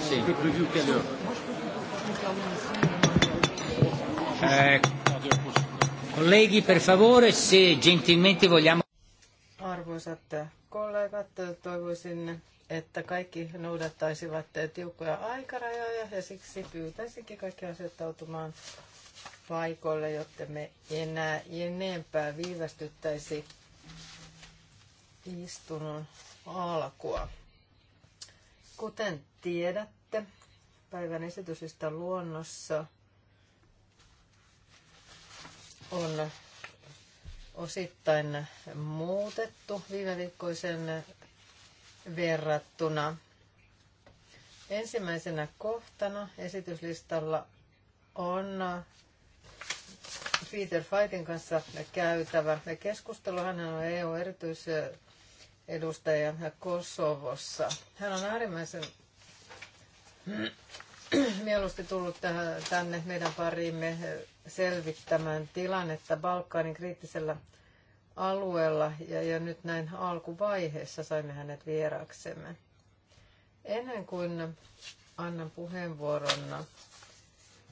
Sì. Eh, colleghi, per favore, se gentilmente vogliamo... Arvoisat kollegat, toivoisin, että kaikki noudattaisivat tiukkoja aikarajoja ja siksi pyytäisinkin kaikki asettautumaan paikoille, jotta me enää enempää viivästyttäisi istunnon alkua. Kuten tiedätte, päivän esitysistä luonnossa on osittain muutettu viime viikkoisen verrattuna. Ensimmäisenä kohtana esityslistalla on Peter Fightin kanssa käytävä keskustelu. Hän on EU-erityisedustaja Kosovossa. Hän on äärimmäisen mieluusti tullut tähän, tänne meidän parimme selvittämään tilannetta Balkanin kriittisellä alueella ja, ja nyt näin alkuvaiheessa saimme hänet vieraaksemme. Ennen kuin annan puheenvuoron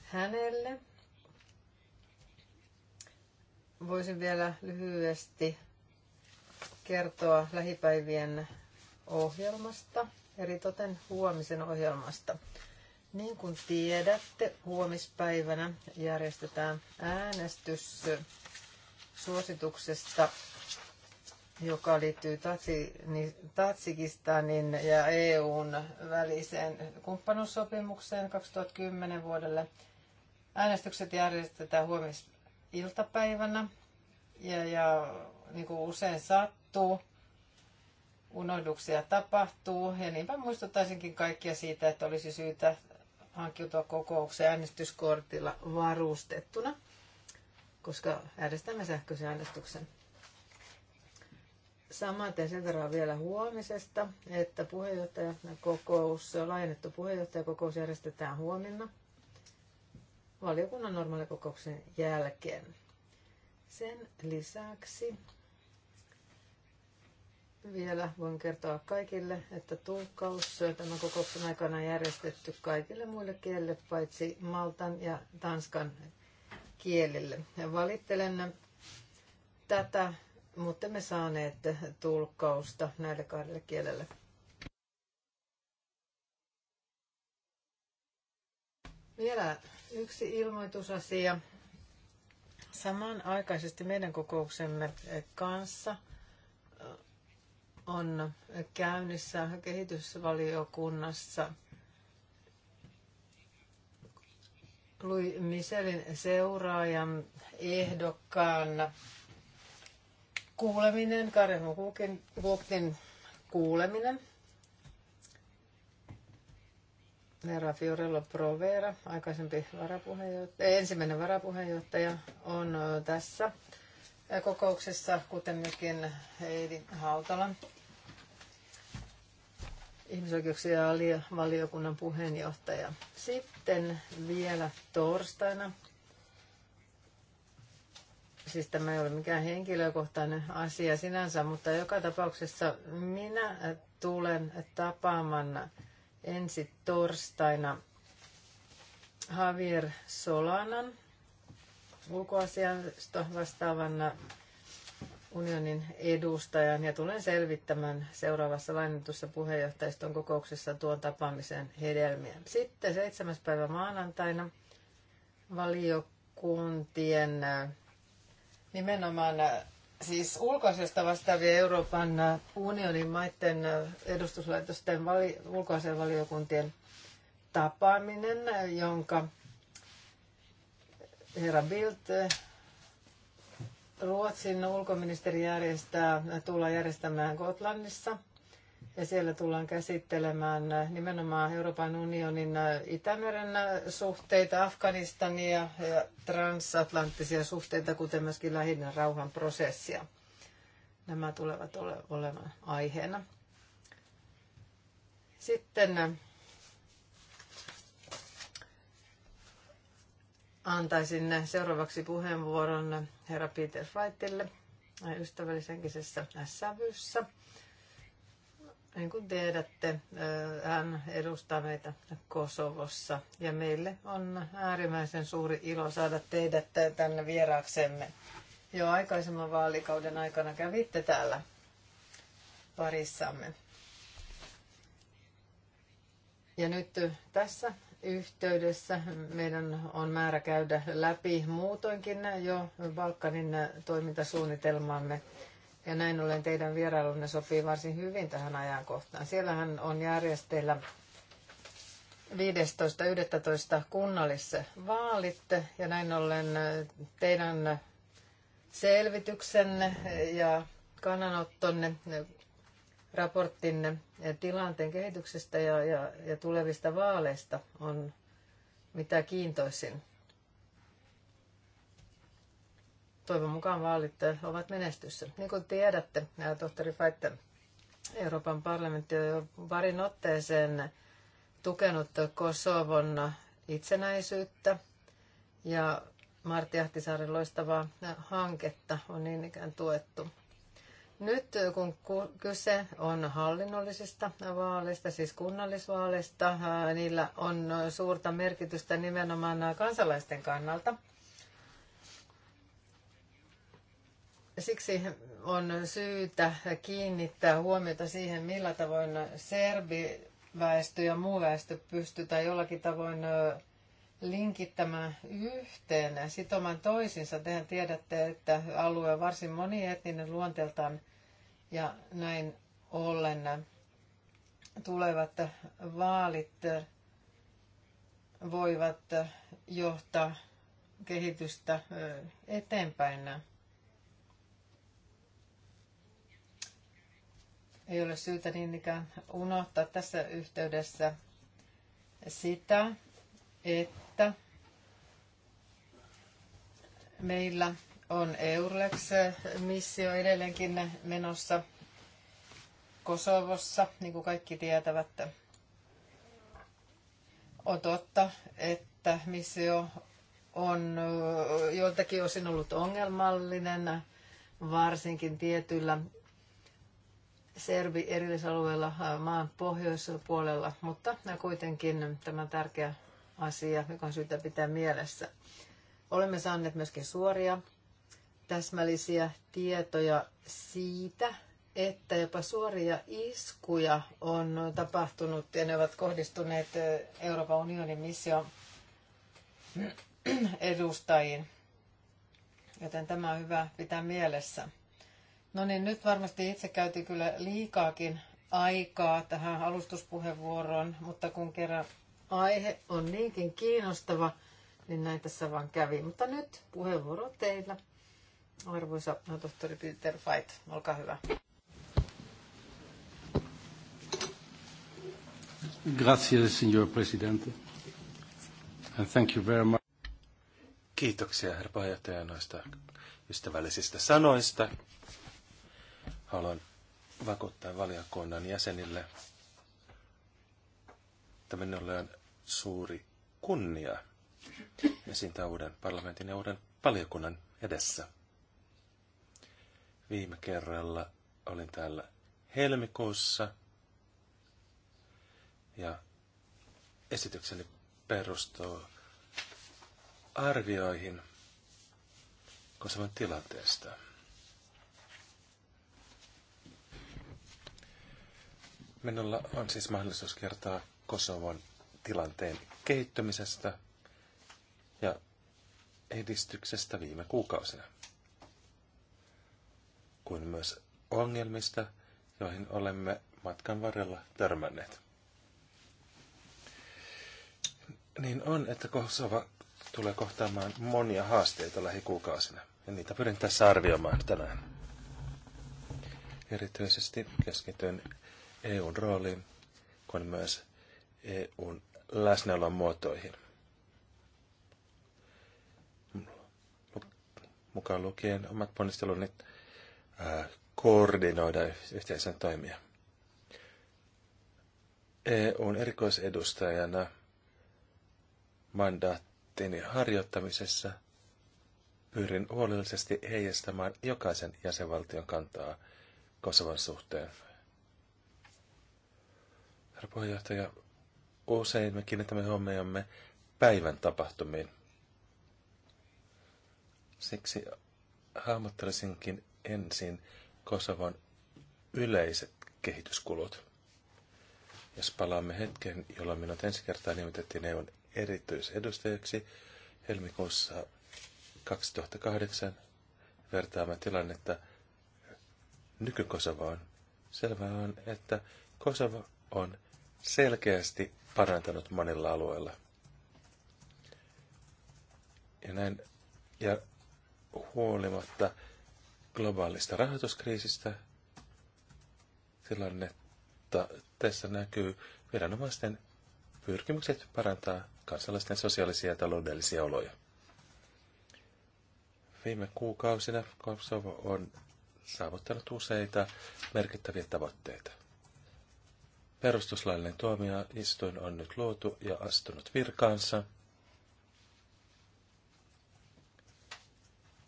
hänelle, voisin vielä lyhyesti kertoa lähipäivien ohjelmasta – Eri toten huomisen ohjelmasta. Niin kuin tiedätte, huomispäivänä järjestetään äänestys suosituksesta, joka liittyy niin Tatsikistanin ja EUn väliseen kumppanuussopimukseen 2010 vuodelle. Äänestykset järjestetään huomisiltapäivänä ja, ja niin kuin usein sattuu, unohduksia tapahtuu. Ja niinpä muistuttaisinkin kaikkia siitä, että olisi syytä hankkiutua kokoukseen äänestyskortilla varustettuna, koska äänestämme sähköisen äänestyksen. Samaten sen verran vielä huomisesta, että puheenjohtajakokous, laajennettu puheenjohtajakokous järjestetään huomenna valiokunnan normaalikokouksen jälkeen. Sen lisäksi vielä voin kertoa kaikille, että tulkkaus tämän kokouksen aikana on järjestetty kaikille muille kielille paitsi Maltan ja Tanskan kielille. Ja valittelen tätä, mutta me saaneet tulkkausta näille kahdelle kielelle. Vielä yksi ilmoitusasia. Samanaikaisesti meidän kokouksemme kanssa – on käynnissä kehitysvaliokunnassa. Louis Michelin seuraajan ehdokkaan kuuleminen, Karen Hukin kuuleminen. nera Fiorello Provera, aikaisempi varapuheenjohtaja, ensimmäinen varapuheenjohtaja, on tässä kokouksessa, kuten myöskin Heidi Hautala, ja valiokunnan puheenjohtaja. Sitten vielä torstaina, siis tämä ei ole mikään henkilökohtainen asia sinänsä, mutta joka tapauksessa minä tulen tapaamaan ensi torstaina Javier Solanan – ulkoasiasta vastaavan unionin edustajan ja tulen selvittämään seuraavassa lainatussa puheenjohtajiston kokouksessa tuon tapaamisen hedelmiä. Sitten 7. päivä maanantaina valiokuntien äh, nimenomaan äh, siis ulkoasiasta vastaavien Euroopan äh, unionin maiden edustuslaitosten vali- ulkoasian valiokuntien tapaaminen, jonka herra Bildt, Ruotsin ulkoministeri järjestää, tullaan järjestämään Gotlandissa Ja siellä tullaan käsittelemään nimenomaan Euroopan unionin äh, Itämeren äh, suhteita, Afganistania ja transatlanttisia suhteita, kuten myöskin lähinnä rauhan prosessia. Nämä tulevat olemaan aiheena. Sitten äh, antaisin seuraavaksi puheenvuoron herra Peter Wrightille ystävällisenkisessä sävyssä. Niin kuin tiedätte, hän edustaa meitä Kosovossa ja meille on äärimmäisen suuri ilo saada teidät tänne vieraaksemme. Jo aikaisemman vaalikauden aikana kävitte täällä parissamme. Ja nyt tässä yhteydessä meidän on määrä käydä läpi muutoinkin jo Balkanin toimintasuunnitelmaamme. Ja näin ollen teidän vierailunne sopii varsin hyvin tähän ajankohtaan. Siellähän on järjestellä 15.11. vaalit ja näin ollen teidän selvityksenne ja kannanottonne raporttinne tilanteen kehityksestä ja, ja, ja tulevista vaaleista on mitä kiintoisin. Toivon mukaan vaalit ovat menestyssä. Niin kuin tiedätte, tohtori Faitte, Euroopan parlamentti on jo parin otteeseen tukenut Kosovon itsenäisyyttä ja Martti Ahtisaaren loistavaa hanketta on niin ikään tuettu. Nyt äh, kun kyse on hallinnollisista vaaleista, siis kunnallisvaaleista, äh, niillä on äh, suurta merkitystä nimenomaan kansalaisten kannalta. Siksi on syytä kiinnittää huomiota siihen, millä tavoin serbiväestö ja muu väestö pystytään jollakin tavoin linkittämään yhteen, sitomaan toisinsa. Tehän tiedätte, että alue on varsin monietninen luonteeltaan – ja näin ollen tulevat vaalit voivat johtaa kehitystä eteenpäin. Ei ole syytä niin ikään unohtaa tässä yhteydessä sitä, että meillä on Eurlex-missio edelleenkin menossa Kosovossa, niin kuin kaikki tietävät. On totta, että missio on joiltakin osin ollut ongelmallinen, varsinkin tietyillä Serbi erillisalueella maan pohjoispuolella, mutta kuitenkin tämä tärkeä asia, joka on syytä pitää mielessä. Olemme saaneet myöskin suoria täsmällisiä tietoja siitä, että jopa suoria iskuja on tapahtunut ja ne ovat kohdistuneet Euroopan unionin mission edustajiin. Joten tämä on hyvä pitää mielessä. No niin, nyt varmasti itse käytiin kyllä liikaakin aikaa tähän alustuspuheenvuoroon, mutta kun kerran aihe on niinkin kiinnostava, niin näin tässä vaan kävi. Mutta nyt puheenvuoro teillä. Arvoisa tohtori Peter Fight, olkaa hyvä. Grazie, signor Presidente. And thank you very much. Kiitoksia, herra puheenjohtaja, noista ystävällisistä sanoista. Haluan vakuuttaa valiokunnan jäsenille, että minulle on suuri kunnia esiintää uuden parlamentin ja uuden valiokunnan edessä. Viime kerralla olin täällä helmikuussa ja esitykseni perustuu arvioihin Kosovan tilanteesta. Minulla on siis mahdollisuus kertoa Kosovon tilanteen kehittymisestä ja edistyksestä viime kuukausina kuin myös ongelmista, joihin olemme matkan varrella törmänneet. Niin on, että Kosova tulee kohtaamaan monia haasteita lähikuukausina, ja niitä pyrin tässä arvioimaan tänään. Erityisesti keskityn EUn rooliin, kuin myös EUn läsnäolon muotoihin. Mukaan lukien omat ponnisteluni koordinoida yhteisen toimia. EUn erikoisedustajana mandaattini harjoittamisessa pyrin huolellisesti heijastamaan jokaisen jäsenvaltion kantaa Kosovan suhteen. Herra puheenjohtaja, usein me kiinnitämme huomiomme päivän tapahtumiin. Siksi hahmottelisinkin ensin Kosovon yleiset kehityskulut. Jos palaamme hetken, jolloin minut ensi kertaa nimitettiin EUn erityisedustajaksi helmikuussa 2008, vertaamme tilannetta nyky-Kosovoon. Selvää on, että Kosovo on selkeästi parantanut monilla alueilla. Ja näin, ja huolimatta globaalista rahoituskriisistä. Tilannetta tässä näkyy viranomaisten pyrkimykset parantaa kansalaisten sosiaalisia ja taloudellisia oloja. Viime kuukausina Kosovo on saavuttanut useita merkittäviä tavoitteita. Perustuslaillinen tuomioistuin on nyt luotu ja astunut virkaansa.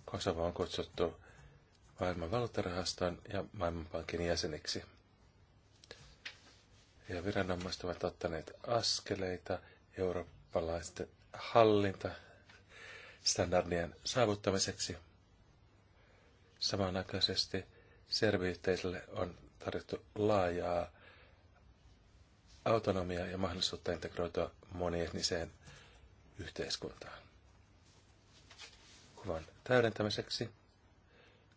Kosovo on kutsuttu maailman valuuttarahaston ja maailmanpankin jäseniksi. Ja viranomaiset ovat ottaneet askeleita eurooppalaisten hallinta standardien saavuttamiseksi. Samanaikaisesti serviyhteisölle on tarjottu laajaa autonomiaa ja mahdollisuutta integroitua monietniseen yhteiskuntaan. Kuvan täydentämiseksi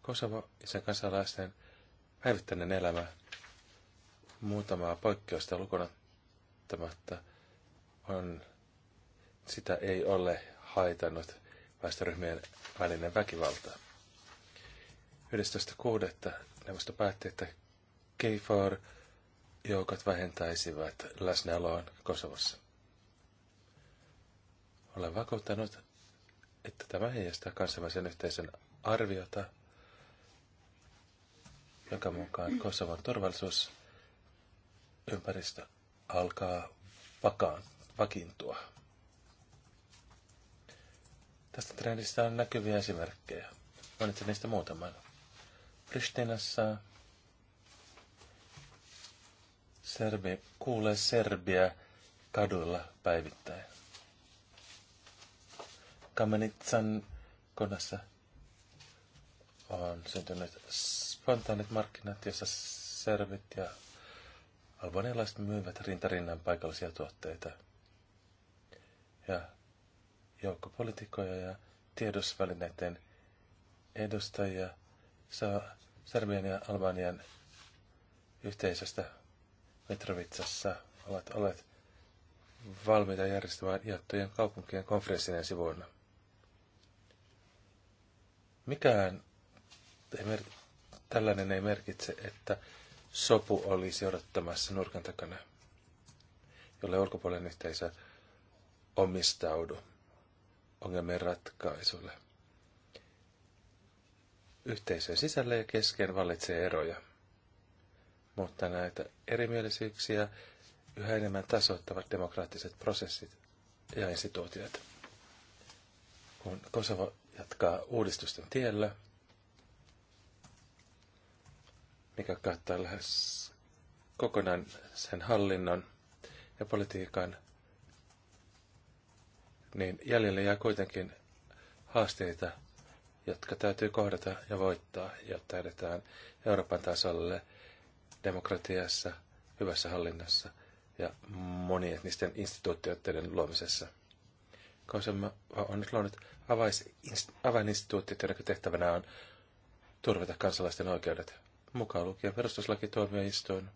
Kosovo ja sen kansalaisten päivittäinen elämä muutamaa poikkeusta lukunottamatta on, sitä ei ole haitannut väestöryhmien välinen väkivalta. 11.6. neuvosto päätti, että KFOR joukot vähentäisivät läsnäoloon Kosovossa. Olen vakuuttanut, että tämä heijastaa kansainvälisen yhteisen arviota – joka mukaan Kosovon turvallisuusympäristö alkaa vakaan, vakiintua. Tästä trendistä on näkyviä esimerkkejä. Mainitsen niistä muutaman. Pristinassa Serbi kuulee Serbia kaduilla päivittäin. Kamenitsan kunnassa on syntynyt spontaanit markkinat, jossa servit ja albanialaiset myyvät rintarinnan paikallisia tuotteita. Ja joukko ja tiedosvälineiden edustajia saa Serbian ja Albanian yhteisöstä Mitrovitsassa ovat olleet valmiita järjestämään jaettujen kaupunkien konferenssin ensi vuonna. Mikään ei Tällainen ei merkitse, että sopu olisi odottamassa nurkan takana, jolle ulkopuolen yhteisö omistaudu ongelmien ratkaisulle. Yhteisön sisällä ja kesken vallitsee eroja, mutta näitä erimielisyyksiä yhä enemmän tasoittavat demokraattiset prosessit ja instituutiot. Kun Kosovo jatkaa uudistusten tiellä, mikä kattaa lähes kokonaan sen hallinnon ja politiikan, niin jäljelle jää kuitenkin haasteita, jotka täytyy kohdata ja voittaa, jotta edetään Euroopan tasolle demokratiassa, hyvässä hallinnassa ja monien niisten instituutioiden luomisessa. Kausema on nyt luonut avaininstituutit, joiden tehtävänä on turvata kansalaisten oikeudet mukaan lukien perustuslakituomioistuin,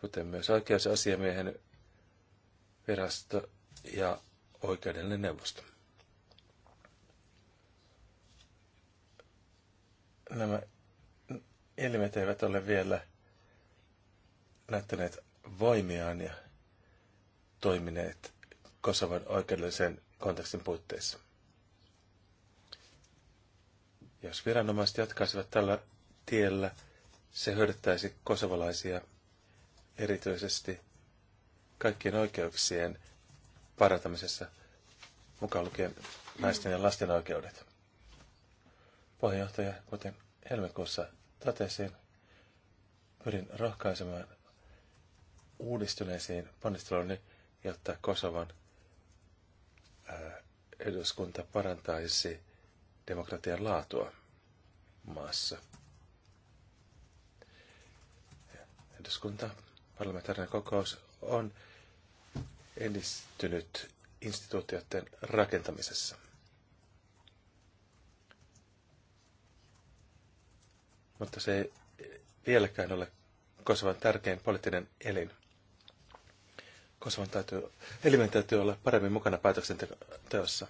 kuten myös oikeusasiamiehen virasto ja oikeudellinen neuvosto. Nämä elimet eivät ole vielä näyttäneet voimiaan ja toimineet Kosovan oikeudellisen kontekstin puitteissa. Jos viranomaiset jatkaisivat tällä tiellä. Se hyödyttäisi kosovalaisia erityisesti kaikkien oikeuksien parantamisessa, mukaan lukien naisten ja lasten oikeudet. Puheenjohtaja, kuten helmikuussa totesin, pyrin rohkaisemaan uudistuneisiin ponnisteluun, jotta Kosovan eduskunta parantaisi demokratian laatua maassa. eduskunta, parlamentaarinen kokous on edistynyt instituutioiden rakentamisessa. Mutta se ei vieläkään ole Kosovan tärkein poliittinen elin. Kosovan täytyy, elimen täytyy olla paremmin mukana päätöksenteossa.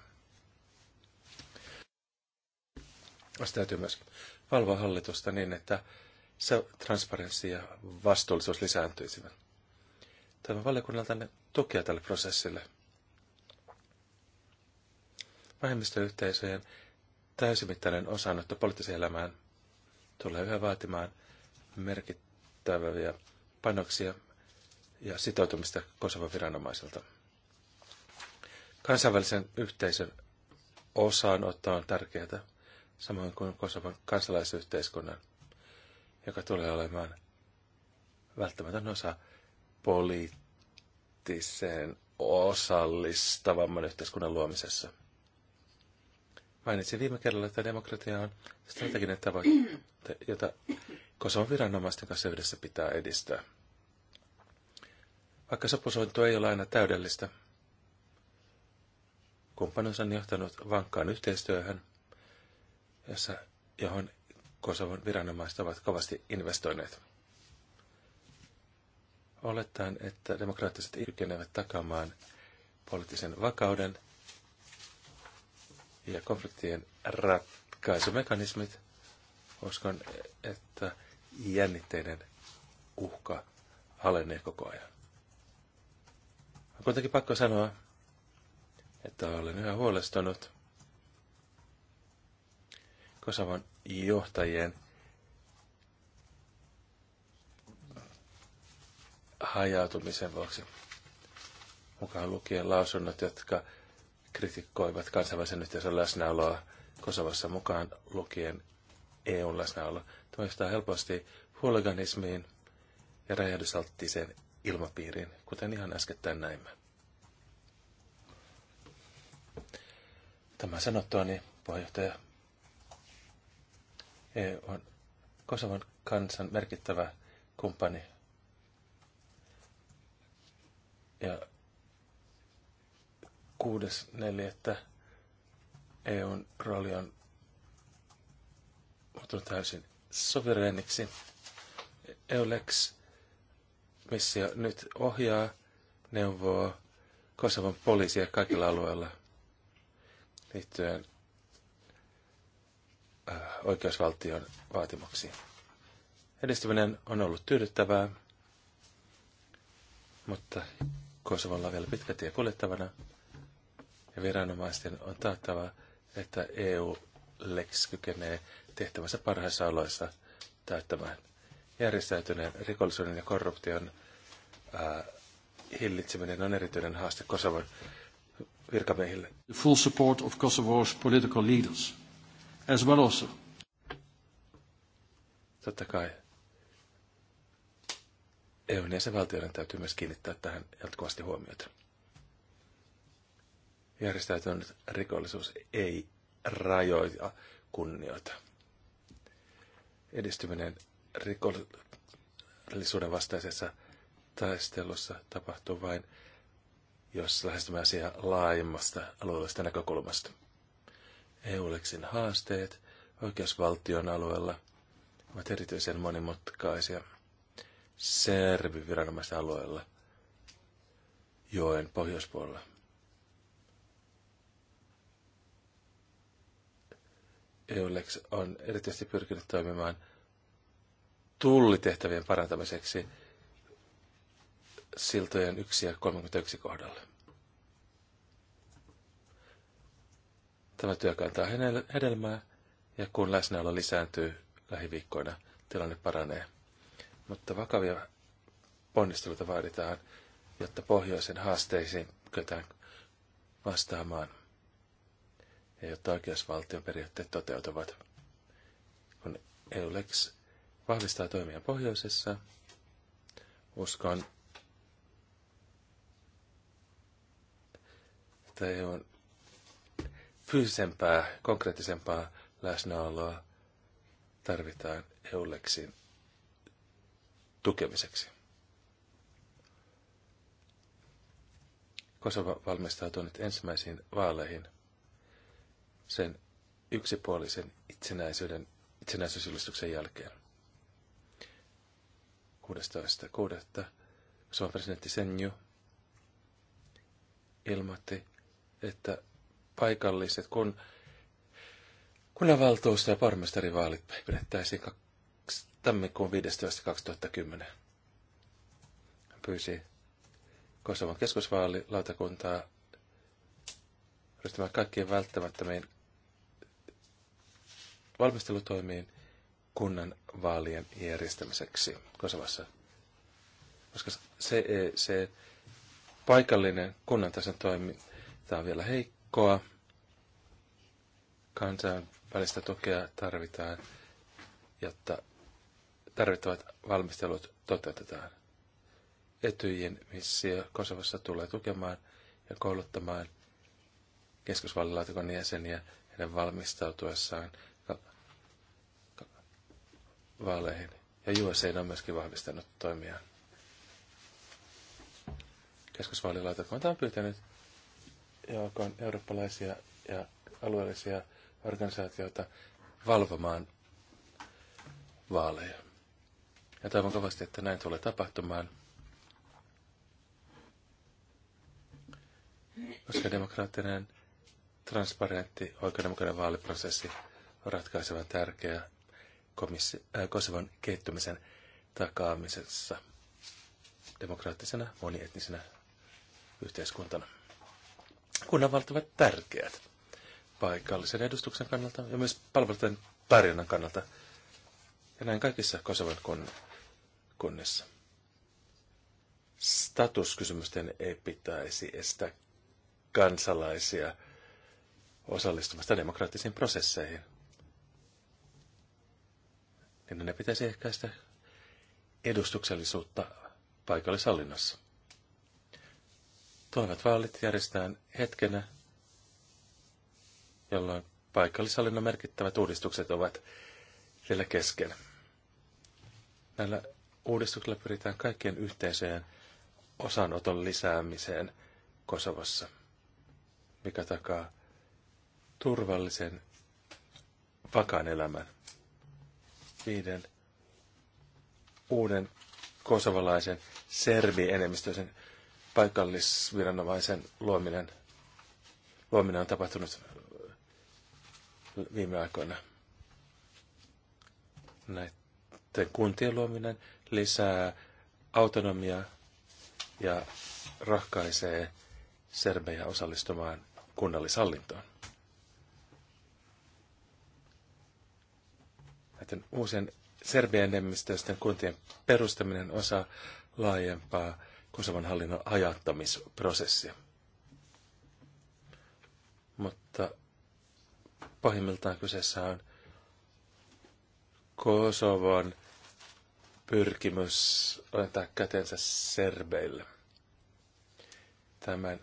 Sitä täytyy myös valvoa hallitusta niin, että transparenssi ja vastuullisuus lisääntyisivät. Toivon valiokunnalta tukea tälle prosessille. Vähemmistöyhteisöjen täysimittainen osanotto poliittiseen elämään tulee yhä vaatimaan merkittäviä panoksia ja sitoutumista Kosovan viranomaisilta. Kansainvälisen yhteisön osaanotto on tärkeää, samoin kuin Kosovan kansalaisyhteiskunnan joka tulee olemaan välttämätön osa poliittiseen osallistavamman yhteiskunnan luomisessa. Mainitsin viime kerralla, että demokratia on strateginen tavoite, jota Kosovon viranomaisten kanssa yhdessä pitää edistää. Vaikka sopusointu ei ole aina täydellistä, kumppanuus on johtanut vankkaan yhteistyöhön, jossa, johon Kosovon viranomaiset ovat kovasti investoineet. Olettaen, että demokraattiset kykenevät takaamaan poliittisen vakauden ja konfliktien ratkaisumekanismit, uskon, että jännitteinen uhka alenee koko ajan. On kuitenkin pakko sanoa, että olen yhä huolestunut Kosovon johtajien hajautumisen vuoksi, mukaan lukien lausunnot, jotka kritikoivat kansainvälisen yhteisön läsnäoloa Kosovassa mukaan lukien EUn läsnäolo. Tämä helposti huoliganismiin ja räjähdysalttiseen ilmapiiriin, kuten ihan äskettäin näimme. Tämä sanottua, niin puheenjohtaja EU on Kosovan kansan merkittävä kumppani. Ja 6.4. EUn rooli on muuttunut täysin sovereeniksi. EULEX missio nyt ohjaa, neuvoo Kosovan poliisia kaikilla alueilla liittyen Äh, oikeusvaltion vaatimuksiin. Edistyminen on ollut tyydyttävää, mutta Kosovolla on vielä pitkä tie kuljettavana ja viranomaisten on taattava, että EU-lex kykenee tehtävänsä parhaissa oloissa täyttämään järjestäytyneen rikollisuuden ja korruption ää, äh, hillitseminen on erityinen haaste Kosovon virkamiehille. The full support of Kosovo's political leaders as well also. Totta kai. EUn valtioiden täytyy myös kiinnittää tähän jatkuvasti huomiota. Järjestäytynyt rikollisuus ei rajoita kunnioita. Edistyminen rikollisuuden vastaisessa taistelussa tapahtuu vain, jos lähestymme asiaa laajemmasta alueellisesta näkökulmasta. EU-leksin haasteet oikeusvaltion alueella ovat erityisen monimutkaisia serviviranomaisten alueella joen pohjoispuolella. EULEX on erityisesti pyrkinyt toimimaan tullitehtävien parantamiseksi siltojen 1 ja 31 kohdalla. Tämä työ kantaa hedelmää ja kun läsnäolo lisääntyy lähiviikkoina, tilanne paranee. Mutta vakavia ponnisteluita vaaditaan, jotta pohjoisen haasteisiin kyetään vastaamaan ja jotta oikeusvaltion periaatteet toteutuvat. Kun EULEX vahvistaa toimia pohjoisessa, uskon, että EU on fyysisempää, konkreettisempaa läsnäoloa tarvitaan EULEXin tukemiseksi. Kosova valmistautuu nyt ensimmäisiin vaaleihin sen yksipuolisen itsenäisyyden, itsenäisyysjulistuksen jälkeen. 16.6. Suomen presidentti Senju ilmoitti, että paikalliset, kun kunnanvaltuusto- ja pormestarivaalit pidettäisiin tammikuun 15.2010. Hän pyysi Kosovan keskusvaalilautakuntaa ryhtymään kaikkiin välttämättömiin valmistelutoimiin kunnan vaalien järjestämiseksi Kosovassa. Koska se, se paikallinen kunnan tason toiminta on vielä heikko joukkoa. Kansainvälistä tukea tarvitaan, jotta tarvittavat valmistelut toteutetaan. Etyjin missio Kosovossa tulee tukemaan ja kouluttamaan keskusvallilaatikon jäseniä heidän valmistautuessaan vaaleihin. Ja USA on myöskin vahvistanut toimiaan. Keskusvaalilaatikko on pyytänyt on eurooppalaisia ja alueellisia organisaatioita valvomaan vaaleja. Ja toivon kovasti, että näin tulee tapahtumaan. Koska demokraattinen, transparentti, oikeudenmukainen vaaliprosessi on ratkaisevan tärkeä komissi- äh, Kosovan kehittymisen takaamisessa demokraattisena, monietnisenä yhteiskuntana. Kunnanvallat ovat tärkeät paikallisen edustuksen kannalta ja myös palveluiden tarjonnan kannalta. Ja näin kaikissa Kosovan kunnissa. Statuskysymysten ei pitäisi estää kansalaisia osallistumasta demokraattisiin prosesseihin. Niin ne pitäisi ehkäistä edustuksellisuutta paikallishallinnossa. Toimivat vaalit järjestetään hetkenä, jolloin paikallishallinnon merkittävät uudistukset ovat vielä kesken. Näillä uudistuksilla pyritään kaikkien yhteiseen osanoton lisäämiseen Kosovossa, mikä takaa turvallisen, vakaan elämän. Viiden uuden kosovalaisen serbi-enemmistöisen paikallisviranomaisen luominen, luominen on tapahtunut viime aikoina. Näiden kuntien luominen lisää autonomiaa ja rahkaisee serbejä osallistumaan kunnallishallintoon. Näiden uusien serbien enemmistöisten kuntien perustaminen osa laajempaa Kosovan hallinnon hajattamisprosessia. Mutta pahimmiltaan kyseessä on Kosovan pyrkimys antaa kätensä serbeille. Tämän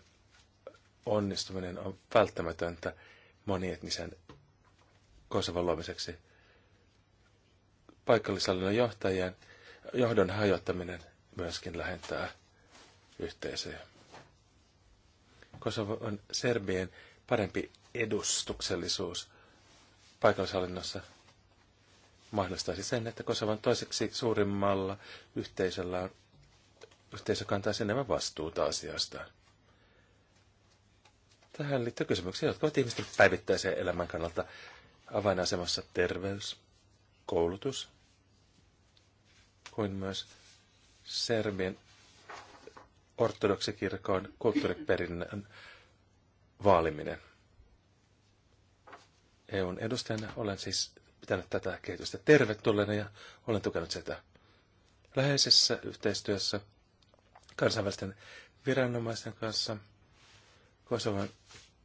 onnistuminen on välttämätöntä monietnisen Kosovan luomiseksi. Paikallishallinnon johtajien johdon hajottaminen myöskin lähentää yhteisöjä. Kosovo on Serbien parempi edustuksellisuus paikallishallinnossa mahdollistaisi sen, että Kosovan toiseksi suurimmalla yhteisöllä on, yhteisö kantaisi enemmän vastuuta asiasta. Tähän liittyy kysymyksiä, jotka ovat ihmisten päivittäisen elämän kannalta avainasemassa terveys, koulutus, kuin myös Serbien ortodoksikirkon kulttuuriperinnön vaaliminen. EUn edustajana olen siis pitänyt tätä kehitystä tervetulleena ja olen tukenut sitä läheisessä yhteistyössä kansainvälisten viranomaisten kanssa. Kosovan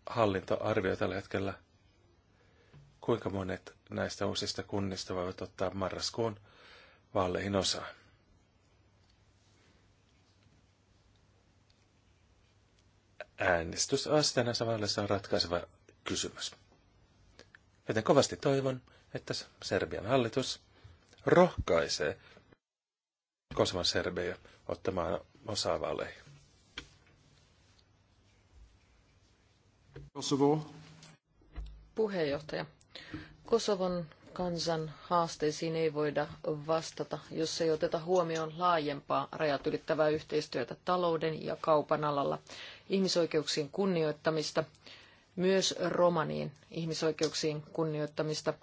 hallinto arvioi tällä hetkellä, kuinka monet näistä uusista kunnista voivat ottaa marraskuun vaaleihin osaa. äänestysasteena Savallessa on ratkaiseva kysymys. Joten kovasti toivon, että Serbian hallitus rohkaisee Kosovan Serbiä ottamaan osaa vaaleihin. Kosovo. Puheenjohtaja. Kosovon kansan haasteisiin ei voida vastata, jos ei oteta huomioon laajempaa rajat ylittävää yhteistyötä talouden ja kaupan alalla, ihmisoikeuksien kunnioittamista, myös romanien ihmisoikeuksien kunnioittamista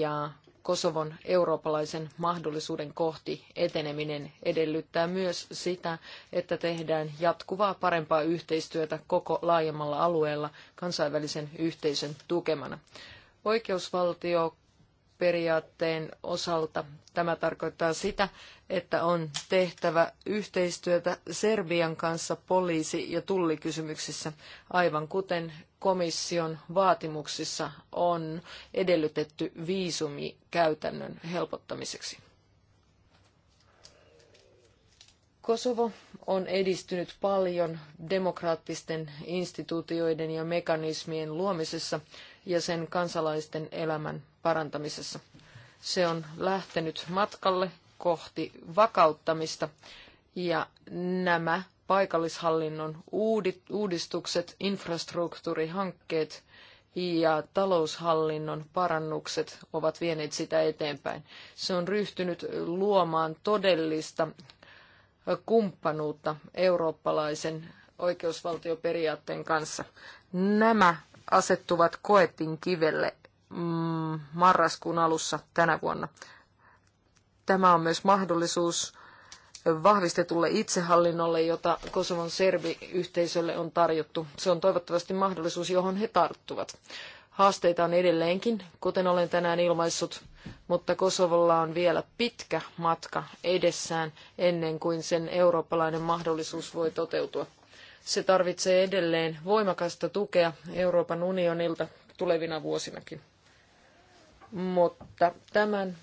ja Kosovon eurooppalaisen mahdollisuuden kohti eteneminen edellyttää myös sitä, että tehdään jatkuvaa parempaa yhteistyötä koko laajemmalla alueella kansainvälisen yhteisön tukemana. Oikeusvaltio periaatteen osalta. Tämä tarkoittaa sitä, että on tehtävä yhteistyötä Serbian kanssa poliisi- ja tullikysymyksissä, aivan kuten komission vaatimuksissa on edellytetty viisumikäytännön helpottamiseksi. Kosovo on edistynyt paljon demokraattisten instituutioiden ja mekanismien luomisessa ja sen kansalaisten elämän parantamisessa. Se on lähtenyt matkalle kohti vakauttamista ja nämä paikallishallinnon uudistukset, infrastruktuurihankkeet ja taloushallinnon parannukset ovat vieneet sitä eteenpäin. Se on ryhtynyt luomaan todellista kumppanuutta eurooppalaisen oikeusvaltioperiaatteen kanssa. Nämä asettuvat koetin kivelle mm, marraskuun alussa tänä vuonna. Tämä on myös mahdollisuus vahvistetulle itsehallinnolle, jota Kosovon serbiyhteisölle on tarjottu. Se on toivottavasti mahdollisuus, johon he tarttuvat. Haasteita on edelleenkin, kuten olen tänään ilmaissut, mutta Kosovolla on vielä pitkä matka edessään ennen kuin sen eurooppalainen mahdollisuus voi toteutua. Se tarvitsee edelleen voimakasta tukea Euroopan unionilta tulevina vuosinakin. Mutta tämän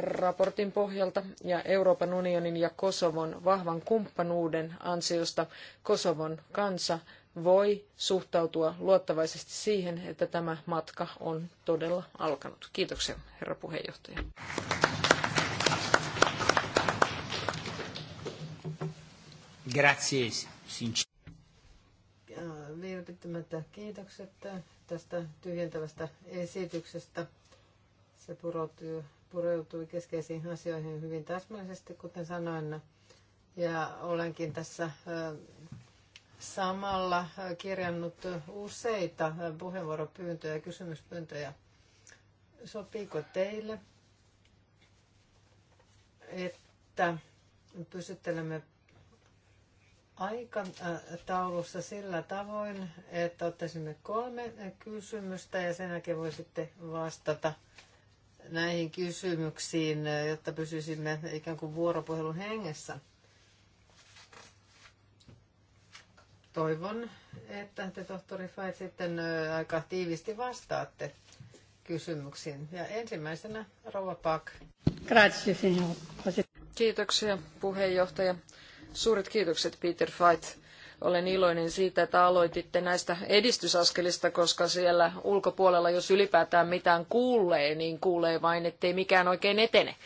raportin pohjalta ja Euroopan unionin ja Kosovon vahvan kumppanuuden ansiosta Kosovon kansa voi suhtautua luottavaisesti siihen, että tämä matka on todella alkanut. Kiitoksia, herra puheenjohtaja. Grazie vilpittömät kiitokset tästä tyhjentävästä esityksestä. Se pureutui, pureutui keskeisiin asioihin hyvin täsmällisesti, kuten sanoin. Ja olenkin tässä samalla kirjannut useita puheenvuoropyyntöjä ja kysymyspyyntöjä. Sopiiko teille, että pysyttelemme aikataulussa sillä tavoin, että ottaisimme kolme kysymystä ja sen jälkeen voisitte vastata näihin kysymyksiin, jotta pysyisimme ikään kuin vuoropuhelun hengessä. Toivon, että te tohtori Fait sitten aika tiivisti vastaatte kysymyksiin. Ja ensimmäisenä Rova Pak. Kiitoksia puheenjohtaja. Suuret kiitokset Peter Fight. Olen iloinen siitä, että aloititte näistä edistysaskelista, koska siellä ulkopuolella, jos ylipäätään mitään kuulee, niin kuulee vain, ettei mikään oikein etene.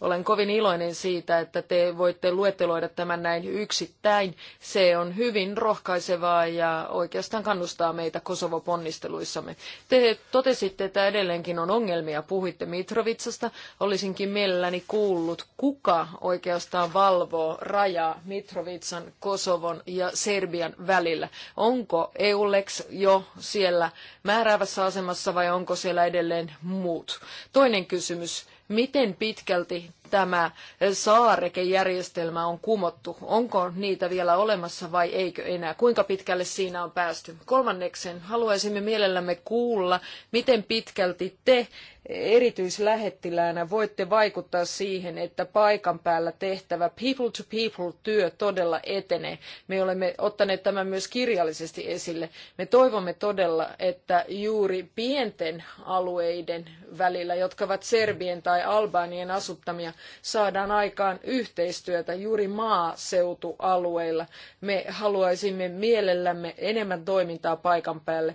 Olen kovin iloinen siitä, että te voitte luetteloida tämän näin yksittäin. Se on hyvin rohkaisevaa ja oikeastaan kannustaa meitä Kosovo-ponnisteluissamme. Te totesitte, että edelleenkin on ongelmia. Puhuitte Mitrovitsasta. Olisinkin mielelläni kuullut, kuka oikeastaan valvoo rajaa Mitrovitsan, Kosovon ja Serbian välillä. Onko EULEX jo siellä määräävässä asemassa vai onko siellä edelleen muut? Toinen kysymys miten pitkälti tämä saarekejärjestelmä on kumottu. Onko niitä vielä olemassa vai eikö enää? Kuinka pitkälle siinä on päästy? Kolmanneksen haluaisimme mielellämme kuulla, miten pitkälti te erityislähettiläänä voitte vaikuttaa siihen, että paikan päällä tehtävä people-to-people-työ todella etenee. Me olemme ottaneet tämän myös kirjallisesti esille. Me toivomme todella, että juuri pienten alueiden välillä, jotka ovat Serbien tai Albanian asuttamia, saadaan aikaan yhteistyötä juuri maaseutualueilla. Me haluaisimme mielellämme enemmän toimintaa paikan päälle.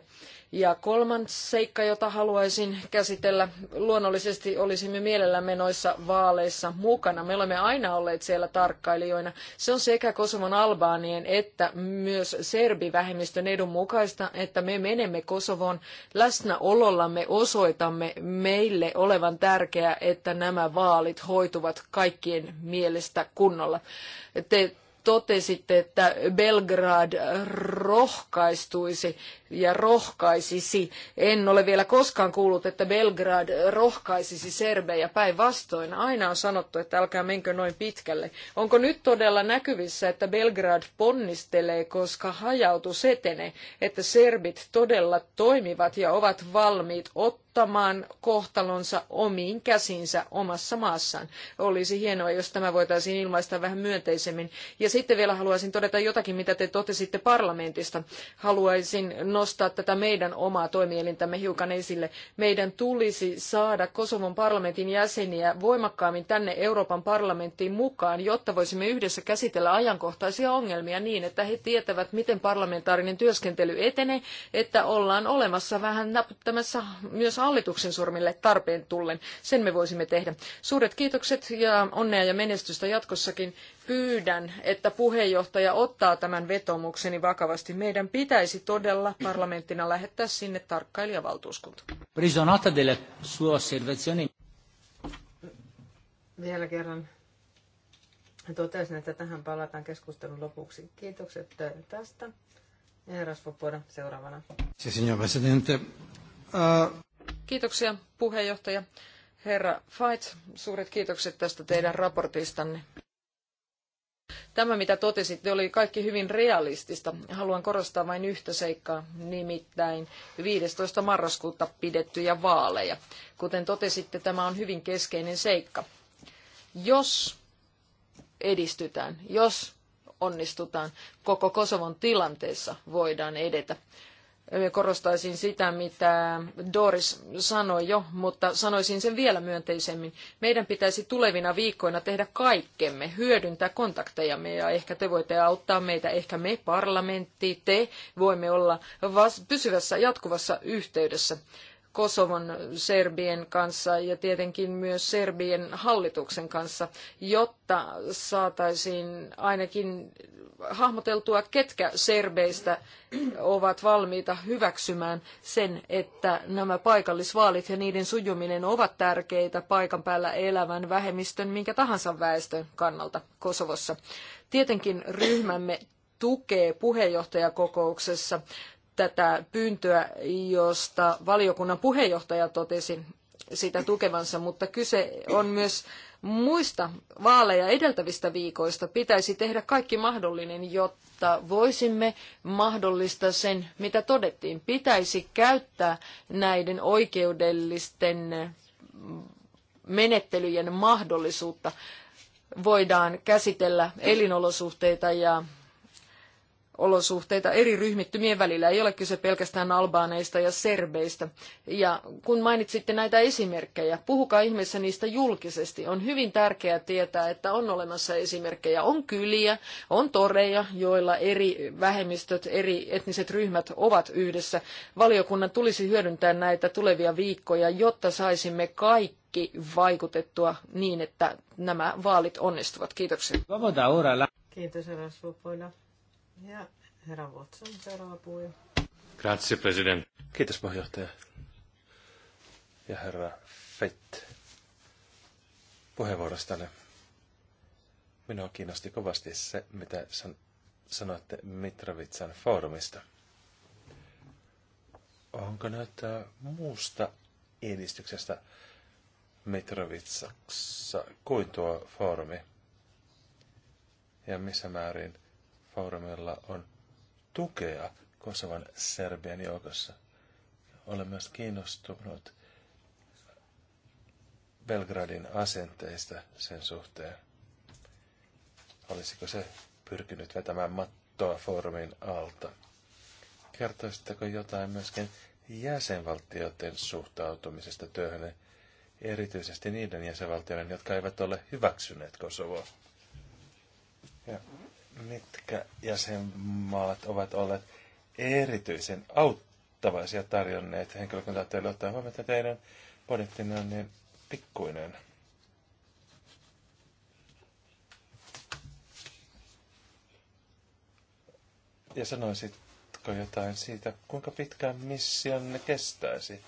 Ja kolmas seikka, jota haluaisin käsitellä, luonnollisesti olisimme mielellämme noissa vaaleissa mukana. Me olemme aina olleet siellä tarkkailijoina. Se on sekä Kosovon albaanien että myös serbivähemmistön edun mukaista, että me menemme Kosovoon läsnäolollamme osoitamme meille olevan tärkeää, että nämä vaalit hoituvat kaikkien mielestä kunnolla. Te totesitte, että Belgrad rohkaistuisi ja rohkaisisi. En ole vielä koskaan kuullut, että Belgrad rohkaisisi serbejä päinvastoin. Aina on sanottu, että älkää menkö noin pitkälle. Onko nyt todella näkyvissä, että Belgrad ponnistelee, koska hajautus etenee, että serbit todella toimivat ja ovat valmiit ottamaan kohtalonsa omiin käsinsä omassa maassaan. Olisi hienoa, jos tämä voitaisiin ilmaista vähän myönteisemmin. Ja sitten vielä haluaisin todeta jotakin, mitä te totesitte parlamentista. Haluaisin no nostaa tätä meidän omaa toimielintämme hiukan esille. Meidän tulisi saada Kosovon parlamentin jäseniä voimakkaammin tänne Euroopan parlamenttiin mukaan, jotta voisimme yhdessä käsitellä ajankohtaisia ongelmia niin, että he tietävät, miten parlamentaarinen työskentely etenee, että ollaan olemassa vähän näpyttämässä myös hallituksen sormille tarpeen tullen. Sen me voisimme tehdä. Suuret kiitokset ja onnea ja menestystä jatkossakin pyydän, että puheenjohtaja ottaa tämän vetomukseni vakavasti. Meidän pitäisi todella parlamenttina lähettää sinne tarkkailijavaltuuskunta. Preso delle sue osservazioni. Vielä kerran totesin, että tähän palataan keskustelun lopuksi. Kiitokset tästä. Eras Fopoda seuraavana. Signor Presidente. Uh, Kiitoksia puheenjohtaja. Herra Fight, suuret kiitokset tästä teidän raportistanne. Tämä, mitä totesitte, oli kaikki hyvin realistista. Haluan korostaa vain yhtä seikkaa, nimittäin 15. marraskuuta pidettyjä vaaleja. Kuten totesitte, tämä on hyvin keskeinen seikka. Jos edistytään, jos onnistutaan, koko Kosovon tilanteessa voidaan edetä korostaisin sitä, mitä Doris sanoi jo, mutta sanoisin sen vielä myönteisemmin. Meidän pitäisi tulevina viikkoina tehdä kaikkemme, hyödyntää kontaktejamme ja ehkä te voitte auttaa meitä, ehkä me parlamentti, te voimme olla pysyvässä jatkuvassa yhteydessä. Kosovon serbien kanssa ja tietenkin myös serbien hallituksen kanssa, jotta saataisiin ainakin hahmoteltua, ketkä serbeistä ovat valmiita hyväksymään sen, että nämä paikallisvaalit ja niiden sujuminen ovat tärkeitä paikan päällä elävän vähemmistön minkä tahansa väestön kannalta Kosovossa. Tietenkin ryhmämme tukee puheenjohtajakokouksessa tätä pyyntöä, josta valiokunnan puheenjohtaja totesi sitä tukevansa, mutta kyse on myös muista vaaleja edeltävistä viikoista. Pitäisi tehdä kaikki mahdollinen, jotta voisimme mahdollistaa sen, mitä todettiin. Pitäisi käyttää näiden oikeudellisten menettelyjen mahdollisuutta. Voidaan käsitellä elinolosuhteita ja olosuhteita eri ryhmittymien välillä. Ei ole kyse pelkästään albaaneista ja serbeistä. Ja kun mainitsitte näitä esimerkkejä, puhukaa ihmeessä niistä julkisesti. On hyvin tärkeää tietää, että on olemassa esimerkkejä. On kyliä, on toreja, joilla eri vähemmistöt, eri etniset ryhmät ovat yhdessä. Valiokunnan tulisi hyödyntää näitä tulevia viikkoja, jotta saisimme kaikki vaikutettua niin, että nämä vaalit onnistuvat. Kiitoksia. Kiitos, Eräs ja herra Watson, seuraava puhuja. Grazie, president. Kiitos, puheenjohtaja. Ja herra Fett puheenvuorostanne. Minua kiinnosti kovasti se, mitä san- sanoitte Mitrovitsan foorumista. Onko näyttää muusta edistyksestä Mitrovitsassa kuin tuo foorumi? Ja missä määrin foorumilla on tukea Kosovan Serbian joukossa. Olen myös kiinnostunut Belgradin asenteista sen suhteen. Olisiko se pyrkinyt vetämään mattoa foorumin alta? Kertoisitteko jotain myöskin jäsenvaltioiden suhtautumisesta työhön, erityisesti niiden jäsenvaltioiden, jotka eivät ole hyväksyneet Kosovoa? Ja mitkä jäsenmaat ovat olleet erityisen auttavaisia tarjonneet henkilökuntaa teille ottaen huomioon, että teidän budjettinne on niin pikkuinen. Ja sanoisitko jotain siitä, kuinka pitkään missionne kestäisi?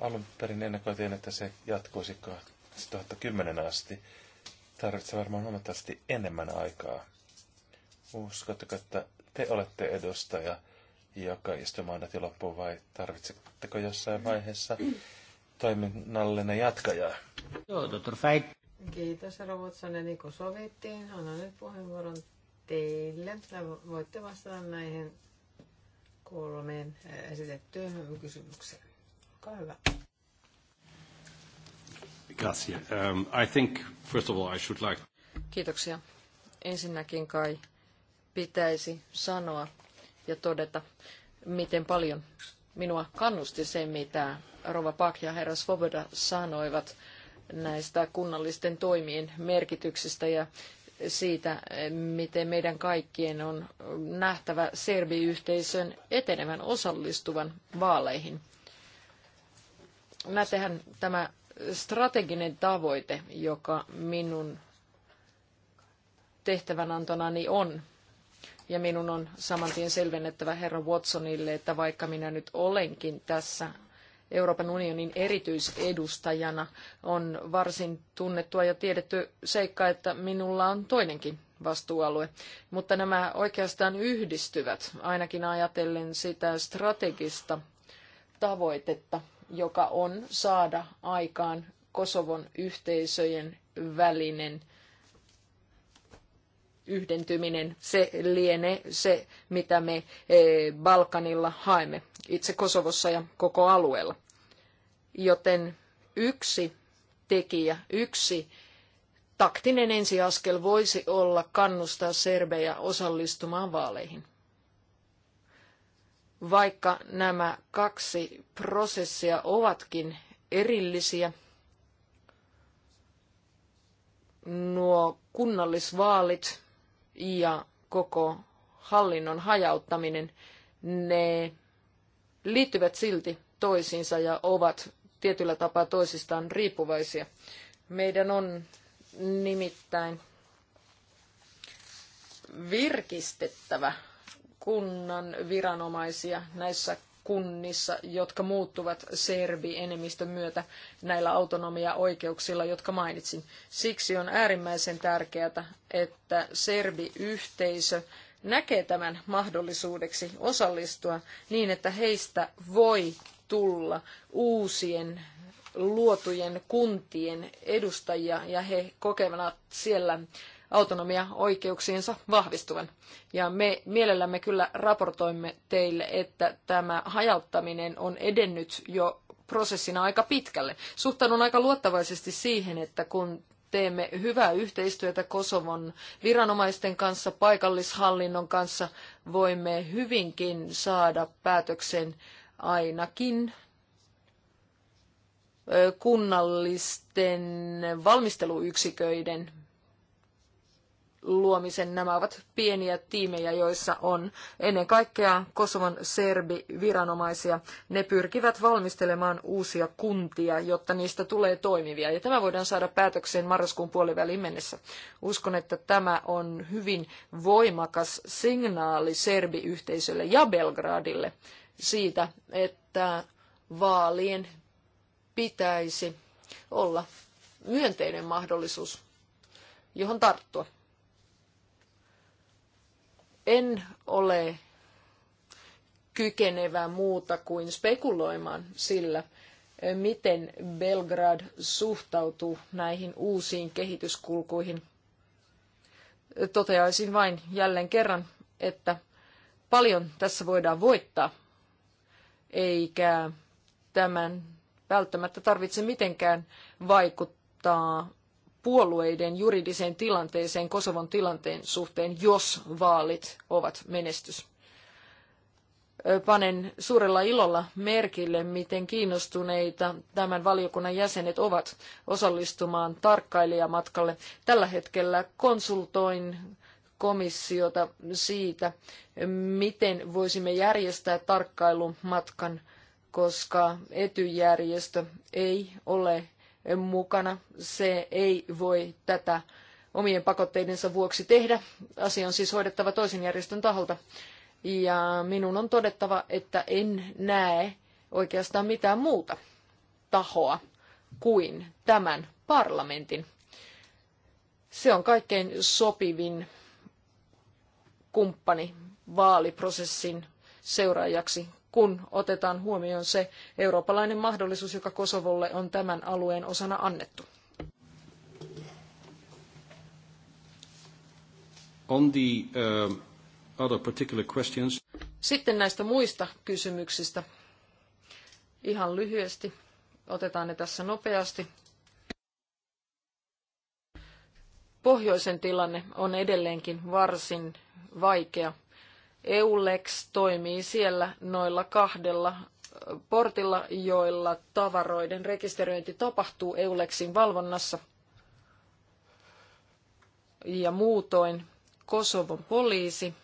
Alun perin ennakoitiin, että se jatkuisi 2010 asti. Tarvitsee varmaan huomattavasti enemmän aikaa. Uskotteko, että te olette edustaja, joka istuu maanantin loppuun vai tarvitsetteko jossain vaiheessa toiminnallinen jatkajaa? Joo, Dr. Feit. Kiitos, Robotson. Niin kuin sovittiin, annan nyt puheenvuoron teille. Voitte vastata näihin kolmeen eh, esitettyyn kysymykseen. Olkaa hyvä. Um, I think, first of all, I should like... Kiitoksia. Ensinnäkin kai pitäisi sanoa ja todeta, miten paljon minua kannusti se, mitä Rova Pak ja herra Svoboda sanoivat näistä kunnallisten toimien merkityksestä ja siitä, miten meidän kaikkien on nähtävä serbiyhteisön etenevän osallistuvan vaaleihin. Nätehän tämä strateginen tavoite, joka minun tehtävänantonani on, ja minun on saman tien selvennettävä herra Watsonille, että vaikka minä nyt olenkin tässä Euroopan unionin erityisedustajana, on varsin tunnettua ja tiedetty seikka, että minulla on toinenkin vastuualue. Mutta nämä oikeastaan yhdistyvät, ainakin ajatellen sitä strategista tavoitetta, joka on saada aikaan Kosovon yhteisöjen välinen yhdentyminen, se lienee se, mitä me eh, Balkanilla haemme, itse Kosovossa ja koko alueella. Joten yksi tekijä, yksi taktinen ensiaskel voisi olla kannustaa serbejä osallistumaan vaaleihin. Vaikka nämä kaksi prosessia ovatkin erillisiä, nuo kunnallisvaalit ja koko hallinnon hajauttaminen, ne liittyvät silti toisiinsa ja ovat tietyllä tapaa toisistaan riippuvaisia. Meidän on nimittäin virkistettävä kunnan viranomaisia näissä kunnissa, jotka muuttuvat serbi-enemmistön myötä näillä autonomia-oikeuksilla, jotka mainitsin. Siksi on äärimmäisen tärkeää, että serbi-yhteisö näkee tämän mahdollisuudeksi osallistua niin, että heistä voi tulla uusien luotujen kuntien edustajia ja he kokevat siellä autonomia oikeuksiinsa vahvistuvan. Ja me mielellämme kyllä raportoimme teille, että tämä hajauttaminen on edennyt jo prosessina aika pitkälle. Suhtaudun aika luottavaisesti siihen, että kun teemme hyvää yhteistyötä Kosovon viranomaisten kanssa, paikallishallinnon kanssa, voimme hyvinkin saada päätöksen ainakin kunnallisten valmisteluyksiköiden luomisen. Nämä ovat pieniä tiimejä, joissa on ennen kaikkea Kosovon serbiviranomaisia. Ne pyrkivät valmistelemaan uusia kuntia, jotta niistä tulee toimivia. Ja tämä voidaan saada päätökseen marraskuun puoliväliin mennessä. Uskon, että tämä on hyvin voimakas signaali serbiyhteisölle ja Belgradille siitä, että vaalien pitäisi olla myönteinen mahdollisuus, johon tarttua en ole kykenevä muuta kuin spekuloimaan sillä, miten Belgrad suhtautuu näihin uusiin kehityskulkuihin. Toteaisin vain jälleen kerran, että paljon tässä voidaan voittaa, eikä tämän välttämättä tarvitse mitenkään vaikuttaa puolueiden juridiseen tilanteeseen Kosovon tilanteen suhteen, jos vaalit ovat menestys. Panen suurella ilolla merkille, miten kiinnostuneita tämän valiokunnan jäsenet ovat osallistumaan tarkkailijamatkalle. Tällä hetkellä konsultoin komissiota siitä, miten voisimme järjestää tarkkailumatkan, koska etyjärjestö ei ole mukana. Se ei voi tätä omien pakotteidensa vuoksi tehdä. Asia on siis hoidettava toisen järjestön taholta. Ja minun on todettava, että en näe oikeastaan mitään muuta tahoa kuin tämän parlamentin. Se on kaikkein sopivin kumppani vaaliprosessin seuraajaksi kun otetaan huomioon se eurooppalainen mahdollisuus, joka Kosovolle on tämän alueen osana annettu. On the, uh, other particular questions. Sitten näistä muista kysymyksistä. Ihan lyhyesti. Otetaan ne tässä nopeasti. Pohjoisen tilanne on edelleenkin varsin vaikea. EULEX toimii siellä noilla kahdella portilla, joilla tavaroiden rekisteröinti tapahtuu EULEXin valvonnassa. Ja muutoin Kosovon poliisi,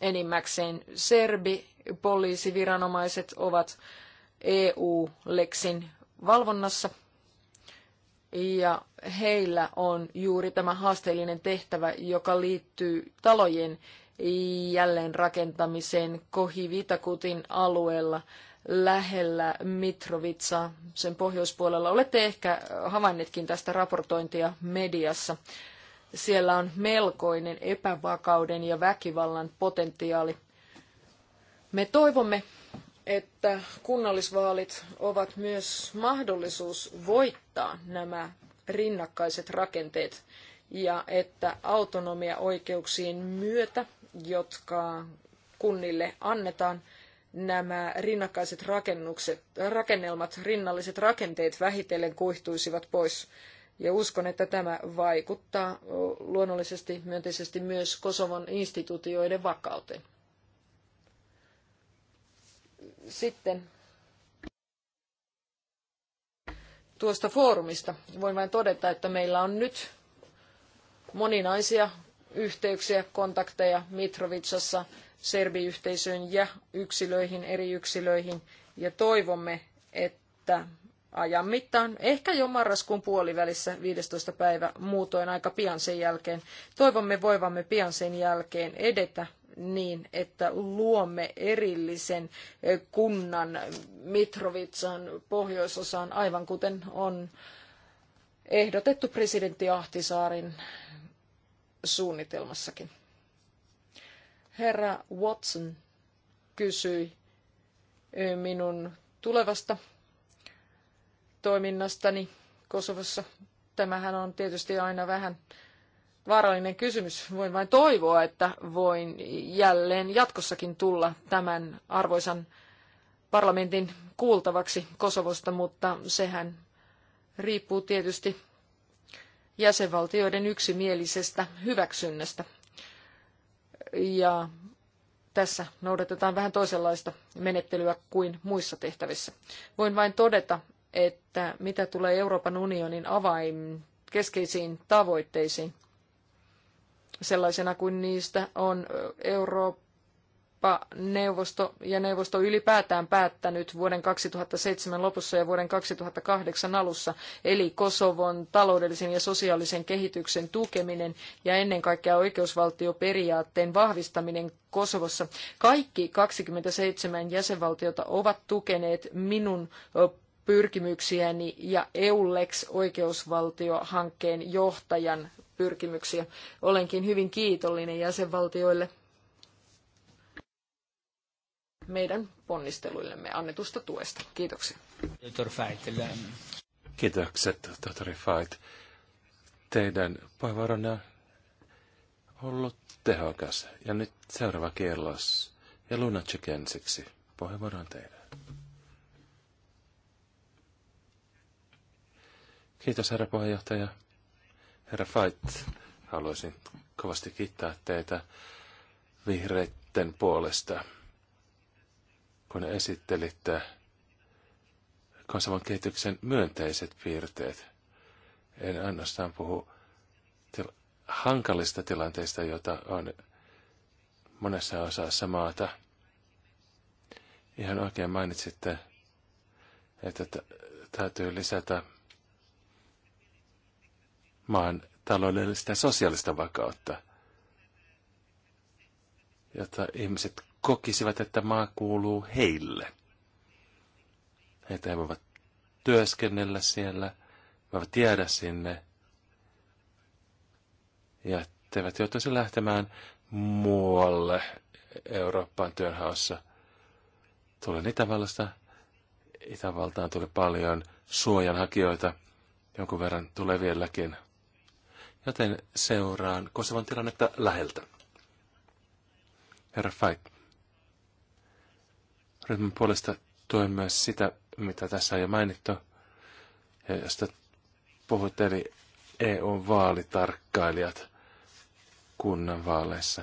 enimmäkseen serbi, poliisiviranomaiset ovat EU-leksin valvonnassa – ja heillä on juuri tämä haasteellinen tehtävä, joka liittyy talojen jälleenrakentamiseen Kohivitakutin alueella lähellä Mitrovitsa sen pohjoispuolella. Olette ehkä havainneetkin tästä raportointia mediassa. Siellä on melkoinen epävakauden ja väkivallan potentiaali. Me toivomme, että kunnallisvaalit ovat myös mahdollisuus voittaa nämä rinnakkaiset rakenteet ja että autonomiaoikeuksien myötä, jotka kunnille annetaan, nämä rinnakkaiset rakennukset, rakennelmat, rinnalliset rakenteet vähitellen kuihtuisivat pois. Ja uskon, että tämä vaikuttaa luonnollisesti myönteisesti myös Kosovon instituutioiden vakauteen. Sitten tuosta foorumista voin vain todeta, että meillä on nyt moninaisia yhteyksiä, kontakteja Mitrovitsassa serbiyhteisöön ja yksilöihin, eri yksilöihin. Ja toivomme, että ajan mittaan, ehkä jo marraskuun puolivälissä 15. päivä, muutoin aika pian sen jälkeen. Toivomme voivamme pian sen jälkeen edetä niin, että luomme erillisen eh, kunnan Mitrovitsan pohjoisosaan, aivan kuten on ehdotettu presidentti Ahtisaarin suunnitelmassakin. Herra Watson kysyi eh, minun tulevasta toiminnastani Kosovossa. Tämähän on tietysti aina vähän vaarallinen kysymys. Voin vain toivoa, että voin jälleen jatkossakin tulla tämän arvoisan parlamentin kuultavaksi Kosovosta, mutta sehän riippuu tietysti jäsenvaltioiden yksimielisestä hyväksynnästä. Ja tässä noudatetaan vähän toisenlaista menettelyä kuin muissa tehtävissä. Voin vain todeta, että mitä tulee Euroopan unionin avain keskeisiin tavoitteisiin, sellaisena kuin niistä on Eurooppa-neuvosto ja neuvosto ylipäätään päättänyt vuoden 2007 lopussa ja vuoden 2008 alussa, eli Kosovon taloudellisen ja sosiaalisen kehityksen tukeminen ja ennen kaikkea oikeusvaltioperiaatteen vahvistaminen Kosovossa. Kaikki 27 jäsenvaltiota ovat tukeneet minun pyrkimyksiäni ja EULEX oikeusvaltiohankkeen johtajan pyrkimyksiä. Olenkin hyvin kiitollinen jäsenvaltioille meidän ponnisteluillemme annetusta tuesta. Kiitoksia. Kiitokset, tohtori Fait. Teidän puheenvuoronne on ollut tehokas. Ja nyt seuraava kierros. Ja Lunacek ensiksi. Puheenvuoro on teidän. Kiitos herra puheenjohtaja. Herra Fait, haluaisin kovasti kiittää teitä vihreitten puolesta, kun esittelitte kansavan kehityksen myönteiset piirteet. En ainoastaan puhu til- hankalista tilanteista, joita on monessa osassa maata. Ihan oikein mainitsitte, että täytyy lisätä maan taloudellista ja sosiaalista vakautta, jotta ihmiset kokisivat, että maa kuuluu heille. Heitä he voivat työskennellä siellä, voivat jäädä sinne ja etteivät joutuisi lähtemään muualle Eurooppaan työnhaussa. Tuli Itävallasta. Itävaltaan tuli paljon suojanhakijoita. Jonkun verran tulee vieläkin joten seuraan Kosovan tilannetta läheltä. Herra Fait, ryhmän puolesta tuen myös sitä, mitä tässä on jo mainittu, ja josta puhut, eli EU-vaalitarkkailijat kunnan vaaleissa.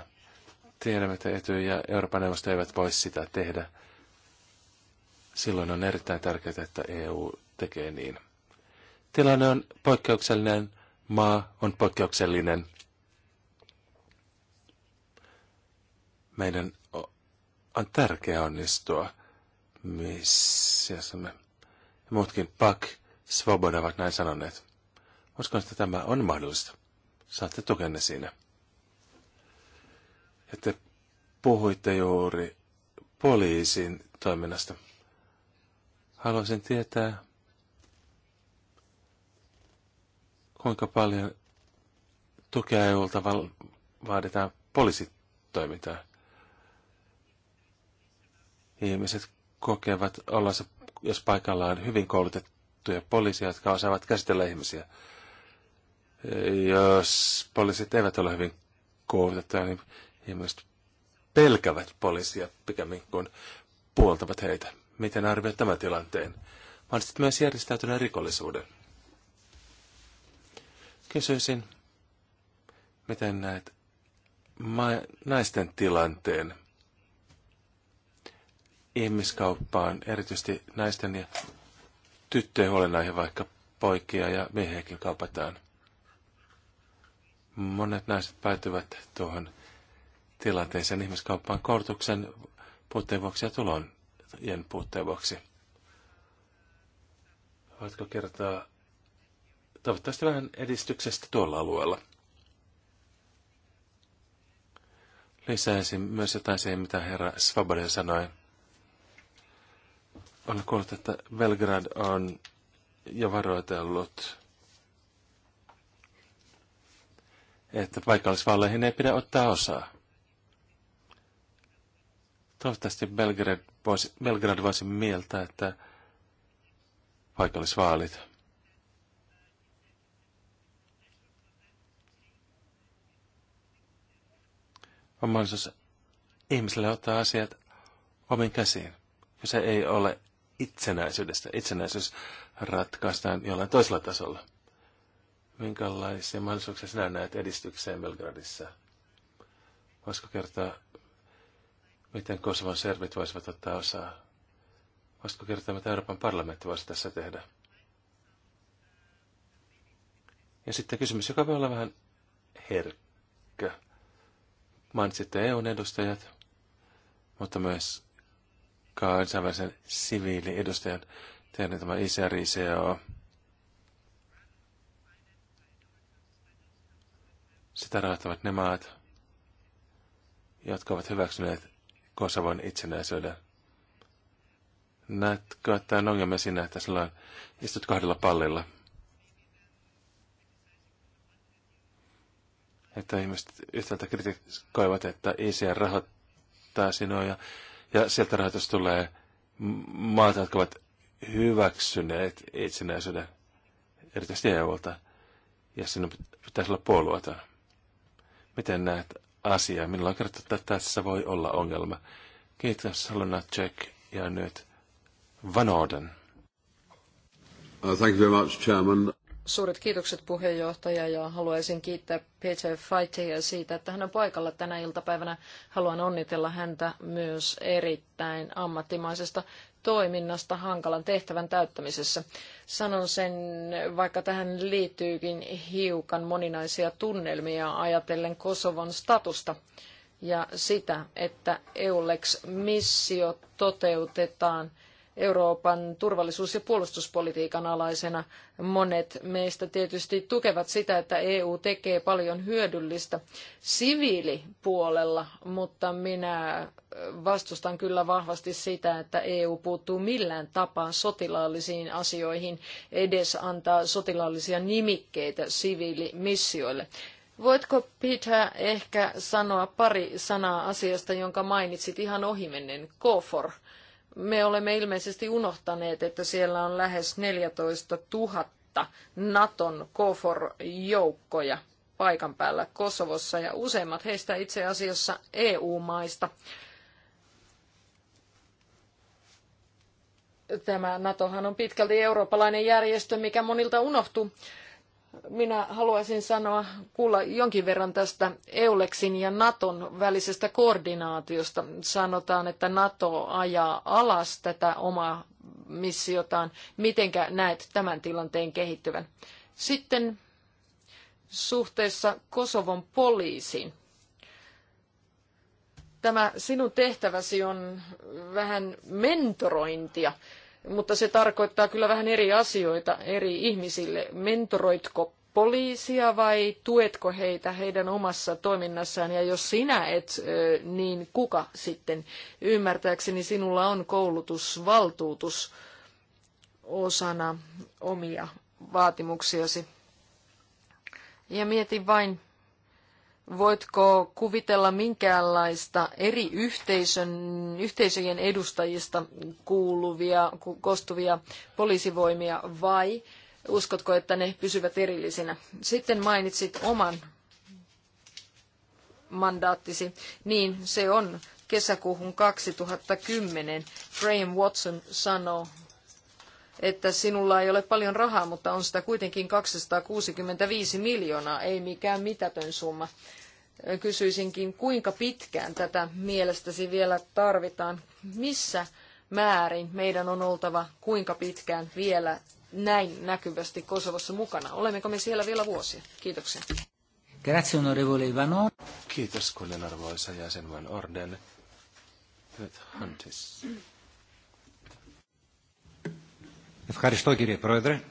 Tiedämme, että Ety ja Euroopan neuvosto eivät voi sitä tehdä. Silloin on erittäin tärkeää, että EU tekee niin. Tilanne on poikkeuksellinen maa on poikkeuksellinen. Meidän on tärkeää onnistua missä me muutkin Pak Svoboda ovat näin sanoneet. Uskon, että tämä on mahdollista. Saatte tukenne siinä. Ja te puhuitte juuri poliisin toiminnasta. Haluaisin tietää, kuinka paljon tukea EUlta val- vaaditaan poliisitoimintaa. Ihmiset kokevat ollansa, jos paikallaan hyvin koulutettuja poliisia, jotka osaavat käsitellä ihmisiä. Jos poliisit eivät ole hyvin koulutettuja, niin ihmiset pelkävät poliisia pikemmin kuin puoltavat heitä. Miten arvioit tämän tilanteen? Mahdollisesti myös järjestäytyneen rikollisuuden Kysyisin, miten näet naisten tilanteen ihmiskauppaan, erityisesti naisten ja tyttöjen huolenaihe, vaikka poikia ja miehiäkin kaupataan. Monet naiset päätyvät tuohon tilanteeseen ihmiskauppaan koulutuksen puutteen vuoksi ja tulojen puutteen vuoksi. Voitko kertoa toivottavasti vähän edistyksestä tuolla alueella. Lisäisin myös jotain siihen, mitä herra Svaboden sanoi. Olen kuullut, että Belgrad on jo varoitellut, että paikallisvalleihin ei pidä ottaa osaa. Toivottavasti Belgrad voisi, Belgrad voisi mieltä, että paikallisvaalit – on mahdollisuus ihmiselle ottaa asiat omin käsiin. Kyse ei ole itsenäisyydestä. Itsenäisyys ratkaistaan jollain toisella tasolla. Minkälaisia mahdollisuuksia sinä näet edistykseen Belgradissa? Voisiko kertoa, miten Kosovan servit voisivat ottaa osaa? Voisiko kertoa, mitä Euroopan parlamentti voisi tässä tehdä? Ja sitten kysymys, joka voi olla vähän herkkä. Mainitsitte EUn edustajat, mutta myös kansainvälisen siviiliedustajat, teidän tämä ICRICO. Sitä rahoittavat ne maat, jotka ovat hyväksyneet Kosovon itsenäisyyden. Näetkö, että on ongelma siinä, että sillä on istut kahdella pallilla? että ihmiset yhtäältä kritikoivat, että ICR e rahoittaa sinua ja, ja sieltä rahoitus tulee maata, jotka ovat hyväksyneet itsenäisyyden, erityisesti EUlta, ja sinun pitäisi olla puolueita. Miten näet asiaa? Minulla on kerrottu, että tässä voi olla ongelma. Kiitos, Salona Check ja nyt Van Orden. Uh, thank you very much, Chairman. Suuret kiitokset puheenjohtaja ja haluaisin kiittää Peter Faitia siitä, että hän on paikalla tänä iltapäivänä. Haluan onnitella häntä myös erittäin ammattimaisesta toiminnasta hankalan tehtävän täyttämisessä. Sanon sen, vaikka tähän liittyykin hiukan moninaisia tunnelmia ajatellen Kosovon statusta ja sitä, että EULEX-missio toteutetaan – Euroopan turvallisuus- ja puolustuspolitiikan alaisena. Monet meistä tietysti tukevat sitä, että EU tekee paljon hyödyllistä siviilipuolella, mutta minä vastustan kyllä vahvasti sitä, että EU puuttuu millään tapaa sotilaallisiin asioihin, edes antaa sotilaallisia nimikkeitä siviilimissioille. Voitko Peter ehkä sanoa pari sanaa asiasta, jonka mainitsit ihan ohimennen, KFOR? me olemme ilmeisesti unohtaneet, että siellä on lähes 14 000 Naton KFOR-joukkoja paikan päällä Kosovossa ja useimmat heistä itse asiassa EU-maista. Tämä Natohan on pitkälti eurooppalainen järjestö, mikä monilta unohtuu minä haluaisin sanoa, kuulla jonkin verran tästä Eulexin ja Naton välisestä koordinaatiosta. Sanotaan, että Nato ajaa alas tätä omaa missiotaan. Mitenkä näet tämän tilanteen kehittyvän? Sitten suhteessa Kosovon poliisiin. Tämä sinun tehtäväsi on vähän mentorointia mutta se tarkoittaa kyllä vähän eri asioita eri ihmisille. Mentoroitko poliisia vai tuetko heitä heidän omassa toiminnassaan ja jos sinä et, niin kuka sitten? Ymmärtääkseni sinulla on koulutusvaltuutus osana omia vaatimuksiasi. Ja mietin vain, Voitko kuvitella minkäänlaista eri yhteisön, yhteisöjen edustajista kuuluvia, koostuvia poliisivoimia vai uskotko, että ne pysyvät erillisinä? Sitten mainitsit oman mandaattisi. Niin, se on kesäkuuhun 2010. Graham Watson sanoo, että sinulla ei ole paljon rahaa, mutta on sitä kuitenkin 265 miljoonaa, ei mikään mitätön summa kysyisinkin, kuinka pitkään tätä mielestäsi vielä tarvitaan? Missä määrin meidän on oltava kuinka pitkään vielä näin näkyvästi Kosovossa mukana? Olemmeko me siellä vielä vuosia? Kiitoksia. Grazie onorevole Ivanov. Kiitos kunnianarvoisa jäsen Van Orden. Nyt Huntis. Ευχαριστώ κύριε Πρόεδρε.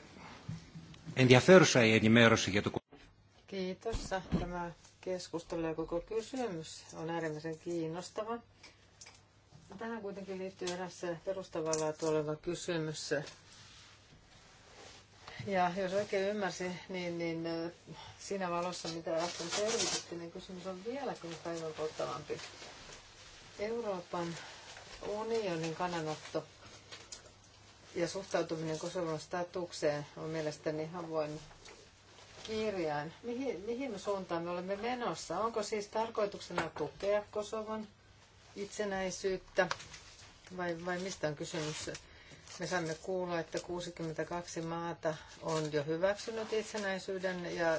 Ενδιαφέρουσα η ενημέρωση για το Kiitos. Tämä keskustelu ja koko kysymys on äärimmäisen kiinnostava. Tähän kuitenkin liittyy eräs perustavalla oleva kysymys. Ja jos oikein ymmärsin, niin, niin äh, siinä valossa, mitä äsken selvitettiin, niin kysymys on vieläkin päivän polttavampi. Euroopan unionin kannanotto ja suhtautuminen Kosovon statukseen on mielestäni avoin kirjain. Mihin, mihin suuntaan me olemme menossa? Onko siis tarkoituksena tukea kosovan itsenäisyyttä vai, vai mistä on kysymys? Me saamme kuulla, että 62 maata on jo hyväksynyt itsenäisyyden ja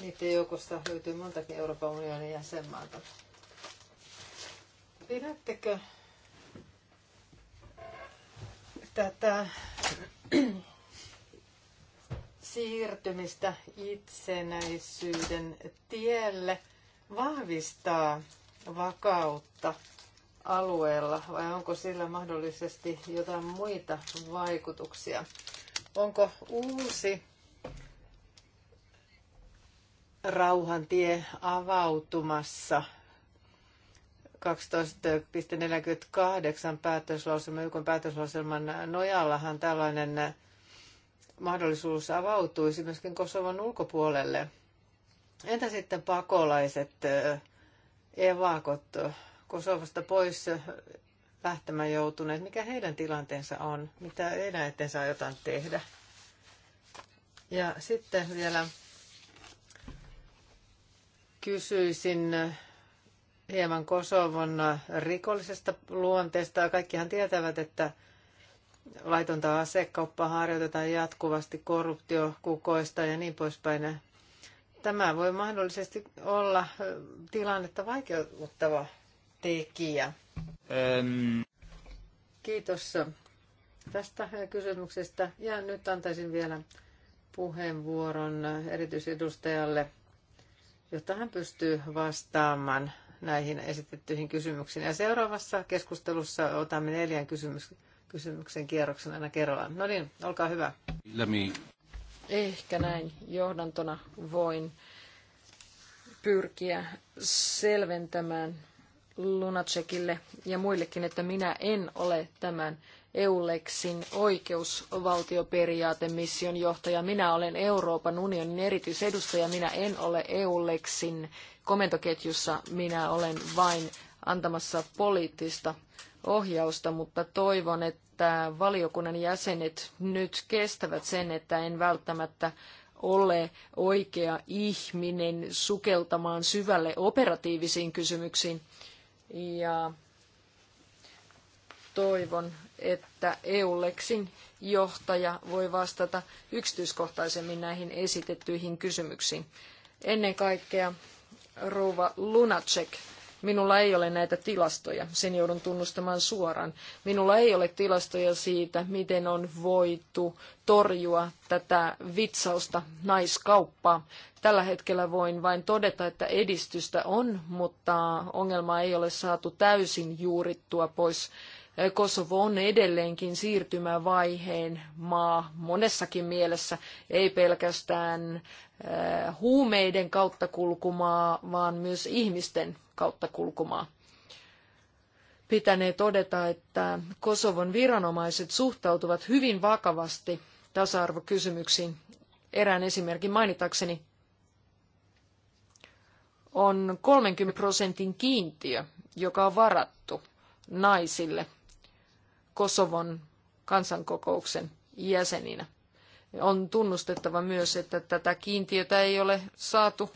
niiden joukosta löytyy montakin Euroopan unionin jäsenmaata. Pidättekö tätä siirtymistä itsenäisyyden tielle vahvistaa vakautta alueella vai onko sillä mahdollisesti jotain muita vaikutuksia? Onko uusi rauhantie avautumassa 12.48 päätöslauselma, YK päätöslauselman nojallahan tällainen mahdollisuus avautuisi myöskin kosovan ulkopuolelle. Entä sitten pakolaiset, evakot, Kosovosta pois lähtemään joutuneet? Mikä heidän tilanteensa on? Mitä heidän saa jotain tehdä? Ja sitten vielä kysyisin hieman Kosovon rikollisesta luonteesta. Kaikkihan tietävät, että laitonta asekauppaa harjoitetaan jatkuvasti, korruptio kukoista ja niin poispäin. Tämä voi mahdollisesti olla tilannetta vaikeuttava tekijä. Ähm. Kiitos tästä kysymyksestä. Ja nyt antaisin vielä puheenvuoron erityisedustajalle, jotta hän pystyy vastaamaan näihin esitettyihin kysymyksiin. Ja seuraavassa keskustelussa otamme neljän kysymyksen kysymyksen kierroksen aina kerrallaan. No niin, olkaa hyvä. Lämi. Ehkä näin johdantona voin pyrkiä selventämään Lunacekille ja muillekin, että minä en ole tämän EULEXin oikeusvaltioperiaatemission johtaja. Minä olen Euroopan unionin erityisedustaja. Minä en ole EULEXin komentoketjussa. Minä olen vain antamassa poliittista ohjausta, mutta toivon, että valiokunnan jäsenet nyt kestävät sen, että en välttämättä ole oikea ihminen sukeltamaan syvälle operatiivisiin kysymyksiin. Ja toivon, että EULEXin johtaja voi vastata yksityiskohtaisemmin näihin esitettyihin kysymyksiin. Ennen kaikkea rouva Lunacek Minulla ei ole näitä tilastoja, sen joudun tunnustamaan suoraan. Minulla ei ole tilastoja siitä, miten on voitu torjua tätä vitsausta, naiskauppaa. Tällä hetkellä voin vain todeta, että edistystä on, mutta ongelmaa ei ole saatu täysin juurittua pois. Kosovo on edelleenkin siirtymävaiheen maa monessakin mielessä, ei pelkästään huumeiden kauttakulkumaa, vaan myös ihmisten kauttakulkumaa. Pitänee todeta, että Kosovon viranomaiset suhtautuvat hyvin vakavasti tasa-arvokysymyksiin. Erään esimerkin mainitakseni on 30 prosentin kiintiö, joka on varattu naisille Kosovon kansankokouksen jäseninä. On tunnustettava myös, että tätä kiintiötä ei ole saatu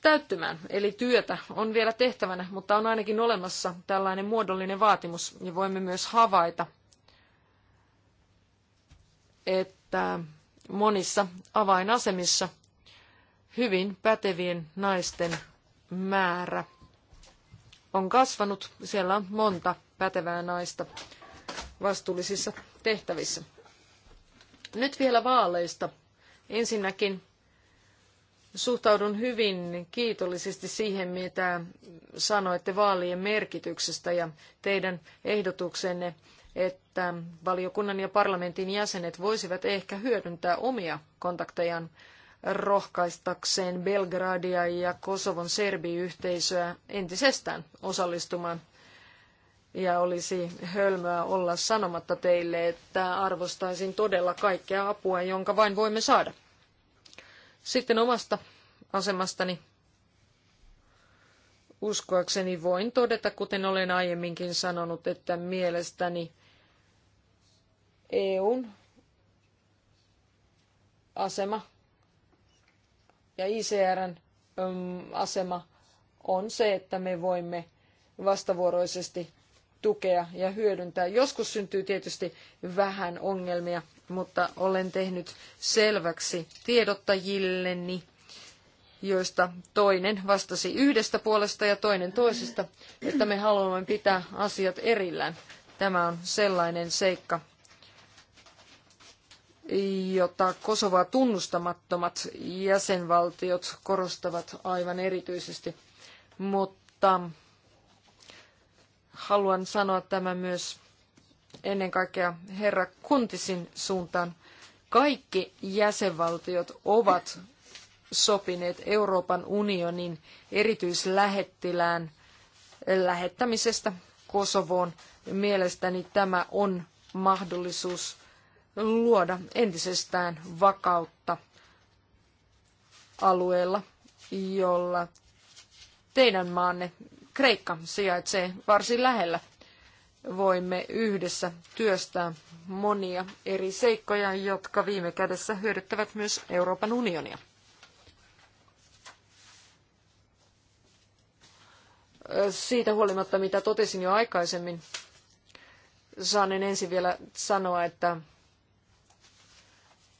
täyttymään. Eli työtä on vielä tehtävänä, mutta on ainakin olemassa tällainen muodollinen vaatimus. Ja voimme myös havaita, että monissa avainasemissa hyvin pätevien naisten määrä on kasvanut. Siellä on monta pätevää naista vastuullisissa tehtävissä. Nyt vielä vaaleista. Ensinnäkin suhtaudun hyvin kiitollisesti siihen, mitä sanoitte vaalien merkityksestä ja teidän ehdotuksenne, että valiokunnan ja parlamentin jäsenet voisivat ehkä hyödyntää omia kontaktejaan rohkaistakseen Belgradia ja Kosovon serbiyhteisöä entisestään osallistumaan ja olisi hölmöä olla sanomatta teille, että arvostaisin todella kaikkea apua, jonka vain voimme saada. Sitten omasta asemastani uskoakseni voin todeta, kuten olen aiemminkin sanonut, että mielestäni EUn asema ja ICRn mm, asema on se, että me voimme vastavuoroisesti tukea ja hyödyntää. Joskus syntyy tietysti vähän ongelmia, mutta olen tehnyt selväksi tiedottajilleni, joista toinen vastasi yhdestä puolesta ja toinen toisesta, että me haluamme pitää asiat erillään. Tämä on sellainen seikka, jota Kosovaa tunnustamattomat jäsenvaltiot korostavat aivan erityisesti. Mutta Haluan sanoa tämän myös ennen kaikkea herra Kuntisin suuntaan. Kaikki jäsenvaltiot ovat sopineet Euroopan unionin erityislähettilään lähettämisestä Kosovoon. Mielestäni tämä on mahdollisuus luoda entisestään vakautta alueella, jolla teidän maanne Kreikka sijaitsee varsin lähellä. Voimme yhdessä työstää monia eri seikkoja, jotka viime kädessä hyödyttävät myös Euroopan unionia. Siitä huolimatta, mitä totesin jo aikaisemmin, saanen ensin vielä sanoa, että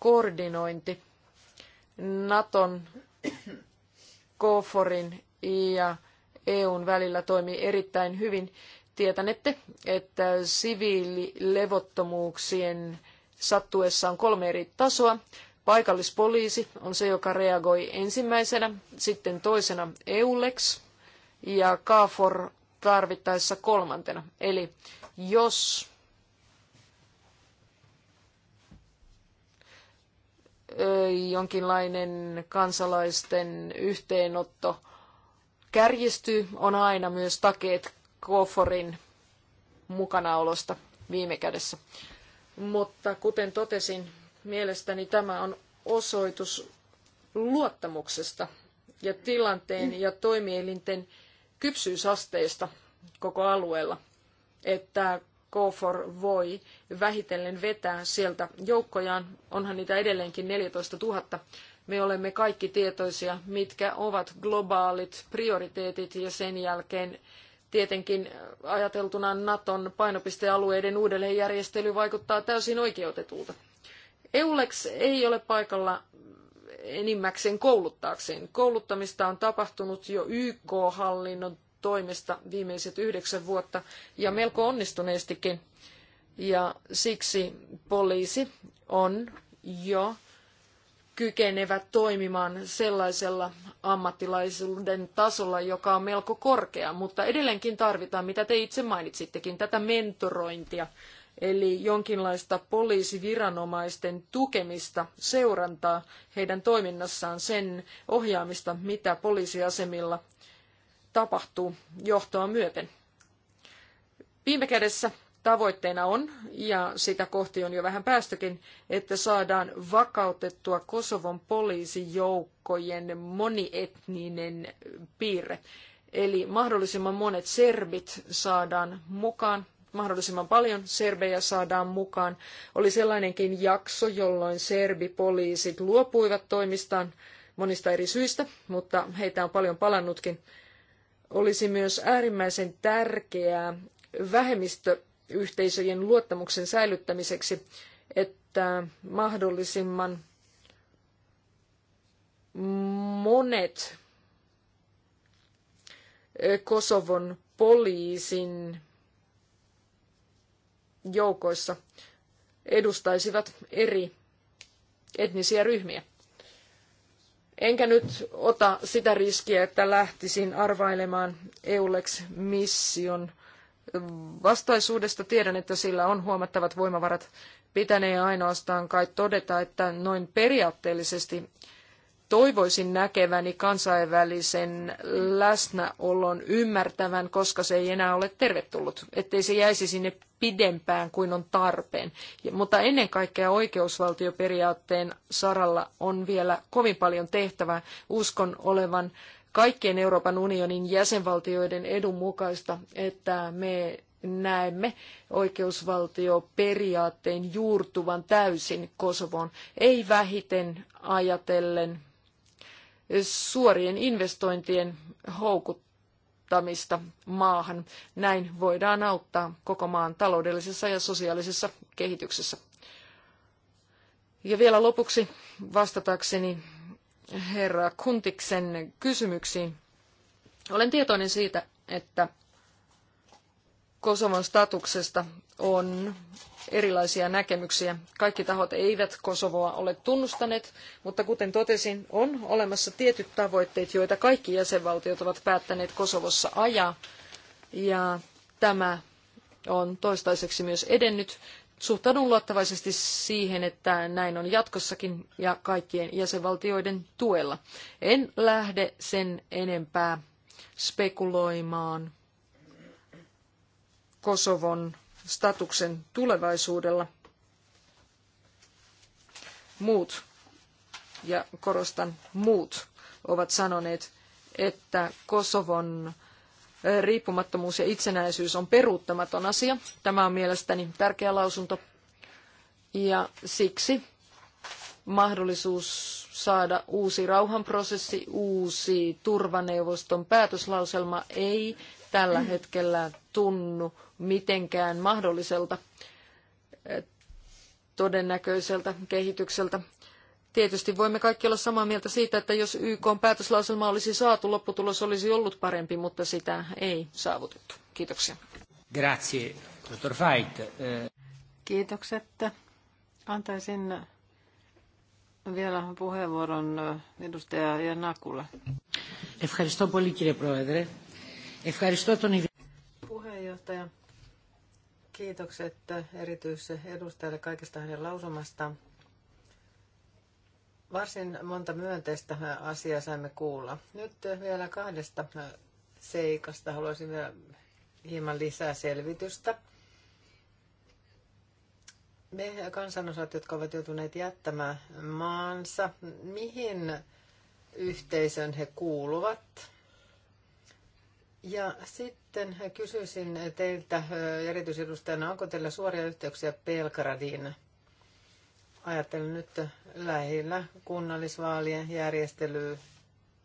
koordinointi Naton, KFORin ja EUn välillä toimii erittäin hyvin. Tietänette, että siviililevottomuuksien sattuessa on kolme eri tasoa. Paikallispoliisi on se, joka reagoi ensimmäisenä, sitten toisena EULEX ja KAFOR tarvittaessa kolmantena. Eli jos jonkinlainen kansalaisten yhteenotto kärjistyy, on aina myös takeet koforin mukanaolosta viime kädessä. Mutta kuten totesin, mielestäni tämä on osoitus luottamuksesta ja tilanteen ja toimielinten kypsyysasteesta koko alueella, että KFOR voi vähitellen vetää sieltä joukkojaan, onhan niitä edelleenkin 14 000, me olemme kaikki tietoisia, mitkä ovat globaalit prioriteetit ja sen jälkeen tietenkin ajateltuna Naton painopistealueiden uudelleenjärjestely vaikuttaa täysin oikeutetulta. EULEX ei ole paikalla enimmäkseen kouluttaakseen. Kouluttamista on tapahtunut jo YK-hallinnon toimesta viimeiset yhdeksän vuotta ja melko onnistuneestikin. Ja siksi poliisi on jo kykenevät toimimaan sellaisella ammattilaisuuden tasolla, joka on melko korkea, mutta edelleenkin tarvitaan, mitä te itse mainitsittekin, tätä mentorointia, eli jonkinlaista poliisiviranomaisten tukemista, seurantaa heidän toiminnassaan, sen ohjaamista, mitä poliisiasemilla tapahtuu johtoa myöten. Viime kädessä tavoitteena on, ja sitä kohti on jo vähän päästökin, että saadaan vakautettua Kosovon poliisijoukkojen monietninen piirre. Eli mahdollisimman monet serbit saadaan mukaan, mahdollisimman paljon serbejä saadaan mukaan. Oli sellainenkin jakso, jolloin serbipoliisit luopuivat toimistaan monista eri syistä, mutta heitä on paljon palannutkin. Olisi myös äärimmäisen tärkeää vähemmistö yhteisöjen luottamuksen säilyttämiseksi, että mahdollisimman monet Kosovon poliisin joukoissa edustaisivat eri etnisiä ryhmiä. Enkä nyt ota sitä riskiä, että lähtisin arvailemaan Eulex-mission vastaisuudesta. Tiedän, että sillä on huomattavat voimavarat. Pitänee ainoastaan kai todeta, että noin periaatteellisesti toivoisin näkeväni kansainvälisen läsnäolon ymmärtävän, koska se ei enää ole tervetullut, ettei se jäisi sinne pidempään kuin on tarpeen. mutta ennen kaikkea oikeusvaltioperiaatteen saralla on vielä kovin paljon tehtävää. Uskon olevan kaikkien Euroopan unionin jäsenvaltioiden edun mukaista, että me näemme oikeusvaltioperiaatteen juurtuvan täysin Kosovoon, ei vähiten ajatellen suorien investointien houkuttamista maahan. Näin voidaan auttaa koko maan taloudellisessa ja sosiaalisessa kehityksessä. Ja vielä lopuksi vastatakseni herra Kuntiksen kysymyksiin. Olen tietoinen siitä, että Kosovon statuksesta on erilaisia näkemyksiä. Kaikki tahot eivät Kosovoa ole tunnustaneet, mutta kuten totesin, on olemassa tietyt tavoitteet, joita kaikki jäsenvaltiot ovat päättäneet Kosovossa ajaa. Ja tämä on toistaiseksi myös edennyt. Suhtaudun luottavaisesti siihen, että näin on jatkossakin ja kaikkien jäsenvaltioiden tuella. En lähde sen enempää spekuloimaan Kosovon statuksen tulevaisuudella. Muut, ja korostan muut, ovat sanoneet, että Kosovon riippumattomuus ja itsenäisyys on peruuttamaton asia. Tämä on mielestäni tärkeä lausunto ja siksi mahdollisuus saada uusi rauhanprosessi, uusi turvaneuvoston päätöslauselma ei tällä hetkellä tunnu mitenkään mahdolliselta eh, todennäköiseltä kehitykseltä. Tietysti voimme kaikki olla samaa mieltä siitä, että jos YK päätöslauselma olisi saatu, lopputulos olisi ollut parempi, mutta sitä ei saavutettu. Kiitoksia. Grazie, dottor Fait. Kiitokset. Antaisin vielä puheenvuoron edustaja Janakulle. Ευχαριστώ πολύ κύριε Πρόεδρε. Ευχαριστώ τον Puheenjohtaja, kiitokset erityisedustajalle kaikesta hänen lausumastaan. Varsin monta myönteistä asiaa saimme kuulla. Nyt vielä kahdesta seikasta haluaisin vielä hieman lisää selvitystä. Me kansanosat, jotka ovat joutuneet jättämään maansa, mihin yhteisön he kuuluvat? Ja sitten kysyisin teiltä erityisedustajana, onko teillä suoria yhteyksiä Belgradiin? Ajattelen nyt lähinnä kunnallisvaalien järjestely,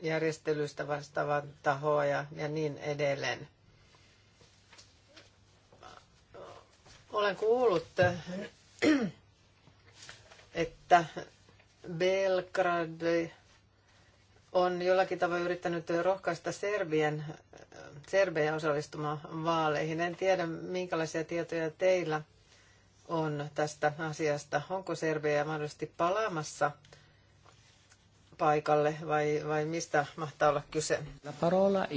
järjestelystä vastaavan tahoa ja, ja niin edelleen. Olen kuullut, että Belgrade on jollakin tavoin yrittänyt rohkaista Serbien, Serbien osallistumaan vaaleihin. En tiedä, minkälaisia tietoja teillä on tästä asiasta. Onko Serbia mahdollisesti palaamassa paikalle vai, vai mistä mahtaa olla kyse? Parola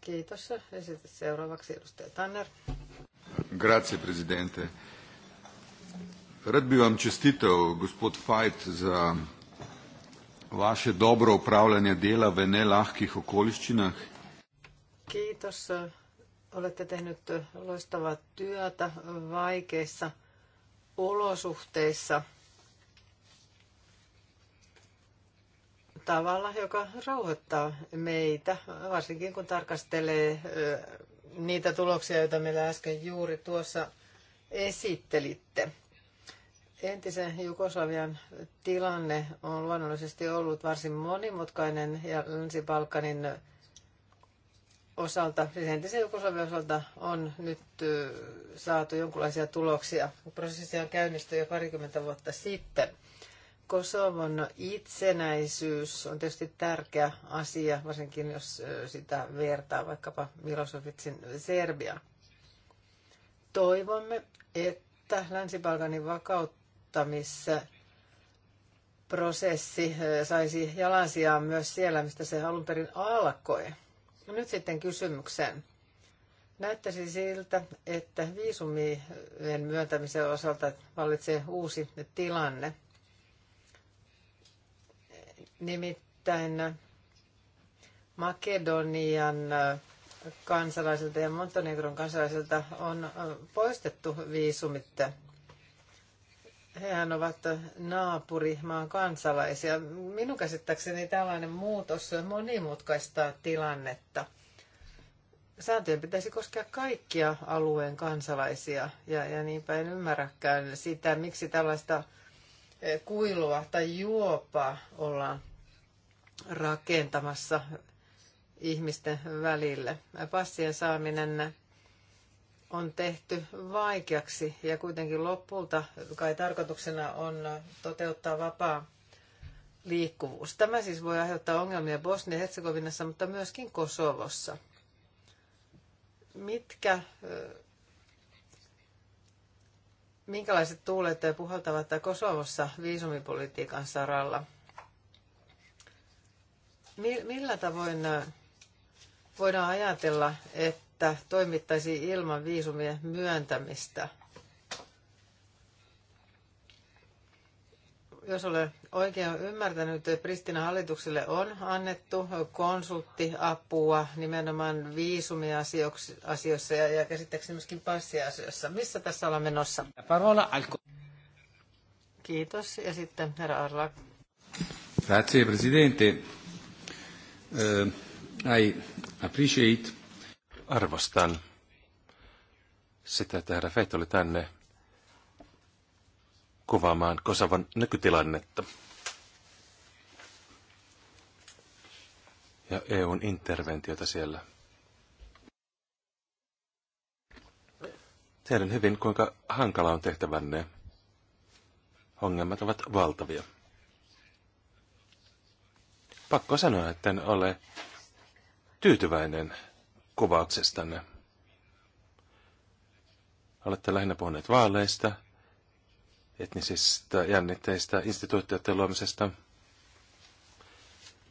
Kiitos. Esitys seuraavaksi edustaja Tanner. Grazie, presidente. Rad bi vam čestitev, gospod Fajt, za vaše dobro upravljanje dela v nelahkih okoliščinah. Kiitos Olette tehnyt loistavaa työtä vaikeissa olosuhteissa tavalla, joka rauhoittaa meitä, varsinkin kun tarkastelee niitä tuloksia, joita meillä äsken juuri tuossa esittelitte. Entisen Jugoslavian tilanne on luonnollisesti ollut varsin monimutkainen ja Länsi-Balkanin osalta, siis entisen Jugoslavian osalta, on nyt saatu jonkinlaisia tuloksia. Prosessi on käynnistynyt jo parikymmentä vuotta sitten. Kosovon itsenäisyys on tietysti tärkeä asia, varsinkin jos sitä vertaa vaikkapa Milosevicin Serbia. Toivomme, että Länsi-Balkanin vakauttamissa prosessi saisi jalansijaa myös siellä, mistä se alun perin alkoi. No nyt sitten kysymykseen. Näyttäisi siltä, että viisumien myöntämisen osalta vallitsee uusi tilanne. Nimittäin Makedonian kansalaisilta ja Montenegron kansalaisilta on poistettu viisumit Hehän ovat naapurimaan kansalaisia. Minun käsittääkseni tällainen muutos monimutkaistaa tilannetta. Sääntöjen pitäisi koskea kaikkia alueen kansalaisia, ja, ja niinpä en ymmärräkään sitä, miksi tällaista eh, kuilua tai juopaa ollaan rakentamassa ihmisten välille. Passien saaminen on tehty vaikeaksi ja kuitenkin lopulta kai tarkoituksena on toteuttaa vapaa liikkuvuus. Tämä siis voi aiheuttaa ongelmia Bosnia-Herzegovinassa, mutta myöskin Kosovossa. Mitkä, minkälaiset tuulet puhaltavat Kosovossa viisumipolitiikan saralla? Millä tavoin voidaan ajatella, että että toimittaisi ilman viisumien myöntämistä. Jos olen oikein ymmärtänyt, että Pristina hallitukselle on annettu konsulttiapua nimenomaan viisumiasioissa ja, ja käsittääkseni myöskin passiasioissa. Missä tässä ollaan menossa? Parola alko. Kiitos. Ja sitten herra Arla. Grazie, Presidente. Uh, I appreciate arvostan sitä, että herra Feit oli tänne kuvaamaan Kosovan nykytilannetta. Ja EUn interventiota siellä. Tiedän hyvin, kuinka hankala on tehtävänne. Ongelmat ovat valtavia. Pakko sanoa, että en ole tyytyväinen kuvauksestanne. Olette lähinnä puhuneet vaaleista, etnisistä jännitteistä, instituutioiden luomisesta.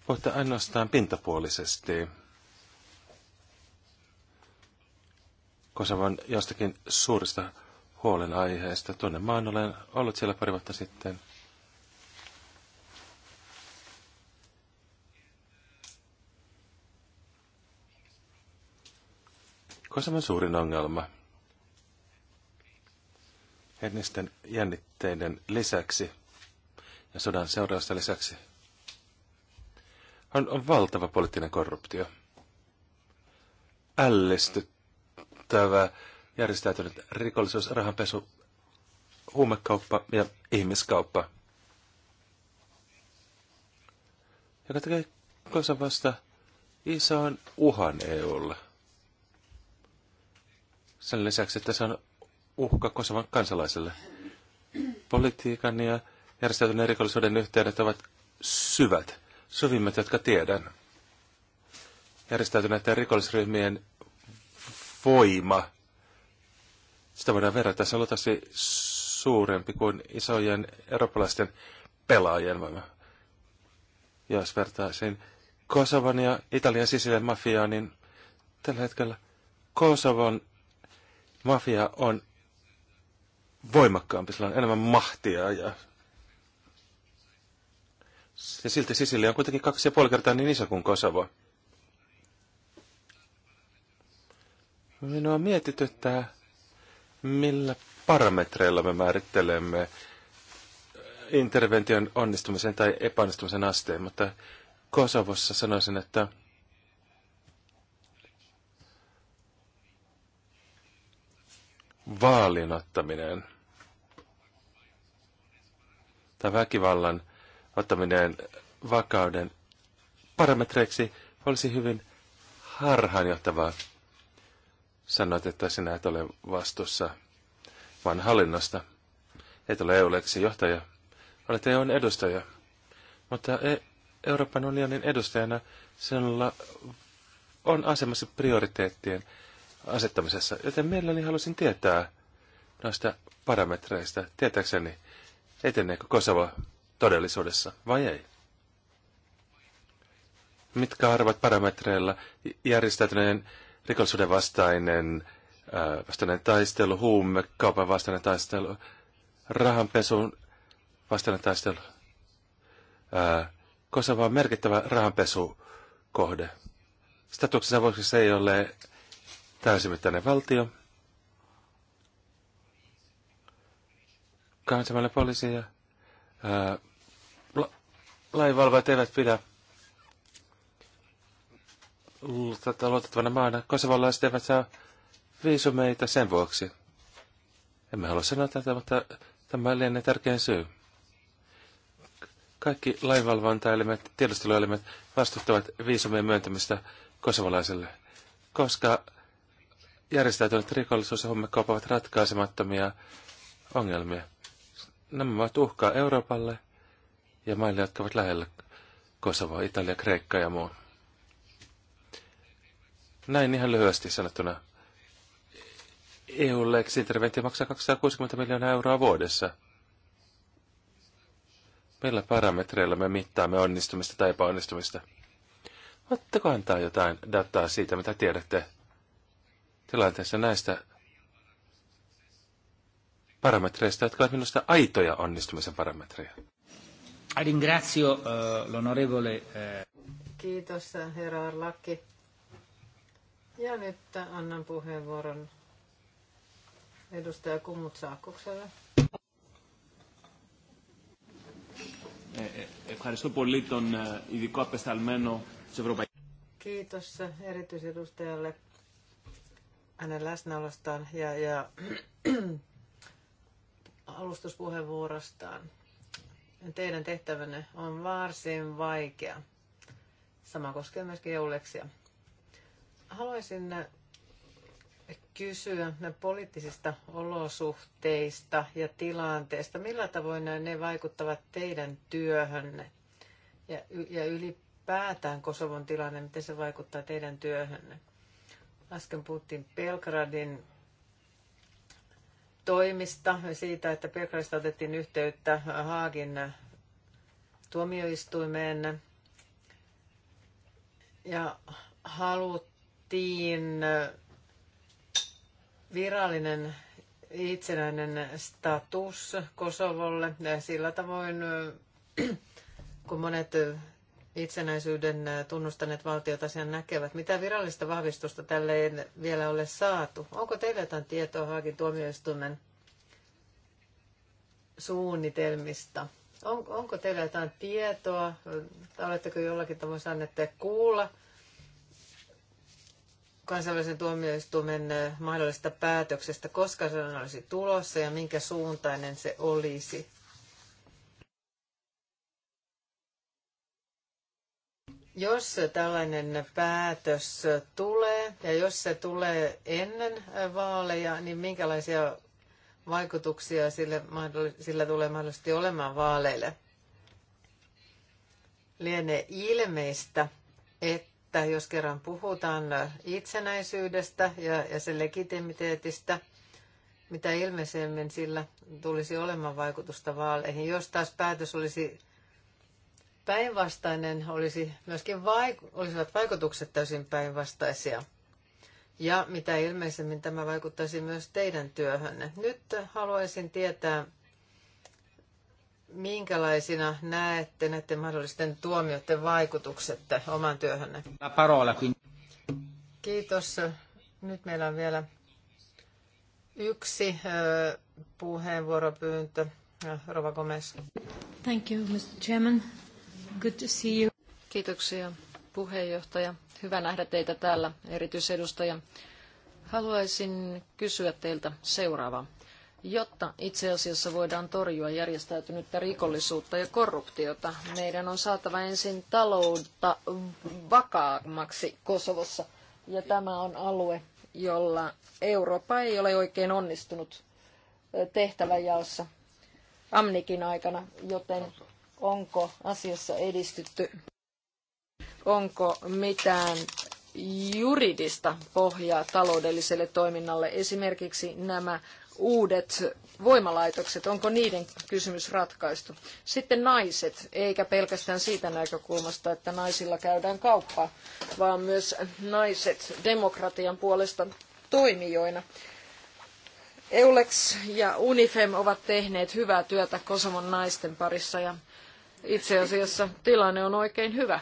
Puhutte ainoastaan pintapuolisesti. Kosovan jostakin suurista huolenaiheista. Tuonne maan olen ollut siellä pari vuotta sitten – Pakkoaseman suurin ongelma etnisten jännitteiden lisäksi ja sodan seurausta lisäksi on, on valtava poliittinen korruptio. Ällistyttävä järjestäytynyt rikollisuus, rahanpesu, huumekauppa ja ihmiskauppa. Joka tekee Kosovasta isoon uhan EUlle sen lisäksi, että se on uhka Kosovan kansalaiselle. Politiikan ja järjestäytyneen rikollisuuden yhteydet ovat syvät, syvimmät, jotka tiedän. Järjestäytyneiden rikollisryhmien voima, sitä voidaan verrata, se on tosi suurempi kuin isojen eurooppalaisten pelaajien voima. Jos vertaisin Kosovan ja Italian sisille mafiaa, niin tällä hetkellä Kosovan mafia on voimakkaampi, sillä on enemmän mahtia ja ja silti Sisilia on kuitenkin kaksi ja puoli kertaa niin iso kuin Kosovo. Minua että millä parametreilla me määrittelemme intervention onnistumisen tai epäonnistumisen asteen, mutta Kosovossa sanoisin, että vaalin ottaminen väkivallan ottaminen vakauden parametreiksi olisi hyvin harhaanjohtavaa. Sanoit, että sinä et ole vastuussa vaan hallinnosta. Et ole eu johtaja. Olet EUn edustaja. Mutta e- Euroopan unionin edustajana sinulla on asemassa prioriteettien asettamisessa, joten mielelläni halusin tietää noista parametreista, tietääkseni eteneekö Kosovo todellisuudessa vai ei. Mitkä arvat parametreilla järjestäytyneen rikollisuuden vastainen, äh, vastainen taistelu, huume, kaupan vastainen taistelu, rahanpesun vastainen taistelu? Äh, Kosovo on merkittävä rahanpesukohde. Statuksessa vuoksi se ei ole täysimittainen valtio. Kansainvälinen poliisi ja la, lainvalvojat eivät pidä luotettavana maana. Kosovalaiset eivät saa viisumeita sen vuoksi. Emme halua sanoa tätä, mutta tämä lienee tärkein syy. Kaikki lainvalvontaelimet, tiedusteluelimet vastustavat viisumien myöntämistä kosovalaiselle, koska järjestäytynyt rikollisuus ja huumekauppa ovat ratkaisemattomia ongelmia. Nämä ovat uhkaa Euroopalle ja maille, jotka ovat lähellä Kosovoa, Italia, Kreikka ja muu. Näin ihan lyhyesti sanottuna. EUlle interventio maksaa 260 miljoonaa euroa vuodessa. Millä parametreilla me mittaamme onnistumista tai epäonnistumista? Voitteko antaa jotain dataa siitä, mitä tiedätte? tilanteessa näistä parametreista, jotka ovat minusta aitoja onnistumisen parametreja. Ringrazio uh, l'onorevole... Eh. Kiitos, herra Arlaki. Ja nyt annan puheenvuoron edustaja Kummut Saakkukselle. Kiitos erityisedustajalle hänen läsnäolostaan ja, ja alustuspuheenvuorostaan. Teidän tehtävänne on varsin vaikea. Sama koskee myöskin jouleksia. Haluaisin kysyä poliittisista olosuhteista ja tilanteesta. Millä tavoin ne vaikuttavat teidän työhönne? Ja, ja ylipäätään Kosovon tilanne, miten se vaikuttaa teidän työhönne? Äsken puhuttiin Belgradin toimista, siitä, että Belgradista otettiin yhteyttä Haagin tuomioistuimeen ja haluttiin virallinen itsenäinen status Kosovolle sillä tavoin, kun monet itsenäisyyden äh, tunnustaneet valtiot asian näkevät. Mitä virallista vahvistusta tälle ei vielä ole saatu? Onko teillä jotain tietoa Haagin tuomioistuimen suunnitelmista? On, onko teillä jotain tietoa? Äh, oletteko jollakin tavoin saaneet kuulla kansainvälisen tuomioistuimen äh, mahdollisesta päätöksestä, koska se olisi tulossa ja minkä suuntainen se olisi? Jos tällainen päätös tulee ja jos se tulee ennen vaaleja, niin minkälaisia vaikutuksia sille, sillä tulee mahdollisesti olemaan vaaleille? Lienee ilmeistä, että jos kerran puhutaan itsenäisyydestä ja, ja sen legitimiteetistä, mitä ilmeisemmin sillä tulisi olemaan vaikutusta vaaleihin. Jos taas päätös olisi päinvastainen olisi myöskin vaik- olisivat vaikutukset täysin päinvastaisia. Ja mitä ilmeisemmin tämä vaikuttaisi myös teidän työhönne. Nyt haluaisin tietää, minkälaisina näette näiden mahdollisten tuomioiden vaikutukset oman työhönne? Parola, Kiitos. Nyt meillä on vielä yksi puheenvuoropyyntö. Rova Gomez. Thank you, Mr. Chairman. Good to see you. Kiitoksia puheenjohtaja. Hyvä nähdä teitä täällä, erityisedustaja. Haluaisin kysyä teiltä seuraavaa. Jotta itse asiassa voidaan torjua järjestäytynyttä rikollisuutta ja korruptiota, meidän on saatava ensin taloutta vakaammaksi Kosovossa. Ja tämä on alue, jolla Eurooppa ei ole oikein onnistunut eh, tehtävänjaossa Amnikin aikana, joten onko asiassa edistytty, onko mitään juridista pohjaa taloudelliselle toiminnalle, esimerkiksi nämä uudet voimalaitokset, onko niiden kysymys ratkaistu. Sitten naiset, eikä pelkästään siitä näkökulmasta, että naisilla käydään kauppaa, vaan myös naiset demokratian puolesta toimijoina. Eulex ja Unifem ovat tehneet hyvää työtä Kosovon naisten parissa ja itse asiassa tilanne on oikein hyvä.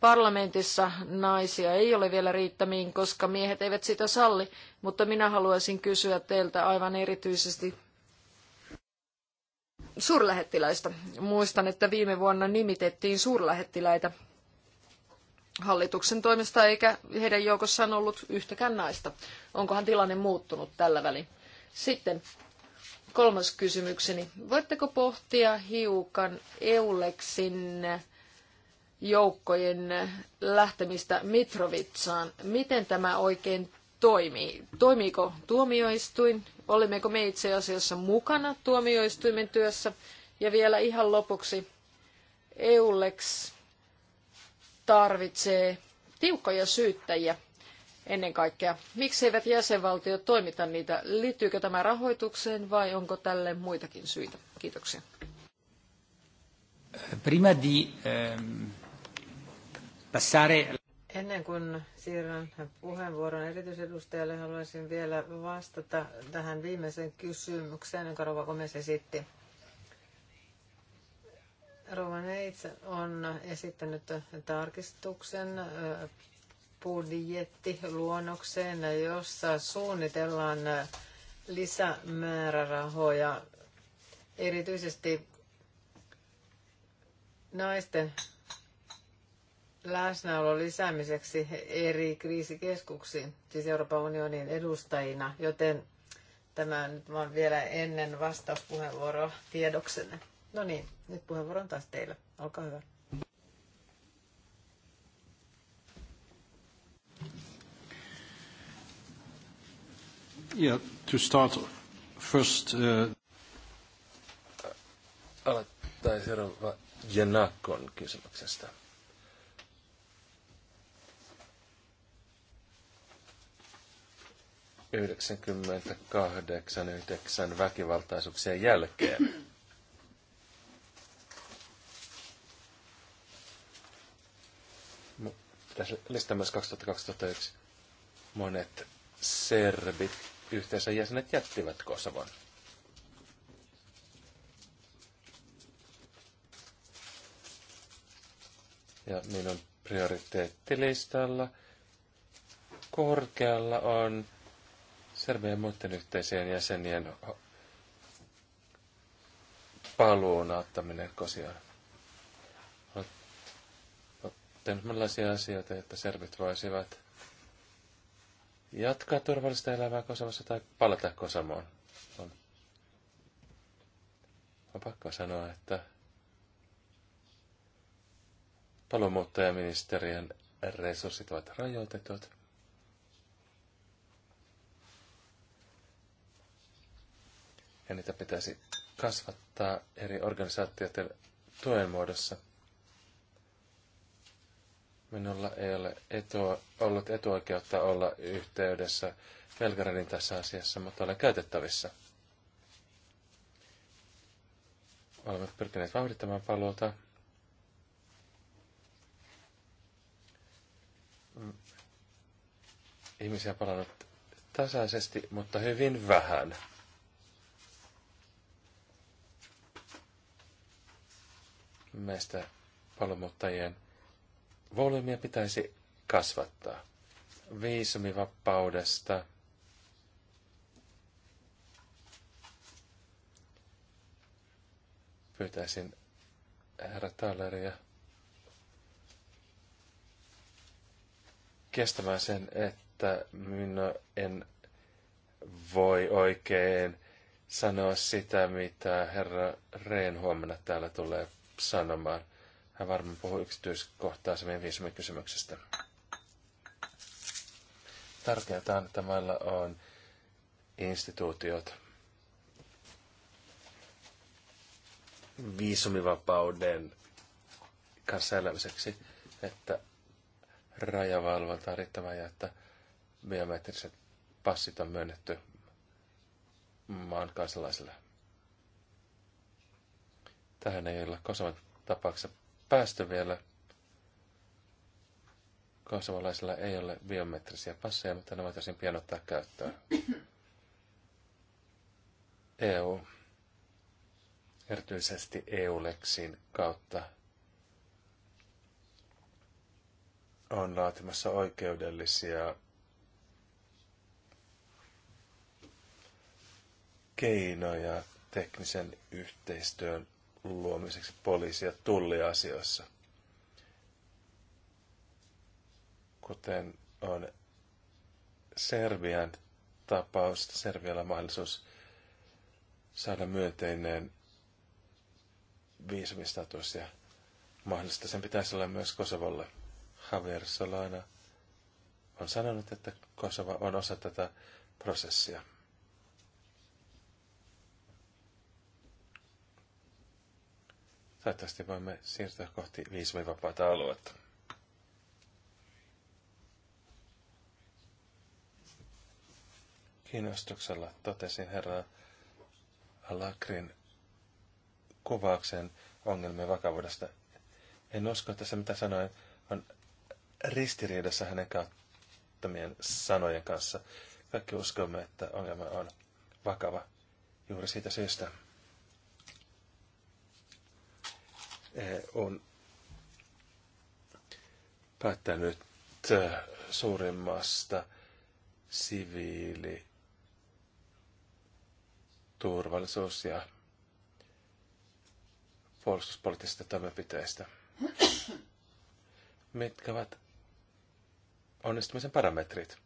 Parlamentissa naisia ei ole vielä riittämiin, koska miehet eivät sitä salli, mutta minä haluaisin kysyä teiltä aivan erityisesti suurlähettiläistä. Muistan, että viime vuonna nimitettiin suurlähettiläitä hallituksen toimesta, eikä heidän joukossaan ollut yhtäkään naista. Onkohan tilanne muuttunut tällä välin? Sitten kolmas kysymykseni. Voitteko pohtia hiukan EULEXin joukkojen lähtemistä Mitrovitsaan? Miten tämä oikein toimii? Toimiiko tuomioistuin? Olemmeko me itse asiassa mukana tuomioistuimen työssä? Ja vielä ihan lopuksi, Eulex tarvitsee tiukkoja syyttäjiä ennen kaikkea. Miksi eivät jäsenvaltiot toimita niitä? Liittyykö tämä rahoitukseen vai onko tälle muitakin syitä? Kiitoksia. Prima di, ähm, passare... Ennen kuin siirrän puheenvuoron erityisedustajalle, haluaisin vielä vastata tähän viimeiseen kysymykseen, jonka Rova Komes esitti. Rova Neitz on esittänyt tarkistuksen budjettiluonnokseen, jossa suunnitellaan lisämäärärahoja erityisesti naisten läsnäolon lisäämiseksi eri kriisikeskuksiin, siis Euroopan unionin edustajina, joten tämä nyt vaan vielä ennen vastauspuheenvuoroa tiedoksenne. No niin, nyt puheenvuoro on taas teillä. Olkaa hyvä. Yeah, to start first... Uh... Aloittaisi seuraava Janakon kysymyksestä. Yhdeksänkymmentäkahdeksan yhdeksän väkivaltaisuuksien jälkeen. Pitäisi listaa myös 2001 monet serbit yhteensä jäsenet jättivät Kosovon. Ja minun prioriteettilistalla korkealla on Serbian muiden yhteisöjen jäsenien paluun auttaminen Kosiaan. Olen tehnyt asioita, että servit voisivat jatkaa turvallista elämää Kosovassa tai palata Kosamoon. On, on pakko sanoa, että paluumuuttajaministeriön resurssit ovat rajoitetut. Ja niitä pitäisi kasvattaa eri organisaatioiden tuen muodossa – Minulla ei ole etua, ollut etuoikeutta olla yhteydessä Belgradin tässä asiassa, mutta olen käytettävissä. Olemme pyrkineet vauhdittamaan paluuta. Ihmisiä on palannut tasaisesti, mutta hyvin vähän. Meistä palomuuttajien Volyymia pitäisi kasvattaa. Viisumivapaudesta. Pyytäisin herra Talleria kestämään sen, että minä en voi oikein sanoa sitä, mitä herra Reen huomenna täällä tulee sanomaan. Hän varmaan puhuu yksityiskohtaisemmin viisumikysymyksestä. Tärkeää on, että meillä on instituutiot viisumivapauden kanssa elämiseksi, että rajavalvonta on riittävää ja että biometriset passit on myönnetty maan kansalaisille. Tähän ei ole Kosovan tapauksessa Päästä vielä. Kosovalaisilla ei ole biometrisiä passeja, mutta ne voitaisiin pian ottaa käyttöön. EU, erityisesti EU-leksin kautta, on laatimassa oikeudellisia keinoja teknisen yhteistyön luomiseksi poliisi- ja tulliasioissa. Kuten on Serbian tapaus, Serbialla mahdollisuus saada myönteinen viisumistatus ja mahdollista sen pitäisi olla myös Kosovolle. Javier Solana on sanonut, että Kosova on osa tätä prosessia. Toivottavasti voimme siirtyä kohti viisumivapaata aluetta. Kiinnostuksella totesin herra Alakrin kuvauksen ongelmien vakavuudesta. En usko, että se mitä sanoin on ristiriidassa hänen käyttämien sanojen kanssa. Kaikki uskomme, että ongelma on vakava juuri siitä syystä. Eh, on päättänyt eh, suurimmasta siviili turvallisuus- ja puolustuspoliittisista toimenpiteistä. Mitkä ovat onnistumisen parametrit?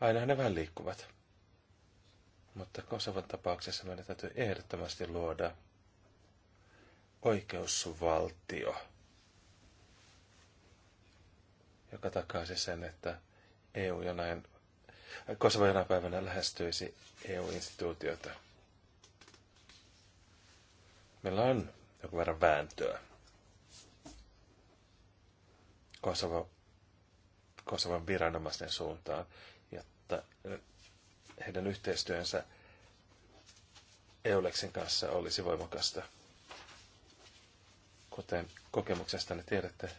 Aina ne vähän liikkuvat. Mutta Kosovan tapauksessa meidän täytyy ehdottomasti luoda oikeusvaltio, joka takaisi siis sen, että EU jonain, Kosovo jonain päivänä lähestyisi EU-instituutioita. Meillä on joku verran vääntöä. Kosovo, Kosovan viranomaisten suuntaan, jotta heidän yhteistyönsä Euleksin kanssa olisi voimakasta. Kuten kokemuksestanne tiedätte,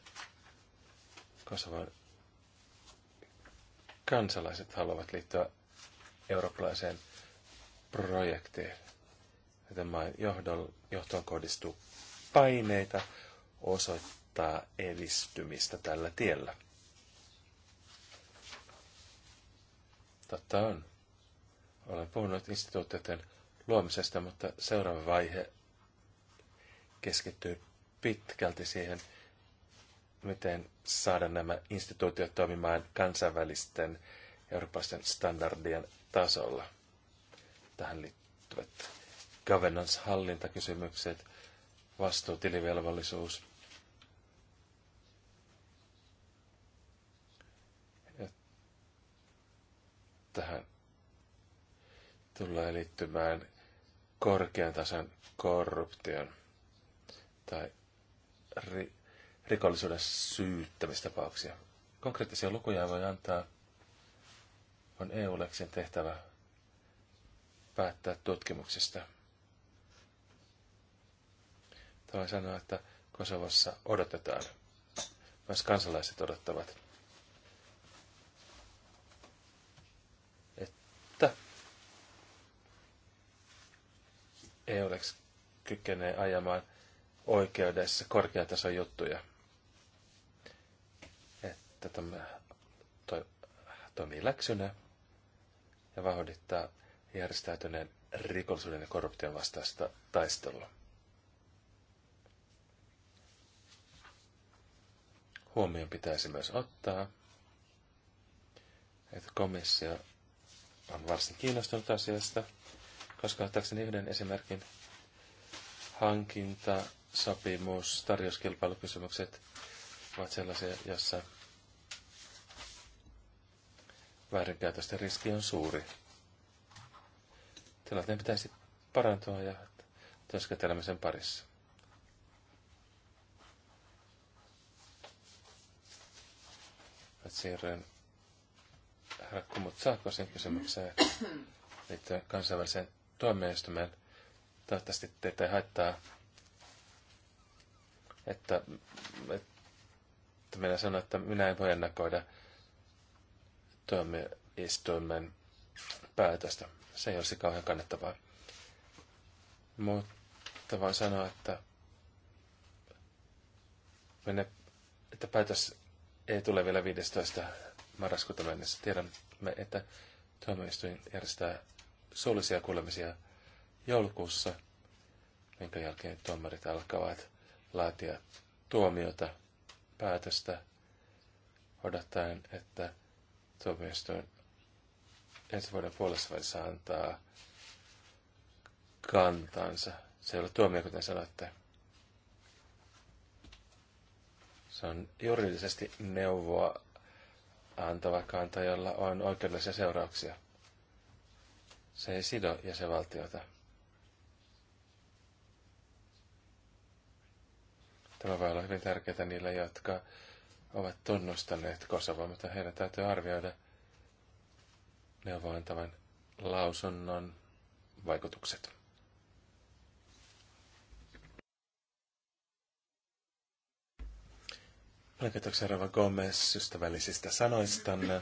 Kosovan kansalaiset haluavat liittyä eurooppalaiseen projektiin. Joten maan johtoon kohdistuu paineita osoittaa edistymistä tällä tiellä. Totta on. Olen puhunut instituutioiden luomisesta, mutta seuraava vaihe keskittyy pitkälti siihen, miten saada nämä instituutiot toimimaan kansainvälisten eurooppalaisten standardien tasolla. Tähän liittyvät governance-hallintakysymykset, vastuutilivelvollisuus, tähän tulee liittymään korkean tason korruption tai ri, rikollisuuden syyttämistapauksia. Konkreettisia lukuja voi antaa. On EU-leksin tehtävä päättää tutkimuksesta. Tämä sanoa, että Kosovossa odotetaan. Myös kansalaiset odottavat. Että EU-leks kykenee ajamaan – oikeudessa korkeatason juttuja. Että tämä to, toimii läksynä ja vahvittaa järjestäytyneen rikollisuuden ja korruption vastaista taistelua. Huomioon pitäisi myös ottaa, että komissio on varsin kiinnostunut asiasta, koska ottaakseni yhden esimerkin hankinta sopimus, tarjouskilpailukysymykset ovat sellaisia, jossa väärinkäytösten riski on suuri. Tilanteen pitäisi parantua ja työskentelemisen parissa. Nyt siirryn herra Kumut Saakkosen kysymykseen liittyen kansainväliseen tuomioistumeen. Toivottavasti teitä ei haittaa että, että minä sanon, että minä en voi ennakoida tuomioistuimen päätöstä. Se ei olisi kauhean kannattavaa. Mutta voin sanoa, että, minä, että päätös ei tule vielä 15. marraskuuta mennessä. Tiedämme, että tuomioistuin järjestää suullisia kuulemisia joulukuussa, minkä jälkeen tuomarit alkavat laatia tuomiota, päätöstä, odottaen, että tuomioistuin ensi vuoden puolessa välissä antaa kantansa. Se ei ole tuomio, kuten sanoitte. Se on juridisesti neuvoa antava kanta, jolla on oikeudellisia seurauksia. Se ei sido jäsenvaltiota. Tämä voi olla hyvin tärkeää niille, jotka ovat tunnustaneet Kosovo, mutta heidän täytyy arvioida neuvoantavan lausunnon vaikutukset. Paljon kiitoksia Rava Gomez ystävällisistä sanoistanne.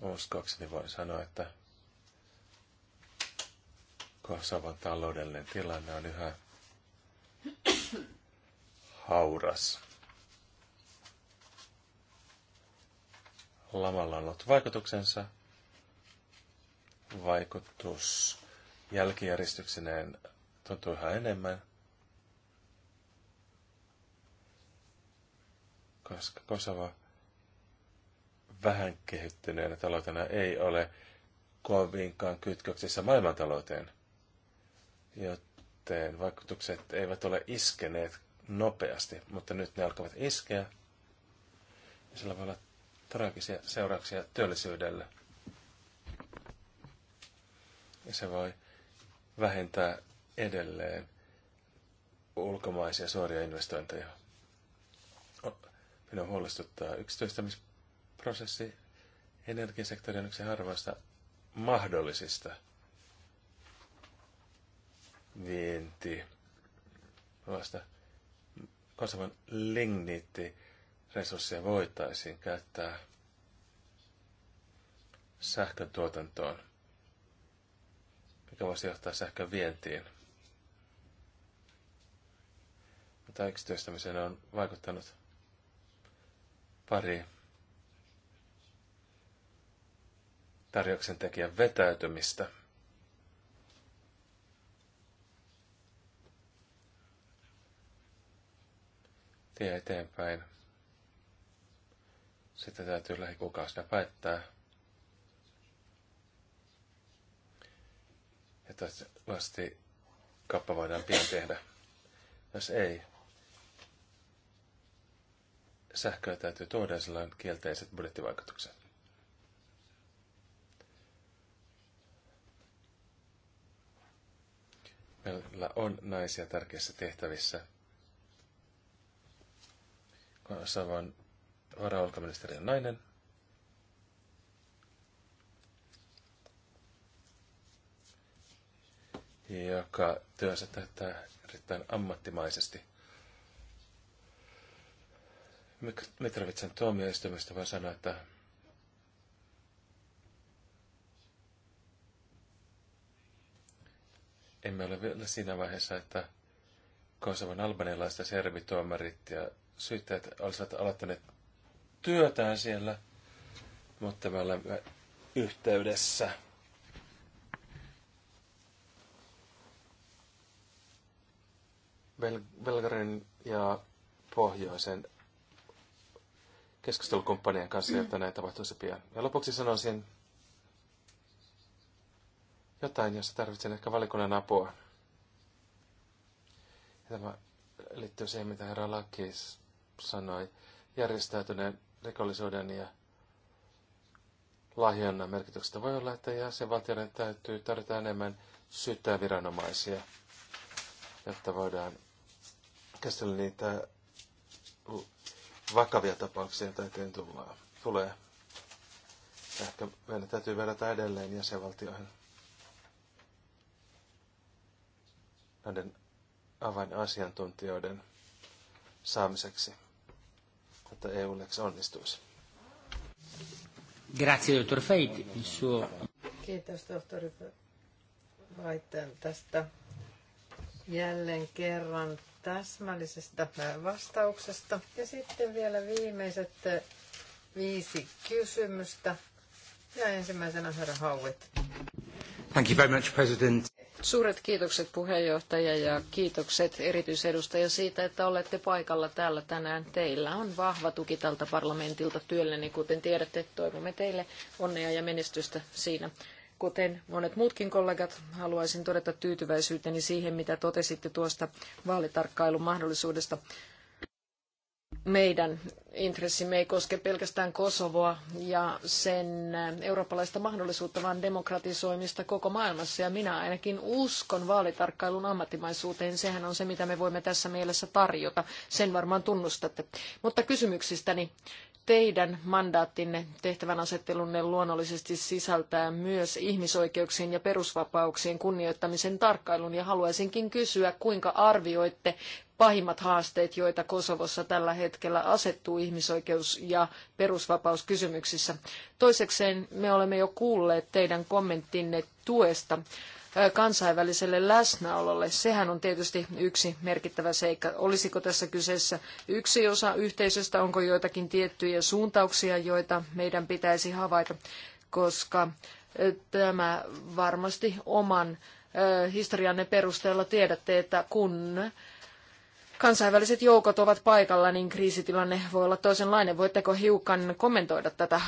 Uskoakseni voin sanoa, että Kosovon taloudellinen tilanne on yhä hauras. Lamalla on ollut vaikutuksensa. Vaikutus jälkijäristyksineen tuntuu yhä enemmän, koska Kosova vähän kehittyneenä taloutena ei ole kovinkaan kytköksissä maailmantalouteen – joten vaikutukset eivät ole iskeneet nopeasti, mutta nyt ne alkavat iskeä. Ja sillä voi olla traagisia seurauksia työllisyydelle. Ja se voi vähentää edelleen ulkomaisia suoria investointeja. Minua huolestuttaa yksityistämisprosessi. Energiasektori on yksi harvoista mahdollisista vienti vasta Kosovan ligniitti resursseja voitaisiin käyttää tuotantoon, mikä voisi johtaa sähkön vientiin. Mutta yksityistämiseen on vaikuttanut pari tarjouksen tekijän vetäytymistä – vie eteenpäin. Sitä täytyy lähikuukausina päättää. Ja toivottavasti kappa voidaan pian tehdä. Jos ei, sähköä täytyy tuoda, sillä on kielteiset budjettivaikutukset. Meillä on naisia tärkeissä tehtävissä – Kosovan varaulkoministeriön on nainen. joka työnsä täyttää erittäin ammattimaisesti. Mitrovitsan tuomioistuimesta voi sanoa, että emme ole vielä siinä vaiheessa, että Kosovan albanialaiset ja servituomarit ja syyttäjät olisivat aloittaneet työtään siellä, mutta me olemme yhteydessä. Bel- Belgarin ja pohjoisen keskustelukumppanien kanssa, jotta näin tapahtuisi pian. Ja lopuksi sanoisin jotain, jossa tarvitsen ehkä valikunnan apua. Ja tämä liittyy siihen, mitä herra Lakis sanoi, järjestäytyneen rikollisuuden ja lahjonnan merkityksestä voi olla, että jäsenvaltioiden täytyy tarjota enemmän syyttää viranomaisia, jotta voidaan käsitellä niitä vakavia tapauksia, joita eteen tullaan. tulee. Ehkä meidän täytyy verrata edelleen jäsenvaltioihin näiden avainasiantuntijoiden saamiseksi että EU-lex onnistuisi. Grazie, dottor Feit. Suo... Kiitos, tohtori Vaiten tästä jälleen kerran täsmällisestä äh, vastauksesta. Ja sitten vielä viimeiset äh, viisi kysymystä. Ja ensimmäisenä herra Howitt. Thank you very much, President. Suuret kiitokset puheenjohtaja ja kiitokset erityisedustaja siitä, että olette paikalla täällä tänään. Teillä on vahva tuki tältä parlamentilta työlle, niin kuten tiedätte, toivomme teille onnea ja menestystä siinä. Kuten monet muutkin kollegat, haluaisin todeta tyytyväisyyteni siihen, mitä totesitte tuosta vaalitarkkailun mahdollisuudesta meidän intressimme ei koske pelkästään Kosovoa ja sen äh, eurooppalaista mahdollisuutta, vaan demokratisoimista koko maailmassa. Ja minä ainakin uskon vaalitarkkailun ammattimaisuuteen. Sehän on se, mitä me voimme tässä mielessä tarjota. Sen varmaan tunnustatte. Mutta kysymyksistäni teidän mandaattinne, tehtävän asettelunne luonnollisesti sisältää myös ihmisoikeuksien ja perusvapauksien kunnioittamisen tarkkailun ja haluaisinkin kysyä, kuinka arvioitte pahimmat haasteet, joita Kosovossa tällä hetkellä asettuu ihmisoikeus- ja perusvapauskysymyksissä. Toisekseen me olemme jo kuulleet teidän kommenttinne tuesta kansainväliselle läsnäololle. Sehän on tietysti yksi merkittävä seikka. Olisiko tässä kyseessä yksi osa yhteisöstä, onko joitakin tiettyjä suuntauksia, joita meidän pitäisi havaita, koska tämä varmasti oman historianne perusteella tiedätte, että kun kansainväliset joukot ovat paikalla, niin kriisitilanne voi olla toisenlainen. Voitteko hiukan kommentoida tätä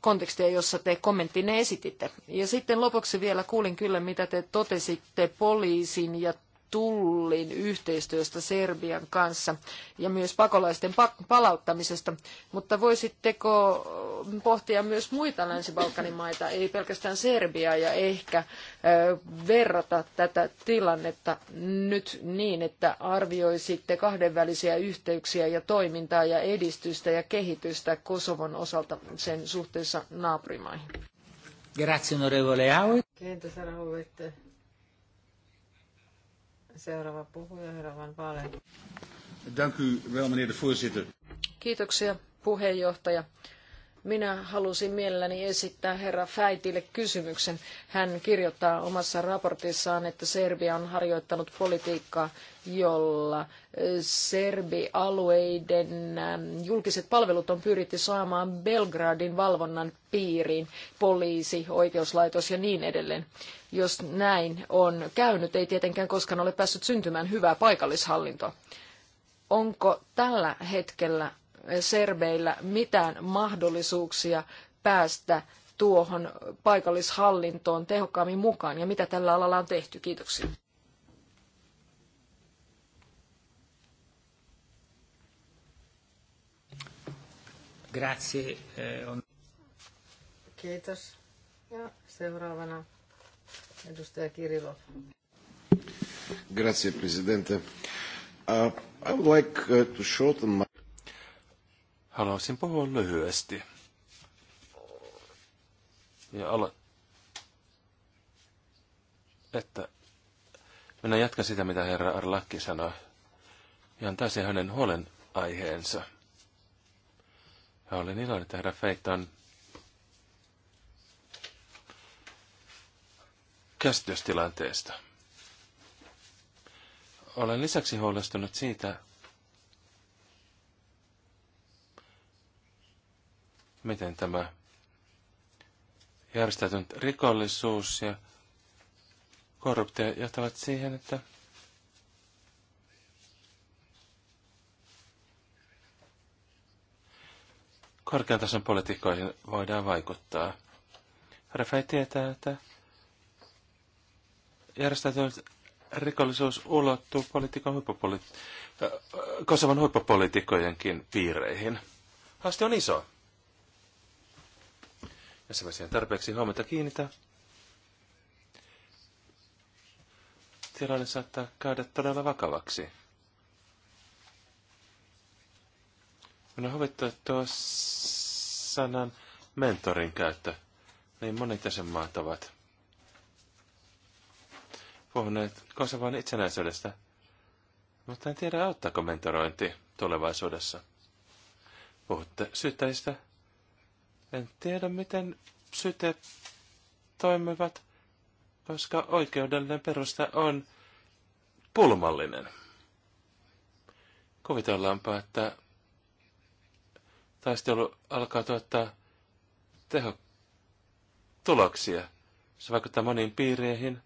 kontekstia, jossa te kommenttinne esititte? Ja sitten lopuksi vielä kuulin kyllä, mitä te totesitte poliisin ja tullin yhteistyöstä Serbian kanssa ja myös pakolaisten palauttamisesta, mutta voisitteko pohtia myös muita Länsi-Balkanin maita, ei pelkästään Serbiaa ja ehkä verrata tätä tilannetta nyt niin, että arvioisitte kahdenvälisiä yhteyksiä ja toimintaa ja edistystä ja kehitystä Kosovon osalta sen suhteessa naapurimaihin. Grazie onorevole Kiitos Seuraava puhuja, herra Van Dank u wel, meneer de voorzitter. Kiitoksia, puheenjohtaja. Minä halusin mielelläni esittää herra Fäitille kysymyksen. Hän kirjoittaa omassa raportissaan, että Serbia on harjoittanut politiikkaa, jolla eh, serbialueiden eh, julkiset palvelut on pyritty saamaan Belgradin valvonnan piiriin, poliisi, oikeuslaitos ja niin edelleen. Jos näin on käynyt, ei tietenkään koskaan ole päässyt syntymään hyvää paikallishallintoa. Onko tällä hetkellä serbeillä mitään mahdollisuuksia päästä tuohon paikallishallintoon tehokkaammin mukaan ja mitä tällä alalla on tehty. Kiitoksia. Grazie. Eh, Kiitos. Ja seuraavana edustaja Kirilov. Grazie, Presidente. Uh, I would like uh, to shorten my Haluaisin puhua lyhyesti. Ja ala... Että minä jatkan sitä, mitä herra Arlakki sanoi. Ihan täysin hänen huolen aiheensa. Ja olen iloinen, että herra Feiton käsitystilanteesta. Olen lisäksi huolestunut siitä, miten tämä järjestäytynyt rikollisuus ja korruptio johtavat siihen, että korkean tason politiikkoihin voidaan vaikuttaa. Refei tietää, että järjestäytynyt rikollisuus ulottuu poliitikon huippupoliit- äh, Kosovan huippupoliitikkojenkin piireihin. Haaste on iso. Ja se siihen tarpeeksi huomenta kiinnitä. Tilanne saattaa käydä todella vakavaksi. Minä huvittaa tuo sanan mentorin käyttö. Niin monet jäsenmaat ovat puhuneet Kosovan itsenäisyydestä, mutta en tiedä auttaako mentorointi tulevaisuudessa. Puhutte syyttäjistä, en tiedä, miten syte toimivat, koska oikeudellinen perusta on pulmallinen. Kuvitellaanpa, että taistelu alkaa tuottaa teho tuloksia. Se vaikuttaa moniin piireihin.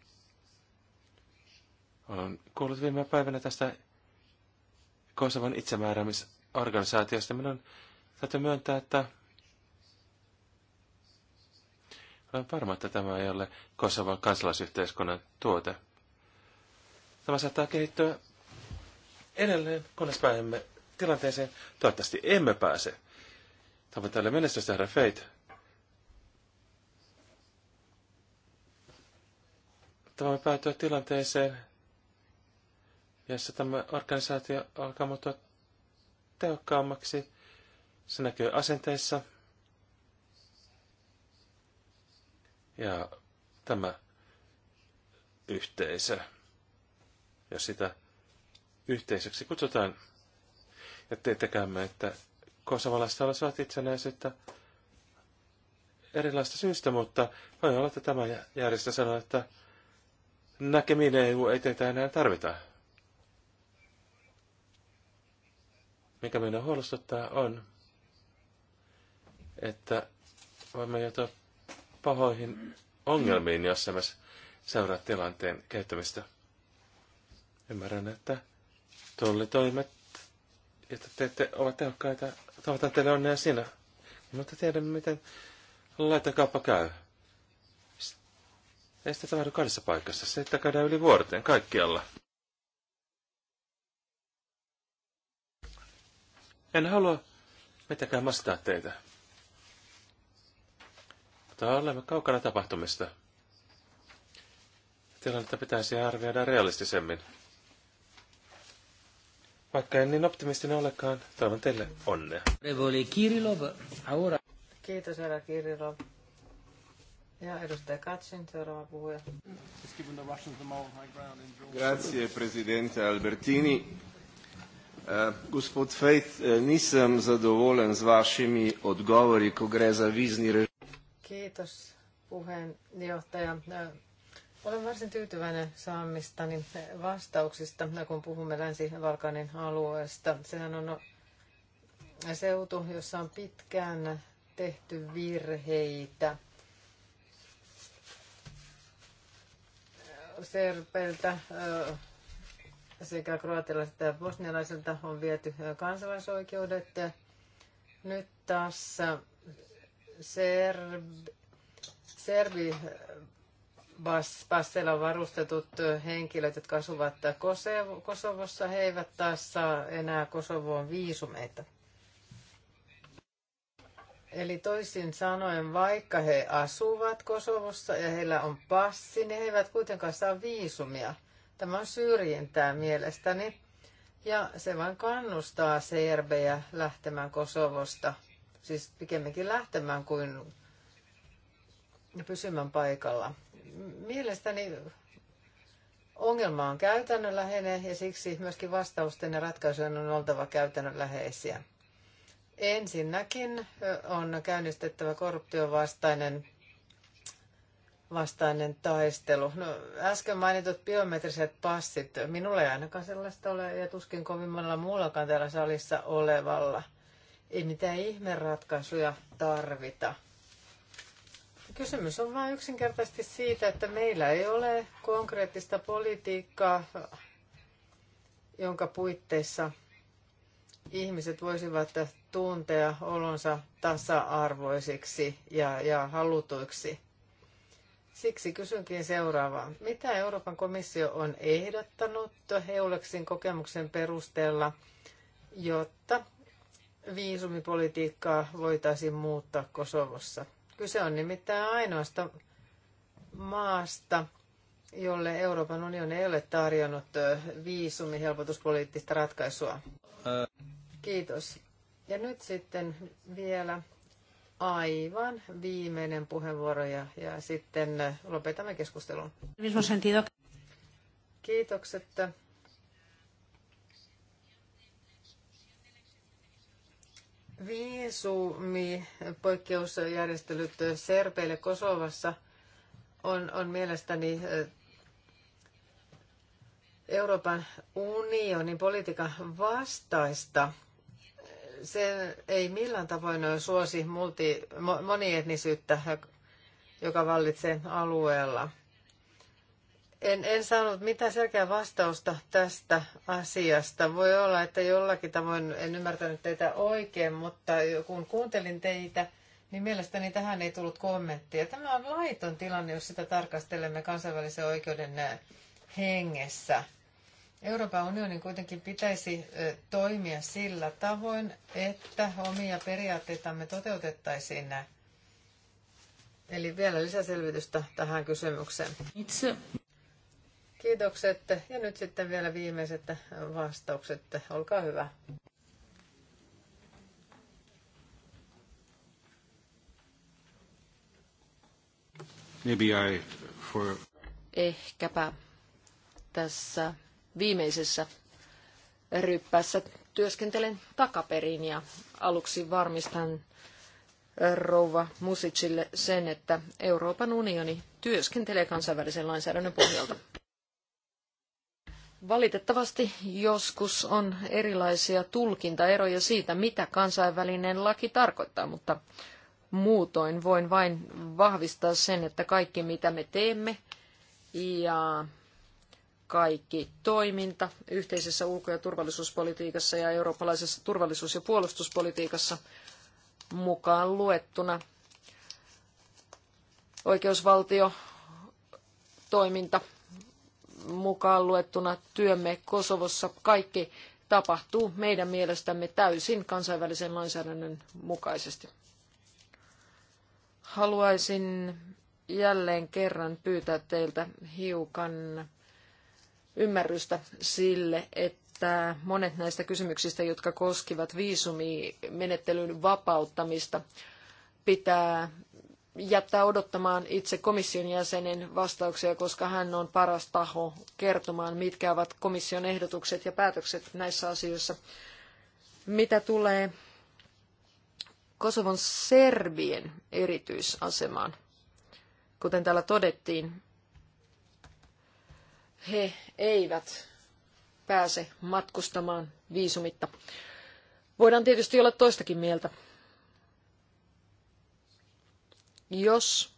Olen kuullut viime päivänä tästä Kosovan itsemääräämisorganisaatiosta. Minun täytyy myöntää, että Olen varma, että tämä ei ole Kosovan kansalaisyhteiskunnan tuote. Tämä saattaa kehittyä edelleen, kunnes pääsemme tilanteeseen. Toivottavasti emme pääse. Tämä on tälle menestystä, herra Feit. Tämä voi päätyä tilanteeseen, jossa tämä organisaatio alkaa muuttua tehokkaammaksi. Se näkyy asenteissa, ja tämä yhteisö. Ja sitä yhteisöksi kutsutaan. Ja teetäkäämme, että kosovalaiset olisivat itsenäisyyttä erilaista syystä, mutta voi olla, että tämä järjestö sanoo, että näkeminen EU ei teitä enää tarvita. Mikä meidän huolestuttaa on, että voimme joutua pahoihin ongelmiin, jos mä seuraa tilanteen kehittämistä. Ymmärrän, että tullitoimet, että te ette ovat tehokkaita, toivotan teille onnea sinä. Mutta tiedän, miten laitakaappa käy. Ei sitä tapahdu kahdessa paikassa, se että käydään yli vuorten kaikkialla. En halua mitenkään mastaa teitä mutta olemme kaukana tapahtumista. Tilannetta pitäisi arvioida realistisemmin. Vaikka en niin optimistinen olekaan, toivon teille onnea. Kiitos, herra Kirilov. Ja edustaja Katsin, seuraava puhuja. Grazie, presidente Albertini. Uh, gospod Fejt, eh, nisem zadovoljen z vašimi odgovori, ko gre za vizni režim. Kiitos puheenjohtaja. Olen varsin tyytyväinen saamistani vastauksista, kun puhumme Länsi-Valkanin alueesta. Sehän on seutu, jossa on pitkään tehty virheitä. Serpeltä sekä kroatilaisilta ja bosnialaisilta on viety kansalaisoikeudet. Nyt tässä Serb, Serbi passilla varustetut henkilöt, jotka asuvat Kosovossa, he eivät taas saa enää Kosovoon viisumeita. Eli toisin sanoen, vaikka he asuvat Kosovossa ja heillä on passi, niin he eivät kuitenkaan saa viisumia. Tämä on syrjintää mielestäni. Ja se vain kannustaa serbejä lähtemään Kosovosta – siis pikemminkin lähtemään kuin pysymään paikalla. Mielestäni ongelma on käytännönläheinen ja siksi myöskin vastausten ja ratkaisujen on oltava käytännönläheisiä. Ensinnäkin on käynnistettävä korruption vastainen, vastainen taistelu. No, äsken mainitut biometriset passit, minulla ei ainakaan sellaista ole ja tuskin kovin monella muullakaan täällä salissa olevalla – ei mitään ihmeratkaisuja tarvita. Kysymys on vain yksinkertaisesti siitä, että meillä ei ole konkreettista politiikkaa, jonka puitteissa ihmiset voisivat tuntea olonsa tasa-arvoisiksi ja, ja halutuiksi. Siksi kysynkin seuraavaa. Mitä Euroopan komissio on ehdottanut Heuleksin kokemuksen perusteella, jotta viisumipolitiikkaa voitaisiin muuttaa Kosovossa. Kyse on nimittäin ainoasta maasta, jolle Euroopan unioni ei ole tarjonnut viisumihelpotuspoliittista ratkaisua. Kiitos. Ja nyt sitten vielä aivan viimeinen puheenvuoro ja, ja sitten lopetamme keskustelun. Kiitokset Viisumi poikkeusjärjestelyt Serpeille Kosovassa on, on mielestäni eh, Euroopan unionin politiikan vastaista. Se ei millään tavoin suosi multi, monietnisyyttä, joka vallitsee alueella. En, en saanut mitään selkeää vastausta tästä asiasta. Voi olla, että jollakin tavoin en ymmärtänyt teitä oikein, mutta kun kuuntelin teitä, niin mielestäni tähän ei tullut kommenttia. Tämä on laiton tilanne, jos sitä tarkastelemme kansainvälisen oikeuden äh, hengessä. Euroopan unionin kuitenkin pitäisi äh, toimia sillä tavoin, että omia periaatteitamme toteutettaisiin. Eli vielä lisäselvitystä tähän kysymykseen. Itse. Kiitokset. Ja nyt sitten vielä viimeiset vastaukset. Olkaa hyvä. Maybe I for... Ehkäpä tässä viimeisessä ryppässä työskentelen takaperin ja aluksi varmistan rouva Musicille sen, että Euroopan unioni työskentelee kansainvälisen lainsäädännön pohjalta. Valitettavasti joskus on erilaisia tulkintaeroja siitä, mitä kansainvälinen laki tarkoittaa, mutta muutoin voin vain vahvistaa sen, että kaikki mitä me teemme ja kaikki toiminta yhteisessä ulko- ja turvallisuuspolitiikassa ja eurooppalaisessa turvallisuus- ja puolustuspolitiikassa mukaan luettuna oikeusvaltio, toiminta mukaan luettuna työmme Kosovossa kaikki tapahtuu meidän mielestämme täysin kansainvälisen lainsäädännön mukaisesti. Haluaisin jälleen kerran pyytää teiltä hiukan ymmärrystä sille, että monet näistä kysymyksistä, jotka koskivat viisumimenettelyn vapauttamista, pitää jättää odottamaan itse komission jäsenen vastauksia, koska hän on paras taho kertomaan, mitkä ovat komission ehdotukset ja päätökset näissä asioissa. Mitä tulee Kosovon serbien erityisasemaan, kuten täällä todettiin, he eivät pääse matkustamaan viisumitta. Voidaan tietysti olla toistakin mieltä jos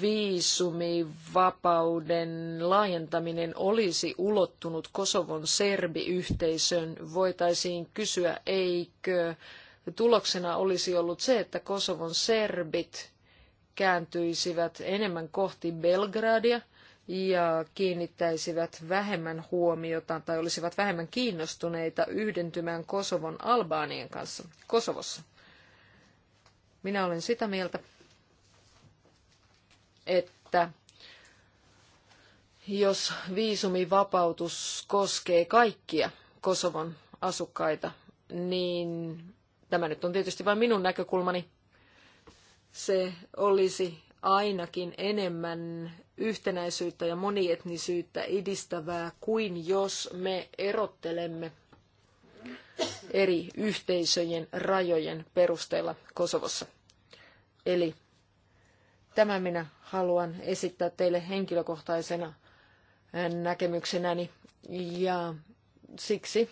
viisumivapauden laajentaminen olisi ulottunut Kosovon serbiyhteisön, voitaisiin kysyä, eikö tuloksena olisi ollut se, että Kosovon serbit kääntyisivät enemmän kohti Belgradia ja kiinnittäisivät vähemmän huomiota tai olisivat vähemmän kiinnostuneita yhdentymään Kosovon Albaanien kanssa Kosovossa. Minä olen sitä mieltä, että jos viisumivapautus koskee kaikkia Kosovon asukkaita, niin tämä nyt on tietysti vain minun näkökulmani. Se olisi ainakin enemmän yhtenäisyyttä ja monietnisyyttä edistävää kuin jos me erottelemme eri yhteisöjen rajojen perusteella Kosovossa. Eli tämä minä haluan esittää teille henkilökohtaisena näkemyksenäni ja siksi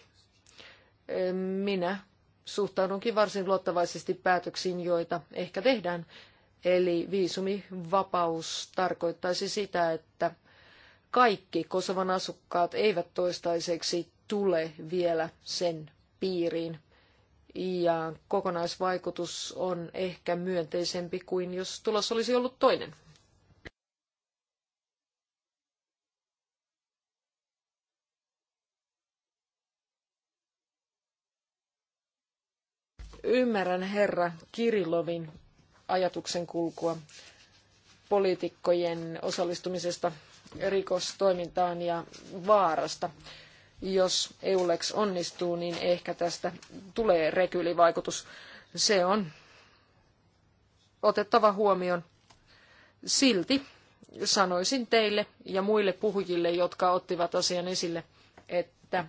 minä suhtaudunkin varsin luottavaisesti päätöksiin, joita ehkä tehdään. Eli viisumivapaus tarkoittaisi sitä, että kaikki Kosovan asukkaat eivät toistaiseksi tule vielä sen piiriin. Ja kokonaisvaikutus on ehkä myönteisempi kuin jos tulos olisi ollut toinen. Ymmärrän herra Kirilovin ajatuksen kulkua poliitikkojen osallistumisesta rikostoimintaan ja vaarasta. Jos EULEX onnistuu, niin ehkä tästä tulee rekylivaikutus. Se on otettava huomioon. Silti sanoisin teille ja muille puhujille, jotka ottivat asian esille, että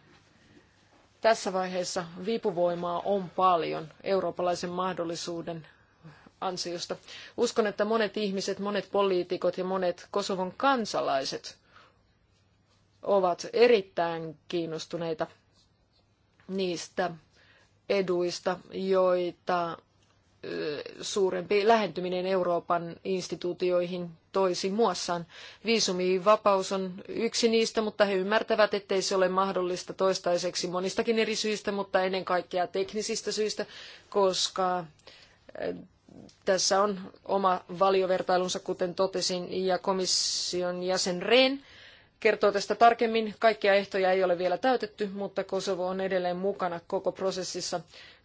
tässä vaiheessa vipuvoimaa on paljon eurooppalaisen mahdollisuuden ansiosta. Uskon, että monet ihmiset, monet poliitikot ja monet Kosovon kansalaiset ovat erittäin kiinnostuneita niistä eduista, joita suurempi lähentyminen Euroopan instituutioihin toisi muassaan. Viisumivapaus on yksi niistä, mutta he ymmärtävät, ettei se ole mahdollista toistaiseksi monistakin eri syistä, mutta ennen kaikkea teknisistä syistä, koska tässä on oma valiovertailunsa, kuten totesin, ja komission jäsen Rehn kertoo tästä tarkemmin. Kaikkia ehtoja ei ole vielä täytetty, mutta Kosovo on edelleen mukana koko prosessissa.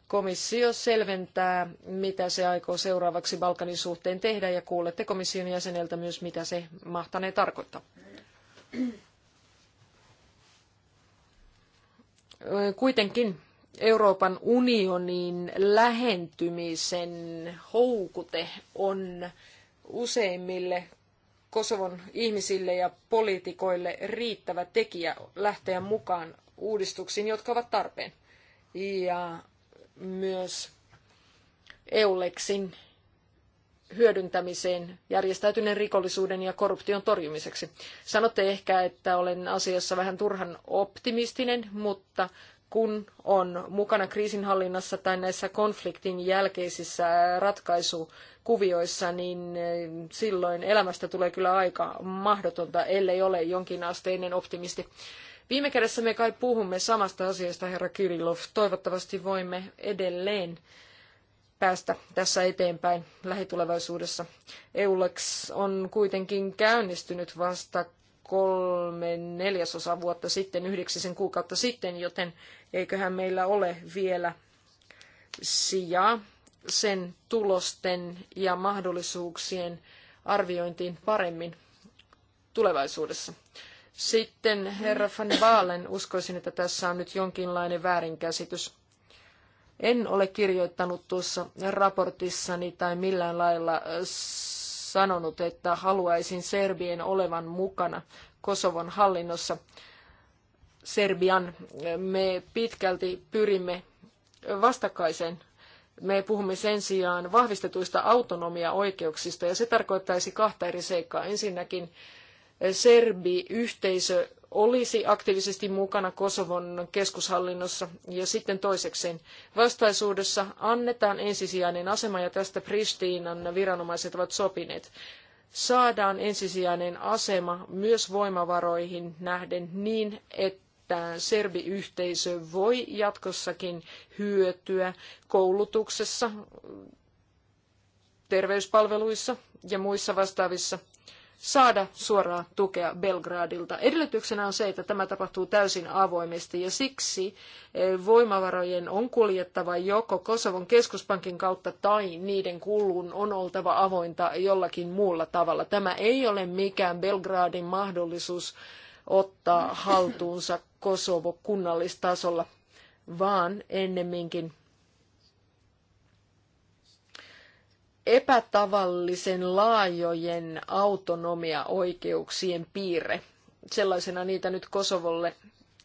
Komissio selventää, mitä se aikoo seuraavaksi Balkanin suhteen tehdä ja kuulette komission jäseneltä myös, mitä se mahtanee tarkoittaa. Kuitenkin Euroopan unionin lähentymisen houkute on useimmille Kosovon ihmisille ja poliitikoille riittävä tekijä lähteä mukaan uudistuksiin, jotka ovat tarpeen. Ja myös EULEXin hyödyntämiseen järjestäytyneen rikollisuuden ja korruption torjumiseksi. Sanotte ehkä, että olen asiassa vähän turhan optimistinen, mutta kun on mukana kriisinhallinnassa tai näissä konfliktin jälkeisissä ratkaisukuvioissa, niin eh, silloin elämästä tulee kyllä aika mahdotonta, ellei ole jonkinasteinen optimisti. Viime kädessä me kai puhumme samasta asiasta, herra Kirillov. Toivottavasti voimme edelleen päästä tässä eteenpäin lähitulevaisuudessa. EULEX on kuitenkin käynnistynyt vasta kolme neljäsosa vuotta sitten, yhdeksisen kuukautta sitten, joten eiköhän meillä ole vielä sijaa sen tulosten ja mahdollisuuksien arviointiin paremmin tulevaisuudessa. Sitten herra van Baalen, uskoisin, että tässä on nyt jonkinlainen väärinkäsitys. En ole kirjoittanut tuossa raportissani tai millään lailla sanonut, että haluaisin Serbien olevan mukana Kosovon hallinnossa. Serbian me pitkälti pyrimme vastakkaiseen me puhumme sen sijaan vahvistetuista autonomiaoikeuksista, ja se tarkoittaisi kahta eri seikkaa. Ensinnäkin Serbi-yhteisö olisi aktiivisesti mukana Kosovon keskushallinnossa. Ja sitten toisekseen, vastaisuudessa annetaan ensisijainen asema, ja tästä Pristiinan viranomaiset ovat sopineet. Saadaan ensisijainen asema myös voimavaroihin nähden niin, että että serbiyhteisö voi jatkossakin hyötyä koulutuksessa, terveyspalveluissa ja muissa vastaavissa saada suoraa tukea Belgradilta. Edellytyksenä on se, että tämä tapahtuu täysin avoimesti ja siksi eh, voimavarojen on kuljettava joko Kosovon keskuspankin kautta tai niiden kulun on oltava avointa jollakin muulla tavalla. Tämä ei ole mikään Belgradin mahdollisuus ottaa haltuunsa Kosovo kunnallistasolla, vaan ennemminkin epätavallisen laajojen autonomiaoikeuksien piirre. Sellaisena niitä nyt Kosovolle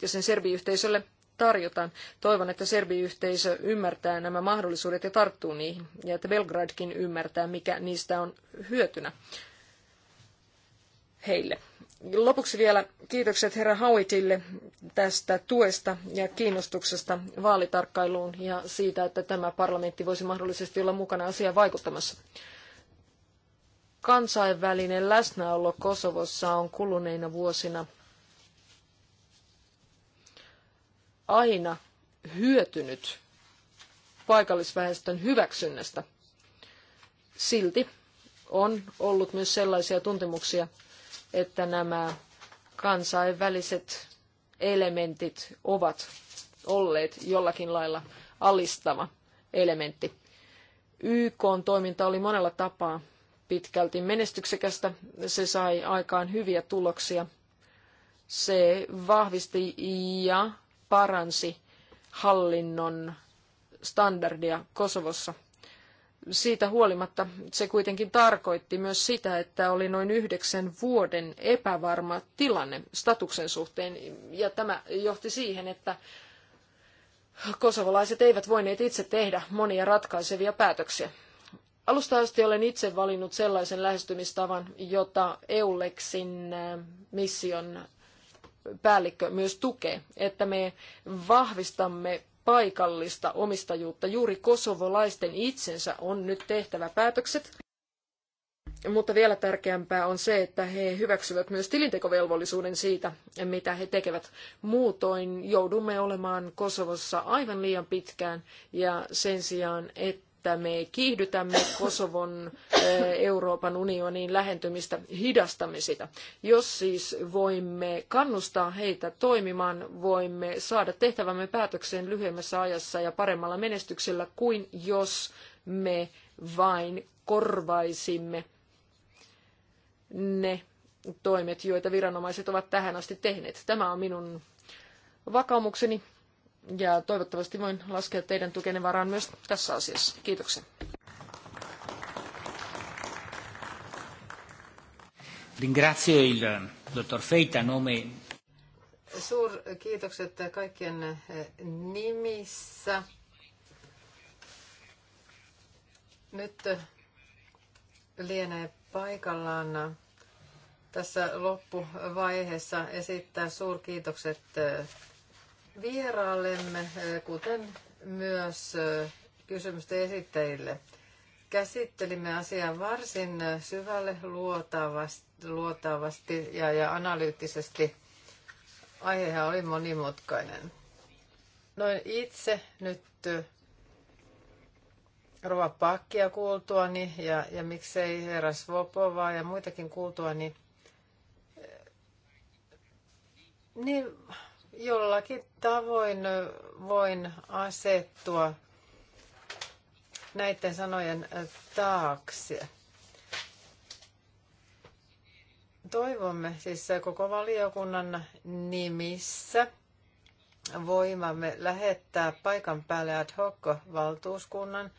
ja sen serbiyhteisölle tarjotaan. Toivon, että serbiyhteisö ymmärtää nämä mahdollisuudet ja tarttuu niihin, ja että Belgradkin ymmärtää, mikä niistä on hyötynä heille. Lopuksi vielä kiitokset herra Hauitille tästä tuesta ja kiinnostuksesta vaalitarkkailuun ja siitä, että tämä parlamentti voisi mahdollisesti olla mukana asiaan vaikuttamassa. Kansainvälinen läsnäolo Kosovossa on kuluneina vuosina aina hyötynyt paikallisväestön hyväksynnästä. Silti on ollut myös sellaisia tuntemuksia, että nämä kansainväliset elementit ovat olleet jollakin lailla alistava elementti. YK toiminta oli monella tapaa pitkälti menestyksekästä. Se sai aikaan hyviä tuloksia. Se vahvisti ja paransi hallinnon standardia Kosovossa – siitä huolimatta se kuitenkin tarkoitti myös sitä, että oli noin yhdeksän vuoden epävarma tilanne statuksen suhteen, ja tämä johti siihen, että kosovolaiset eivät voineet itse tehdä monia ratkaisevia päätöksiä. Alusta asti olen itse valinnut sellaisen lähestymistavan, jota EULEXin äh, mission päällikkö myös tukee, että me vahvistamme paikallista omistajuutta. Juuri kosovolaisten itsensä on nyt tehtävä päätökset. Mutta vielä tärkeämpää on se, että he hyväksyvät myös tilintekovelvollisuuden siitä, mitä he tekevät. Muutoin joudumme olemaan Kosovossa aivan liian pitkään ja sen sijaan, että että me kiihdytämme Kosovon Euroopan unionin lähentymistä, hidastamme sitä. Jos siis voimme kannustaa heitä toimimaan, voimme saada tehtävämme päätökseen lyhyemmässä ajassa ja paremmalla menestyksellä kuin jos me vain korvaisimme ne toimet, joita viranomaiset ovat tähän asti tehneet. Tämä on minun vakaumukseni ja toivottavasti voin laskea teidän tukenne varaan myös tässä asiassa. Kiitoksia. Ringrazio il dottor Feita nome. Suur kiitokset kaikkien eh, nimissä. Nyt eh, lienee paikallaan tässä loppuvaiheessa esittää suurkiitokset eh, vieraallemme, eh, kuten myös eh, kysymysten esittäjille. Käsittelimme asiaa varsin eh, syvälle luotaavasti, ja, ja analyyttisesti. Aihehan oli monimutkainen. Noin itse nyt Rova Pakkia kuultuani ja, ja miksei herra Svopovaa ja muitakin kuultuani, niin jollakin tavoin voin asettua näiden sanojen taakse. Toivomme siis koko valiokunnan nimissä voimamme lähettää paikan päälle ad hoc valtuuskunnan.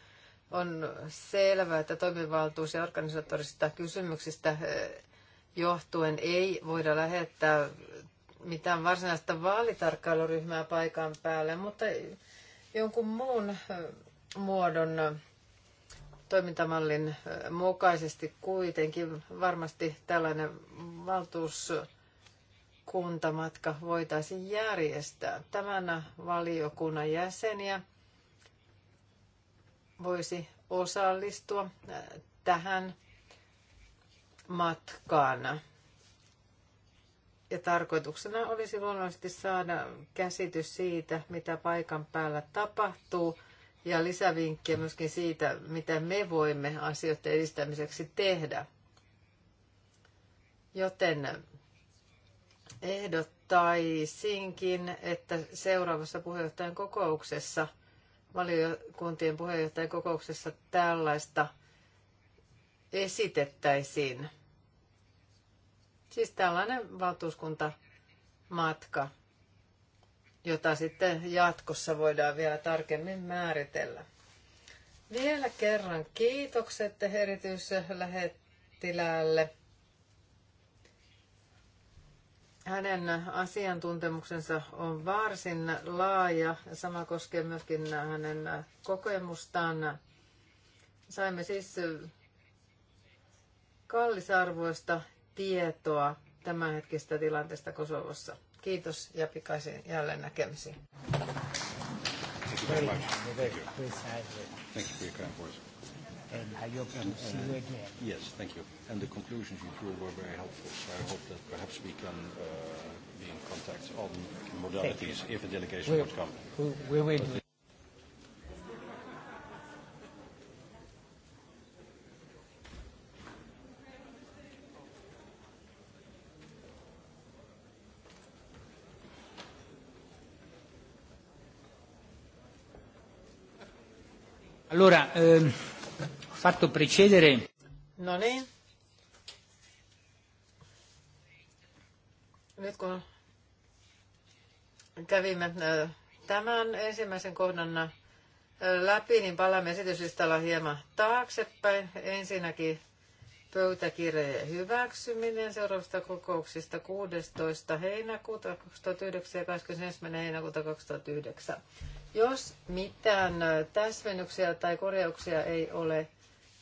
On selvää, että toimivaltuus- ja organisatorisista kysymyksistä eh, johtuen ei voida lähettää mitään varsinaista vaalitarkkailuryhmää paikan päälle, mutta jonkun muun muodon toimintamallin mukaisesti kuitenkin varmasti tällainen valtuuskuntamatka voitaisiin järjestää. Tämän valiokunnan jäseniä voisi osallistua tähän matkaan. Ja tarkoituksena olisi luonnollisesti saada käsitys siitä, mitä paikan päällä tapahtuu ja lisävinkkejä myöskin siitä, mitä me voimme asioiden edistämiseksi tehdä. Joten ehdottaisinkin, että seuraavassa puheenjohtajan kokouksessa, valiokuntien puheenjohtajan kokouksessa tällaista esitettäisiin. Siis tällainen valtuuskuntamatka, jota sitten jatkossa voidaan vielä tarkemmin määritellä. Vielä kerran kiitokset erityislähettiläälle. Hänen asiantuntemuksensa on varsin laaja. Sama koskee myöskin hänen kokemustaan. Saimme siis kallisarvoista tietoa tämänhetkistä tilanteesta Kosovossa. Kiitos ja pikaisin jälleen näkemisiin. And I hope to see you again. Uh, yes, thank you. And the conclusions you drew were very helpful. So I hope that perhaps we can uh, be in contact on modalities if a delegation would come. We, will. Allora, eh, ho fatto precedere... Non niin. è? Nyt kun kävimme äh, tämän ensimmäisen kohdan äh, läpi, niin palaamme esityslistalla hieman taaksepäin. Ensinnäkin pöytäkirjojen hyväksyminen seuraavista kokouksista 16. heinäkuuta 2009 ja 21. heinäkuuta 2009. Jos mitään täsmennyksiä tai korjauksia ei ole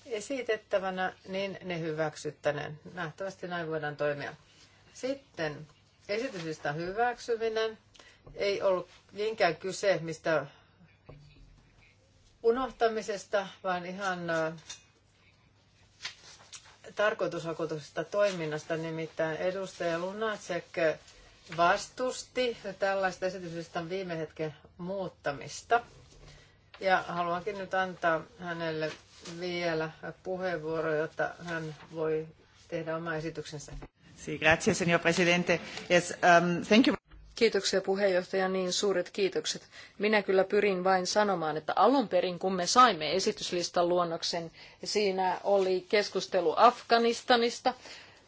esitettävänä, niin ne hyväksyttäneen. Nähtävästi näin voidaan toimia. Sitten esityksistä hyväksyminen. Ei ollut niinkään kyse mistä unohtamisesta, vaan ihan tarkoitushakutuksesta toiminnasta, nimittäin edustaja Lunacek vastusti tällaista esityslistan viime hetken muuttamista. Ja haluankin nyt antaa hänelle vielä puheenvuoro, jotta hän voi tehdä oma esityksensä. Grazie, signor Presidente. Yes, um, thank you. Kiitoksia puheenjohtaja, niin suuret kiitokset. Minä kyllä pyrin vain sanomaan, että alun perin kun me saimme esityslistan luonnoksen, siinä oli keskustelu Afganistanista,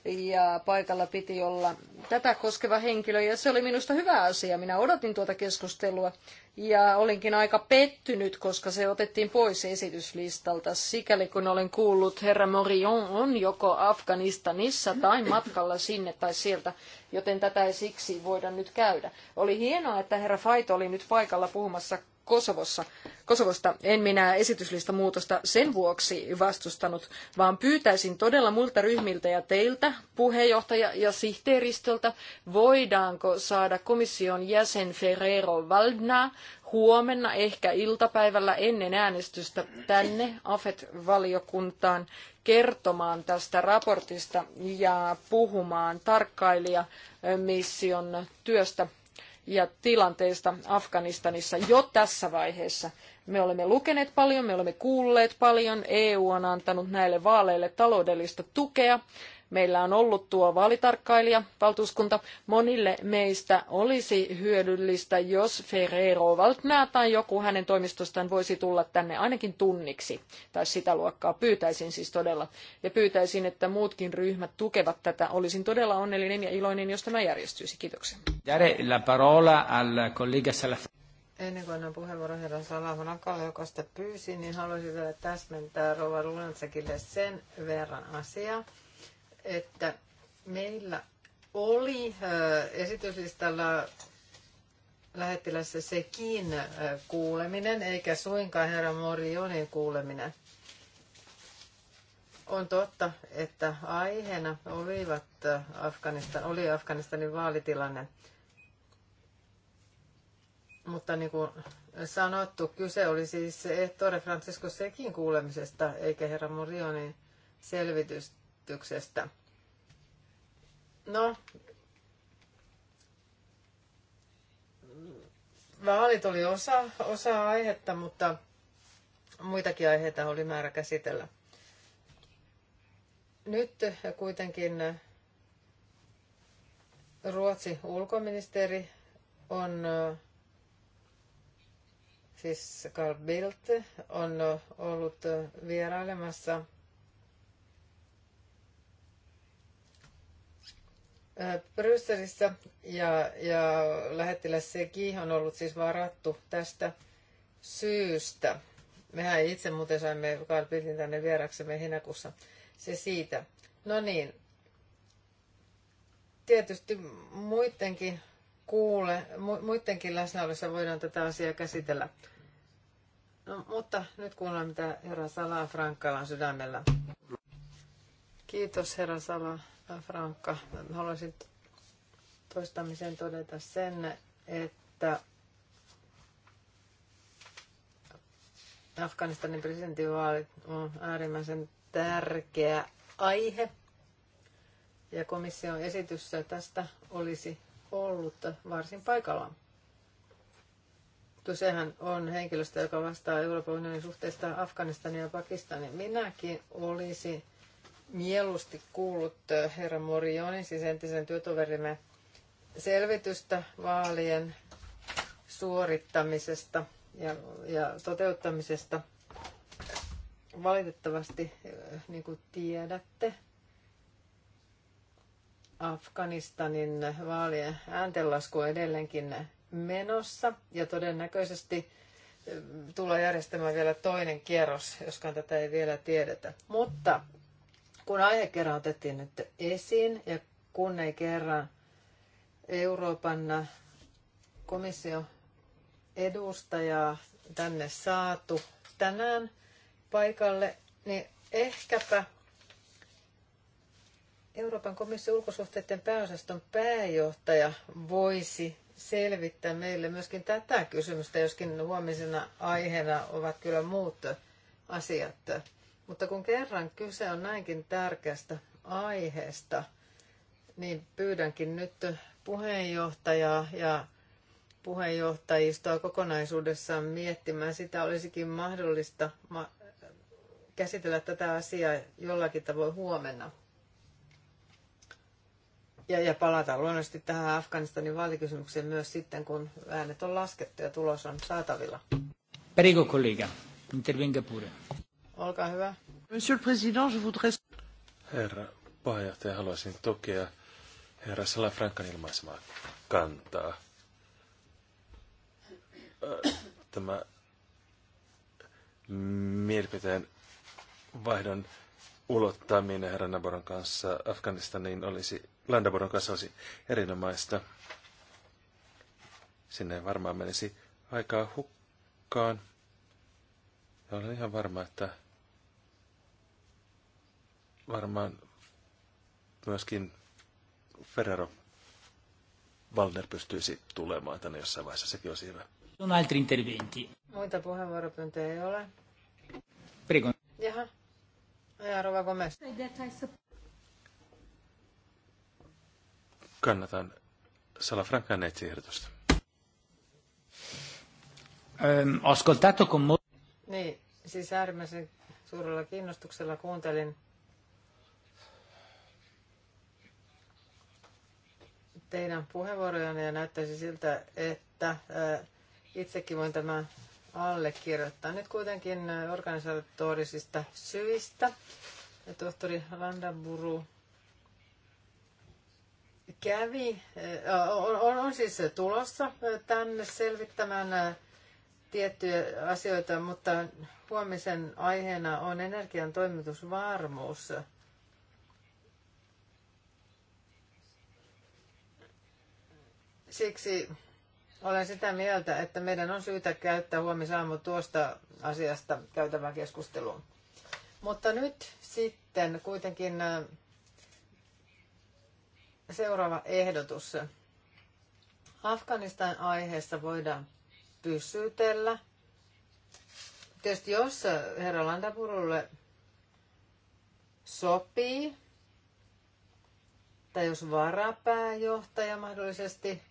ja paikalla piti olla tätä koskeva henkilö ja se oli minusta hyvä asia. Minä odotin tuota keskustelua ja olinkin aika pettynyt, koska se otettiin pois esityslistalta. Sikäli kun olen kuullut, herra Morion on joko Afganistanissa tai matkalla sinne tai sieltä, joten tätä ei siksi voida nyt käydä. Oli hienoa, että herra Fait oli nyt paikalla puhumassa Kosovossa. Kosovosta en minä esityslista muutosta sen vuoksi vastustanut, vaan pyytäisin todella muilta ryhmiltä ja teiltä, puheenjohtaja ja sihteeristöltä, voidaanko saada komission jäsen Ferrero Valdna huomenna ehkä iltapäivällä ennen äänestystä tänne AFET-valiokuntaan kertomaan tästä raportista ja puhumaan tarkkailijamission työstä ja tilanteesta Afganistanissa jo tässä vaiheessa. Me olemme lukeneet paljon, me olemme kuulleet paljon, EU on antanut näille vaaleille taloudellista tukea Meillä on ollut tuo vaalitarkkailija, valtuuskunta. Monille meistä olisi hyödyllistä, jos Ferrero waldner tai joku hänen toimistostaan voisi tulla tänne ainakin tunniksi. Tai sitä luokkaa pyytäisin siis todella. Ja pyytäisin, että muutkin ryhmät tukevat tätä. Olisin todella onnellinen ja iloinen, jos tämä järjestyisi. Kiitoksia. Ennen kuin annan puheenvuoron herran Salamanakalle, joka sitä pyysi, niin haluaisin vielä täsmentää rouva Lunatsekille sen verran asiaa, että meillä oli esityslistalla lähettilässä sekin kuuleminen, eikä suinkaan herra Morionin kuuleminen. On totta, että aiheena olivat Afganistan, oli Afganistanin vaalitilanne. Mutta niin kuin sanottu, kyse oli siis Ettore Francisco Sekin kuulemisesta, eikä herra Morionin selvitystä äänestyksestä. No, vaalit oli osa, osa aihetta, mutta muitakin aiheita oli määrä käsitellä. Nyt kuitenkin Ruotsi ulkoministeri on, siis Carl Bildt, on ollut vierailemassa – Brysselissä ja, ja lähettiläs Seki on ollut siis varattu tästä syystä. Mehän itse muuten saimme Carl Bildtin tänne vieraksemme heinäkuussa. Se siitä. No niin. Tietysti muidenkin kuule, muidenkin läsnäolossa voidaan tätä asiaa käsitellä. No, mutta nyt kuullaan, mitä herra Salaa Frankkalan sydämellä. Kiitos herra Salaa. Frankka. Haluaisin toistamiseen todeta sen, että Afganistanin presidentinvaalit on äärimmäisen tärkeä aihe. Ja komission esitys tästä olisi ollut varsin paikallaan. Sehän on henkilöstö, joka vastaa Euroopan unionin suhteesta Afganistania ja Pakistania. Minäkin olisi mieluusti kuullut äh, herra Morioni, siis entisen työtoverimme, selvitystä vaalien suorittamisesta ja, ja toteuttamisesta. Valitettavasti, äh, niin kuin tiedätte, Afganistanin vaalien ääntenlasku on edelleenkin menossa ja todennäköisesti äh, tulee järjestämään vielä toinen kierros, joskaan tätä ei vielä tiedetä. Mutta kun aihe kerran otettiin nyt esiin ja kun ei kerran Euroopan komissio edustajaa tänne saatu tänään paikalle, niin ehkäpä Euroopan komission ulkosuhteiden pääosaston pääjohtaja voisi selvittää meille myöskin tätä kysymystä, joskin huomisena aiheena ovat kyllä muut asiat. Mutta kun kerran kyse on näinkin tärkeästä aiheesta, niin pyydänkin nyt puheenjohtajaa ja puheenjohtajistoa kokonaisuudessaan miettimään sitä, olisikin mahdollista käsitellä tätä asiaa jollakin tavoin huomenna. Ja, ja palata luonnollisesti tähän Afganistanin vaalikysymykseen myös sitten, kun äänet on laskettu ja tulos on saatavilla. Perigo kollega, intervenga pure. Olkaa hyvä. Monsieur le Président, je voudrais... Herra puheenjohtaja, haluaisin tukea herra Salafrankan ilmaisemaa kantaa. Tämä mielipiteen vaihdon ulottaminen herra Naboron kanssa Afganistaniin olisi, Landaboron kanssa olisi erinomaista. Sinne varmaan menisi aikaa hukkaan. Ja olen ihan varma, että varmaan myöskin Ferrero Valner pystyisi tulemaan tänne jossain vaiheessa, sekin on siinä. On altri interventi. Muita puheenvuoropyyntöjä ei ole. Prego. Jaha. Ja Rova Gomez. Kannatan Salafrancan ehdotusta. Ehm, ascoltato con Niin, siis äärimmäisen suurella kiinnostuksella kuuntelin teidän puheenvuorojanne ja näyttäisi siltä, että itsekin voin tämän allekirjoittaa. Nyt kuitenkin organisatorisista syistä ja tohtori Landaburu kävi, on, on, on siis tulossa tänne selvittämään tiettyjä asioita, mutta huomisen aiheena on energian toimitusvarmuus. Siksi olen sitä mieltä, että meidän on syytä käyttää huomisaamu tuosta asiasta käytävään keskusteluun. Mutta nyt sitten kuitenkin äh, seuraava ehdotus. Afganistan aiheessa voidaan pysytellä. Tietysti jos herra Landapurulle sopii, tai jos varapääjohtaja mahdollisesti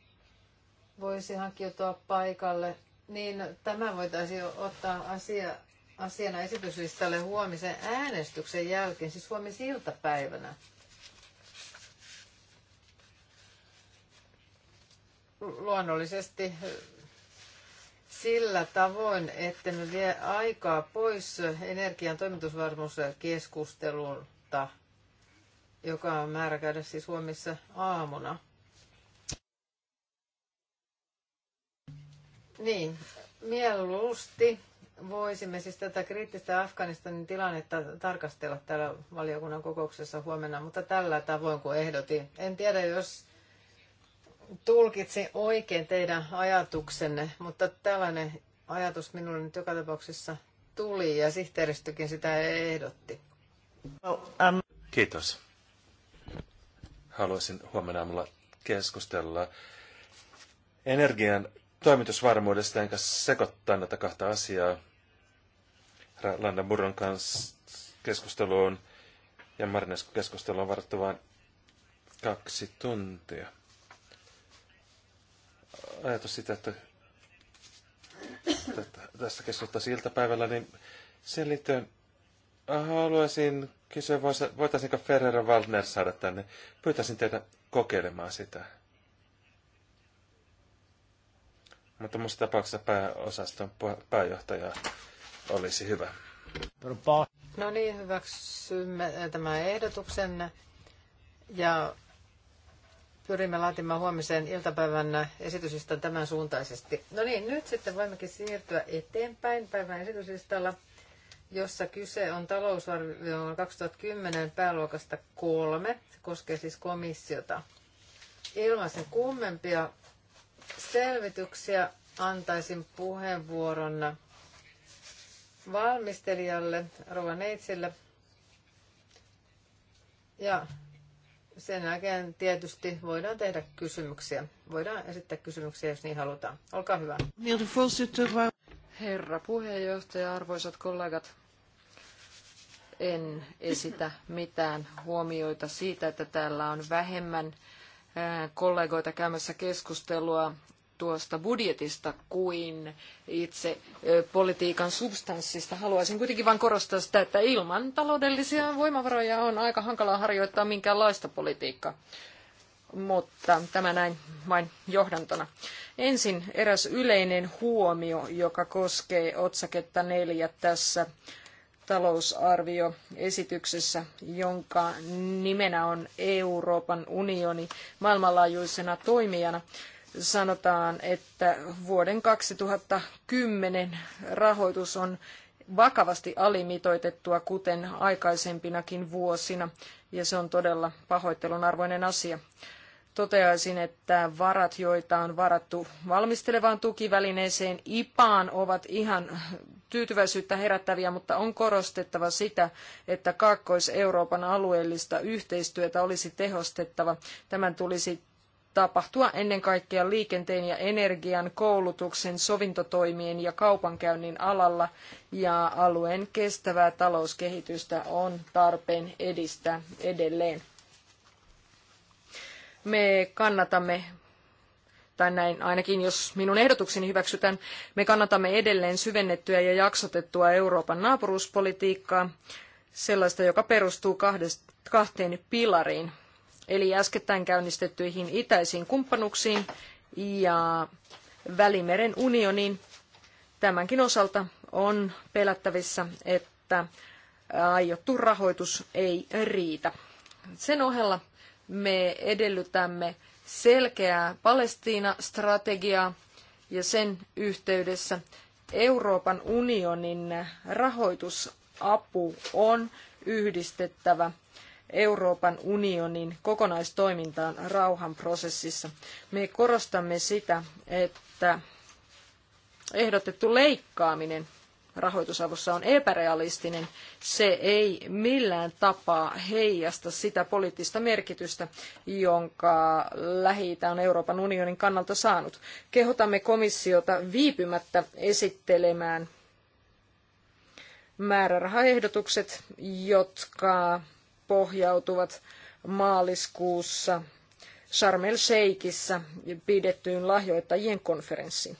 voisi hankkiutua paikalle, niin tämä voitaisiin ottaa asia, asiana esityslistalle huomisen äänestyksen jälkeen, siis huomisiltapäivänä. Luonnollisesti sillä tavoin, että me vie aikaa pois energian toimitusvarmuuskeskustelulta, joka on määrä käydä siis huomissa aamuna. Niin, mieluusti voisimme siis tätä kriittistä Afganistanin tilannetta tarkastella täällä valiokunnan kokouksessa huomenna, mutta tällä tavoin kuin ehdotin. En tiedä, jos tulkitsin oikein teidän ajatuksenne, mutta tällainen ajatus minulle nyt joka tapauksessa tuli ja sihteeristökin sitä ehdotti. Um, Kiitos. Haluaisin huomenna aamulla keskustella energian toimitusvarmuudesta, enkä sekoittaa näitä kahta asiaa. Landa Murron kanssa keskusteluun ja Marinesku keskusteluun varattu vain kaksi tuntia. Ajatus sitä, että tästä keskusteltaisiin iltapäivällä, niin sen liittyen haluaisin kysyä, voitaisiinko Ferrero Waldner saada tänne. Pyytäisin teitä kokeilemaan sitä. Mutta muussa tapauksessa pääosaston pääjohtaja olisi hyvä. No niin, hyväksymme tämän ehdotuksen ja pyrimme laatimaan huomisen iltapäivän esitysistä tämän suuntaisesti. No niin, nyt sitten voimmekin siirtyä eteenpäin päivän esityslistalla, jossa kyse on talousarvio 2010 pääluokasta kolme. Se koskee siis komissiota. Ilman sen kummempia selvityksiä antaisin puheenvuoron valmistelijalle Rova Neitsille. Ja sen jälkeen tietysti voidaan tehdä kysymyksiä. Voidaan esittää kysymyksiä, jos niin halutaan. Olkaa hyvä. Herra puheenjohtaja, arvoisat kollegat, en esitä mitään huomioita siitä, että täällä on vähemmän Äh, kollegoita käymässä keskustelua tuosta budjetista kuin itse politiikan substanssista. Haluaisin kuitenkin vain korostaa sitä, että ilman taloudellisia voimavaroja on aika hankalaa harjoittaa minkäänlaista politiikkaa. Mutta tämä näin vain johdantona. Ensin eräs yleinen huomio, joka koskee otsaketta neljä tässä talousarvioesityksessä, jonka nimenä on Euroopan unioni maailmanlaajuisena toimijana. Sanotaan, että vuoden 2010 rahoitus on vakavasti alimitoitettua, kuten aikaisempinakin vuosina, ja se on todella pahoittelun arvoinen asia toteaisin, että varat, joita on varattu valmistelevaan tukivälineeseen IPAan, ovat ihan tyytyväisyyttä herättäviä, mutta on korostettava sitä, että Kaakkois-Euroopan alueellista yhteistyötä olisi tehostettava. Tämän tulisi tapahtua ennen kaikkea liikenteen ja energian, koulutuksen, sovintotoimien ja kaupankäynnin alalla, ja alueen kestävää talouskehitystä on tarpeen edistää edelleen. Me kannatamme tai näin ainakin jos minun ehdotukseni hyväksytään, me kannatamme edelleen syvennettyä ja jaksotettua Euroopan naapuruuspolitiikkaa, sellaista, joka perustuu kahteen pilariin, eli äskettäin käynnistettyihin itäisiin kumppanuksiin ja Välimeren unioniin. Tämänkin osalta on pelättävissä, että aiottu rahoitus ei riitä. Sen ohella me edellytämme selkeää Palestiina-strategiaa ja sen yhteydessä Euroopan unionin rahoitusapu on yhdistettävä Euroopan unionin kokonaistoimintaan rauhanprosessissa. Me korostamme sitä, että ehdotettu leikkaaminen rahoitusavussa on epärealistinen, se ei millään tapaa heijasta sitä poliittista merkitystä, jonka lähi on Euroopan unionin kannalta saanut. Kehotamme komissiota viipymättä esittelemään määrärahaehdotukset, jotka pohjautuvat maaliskuussa Sharm el-Sheikissä pidettyyn lahjoittajien konferenssiin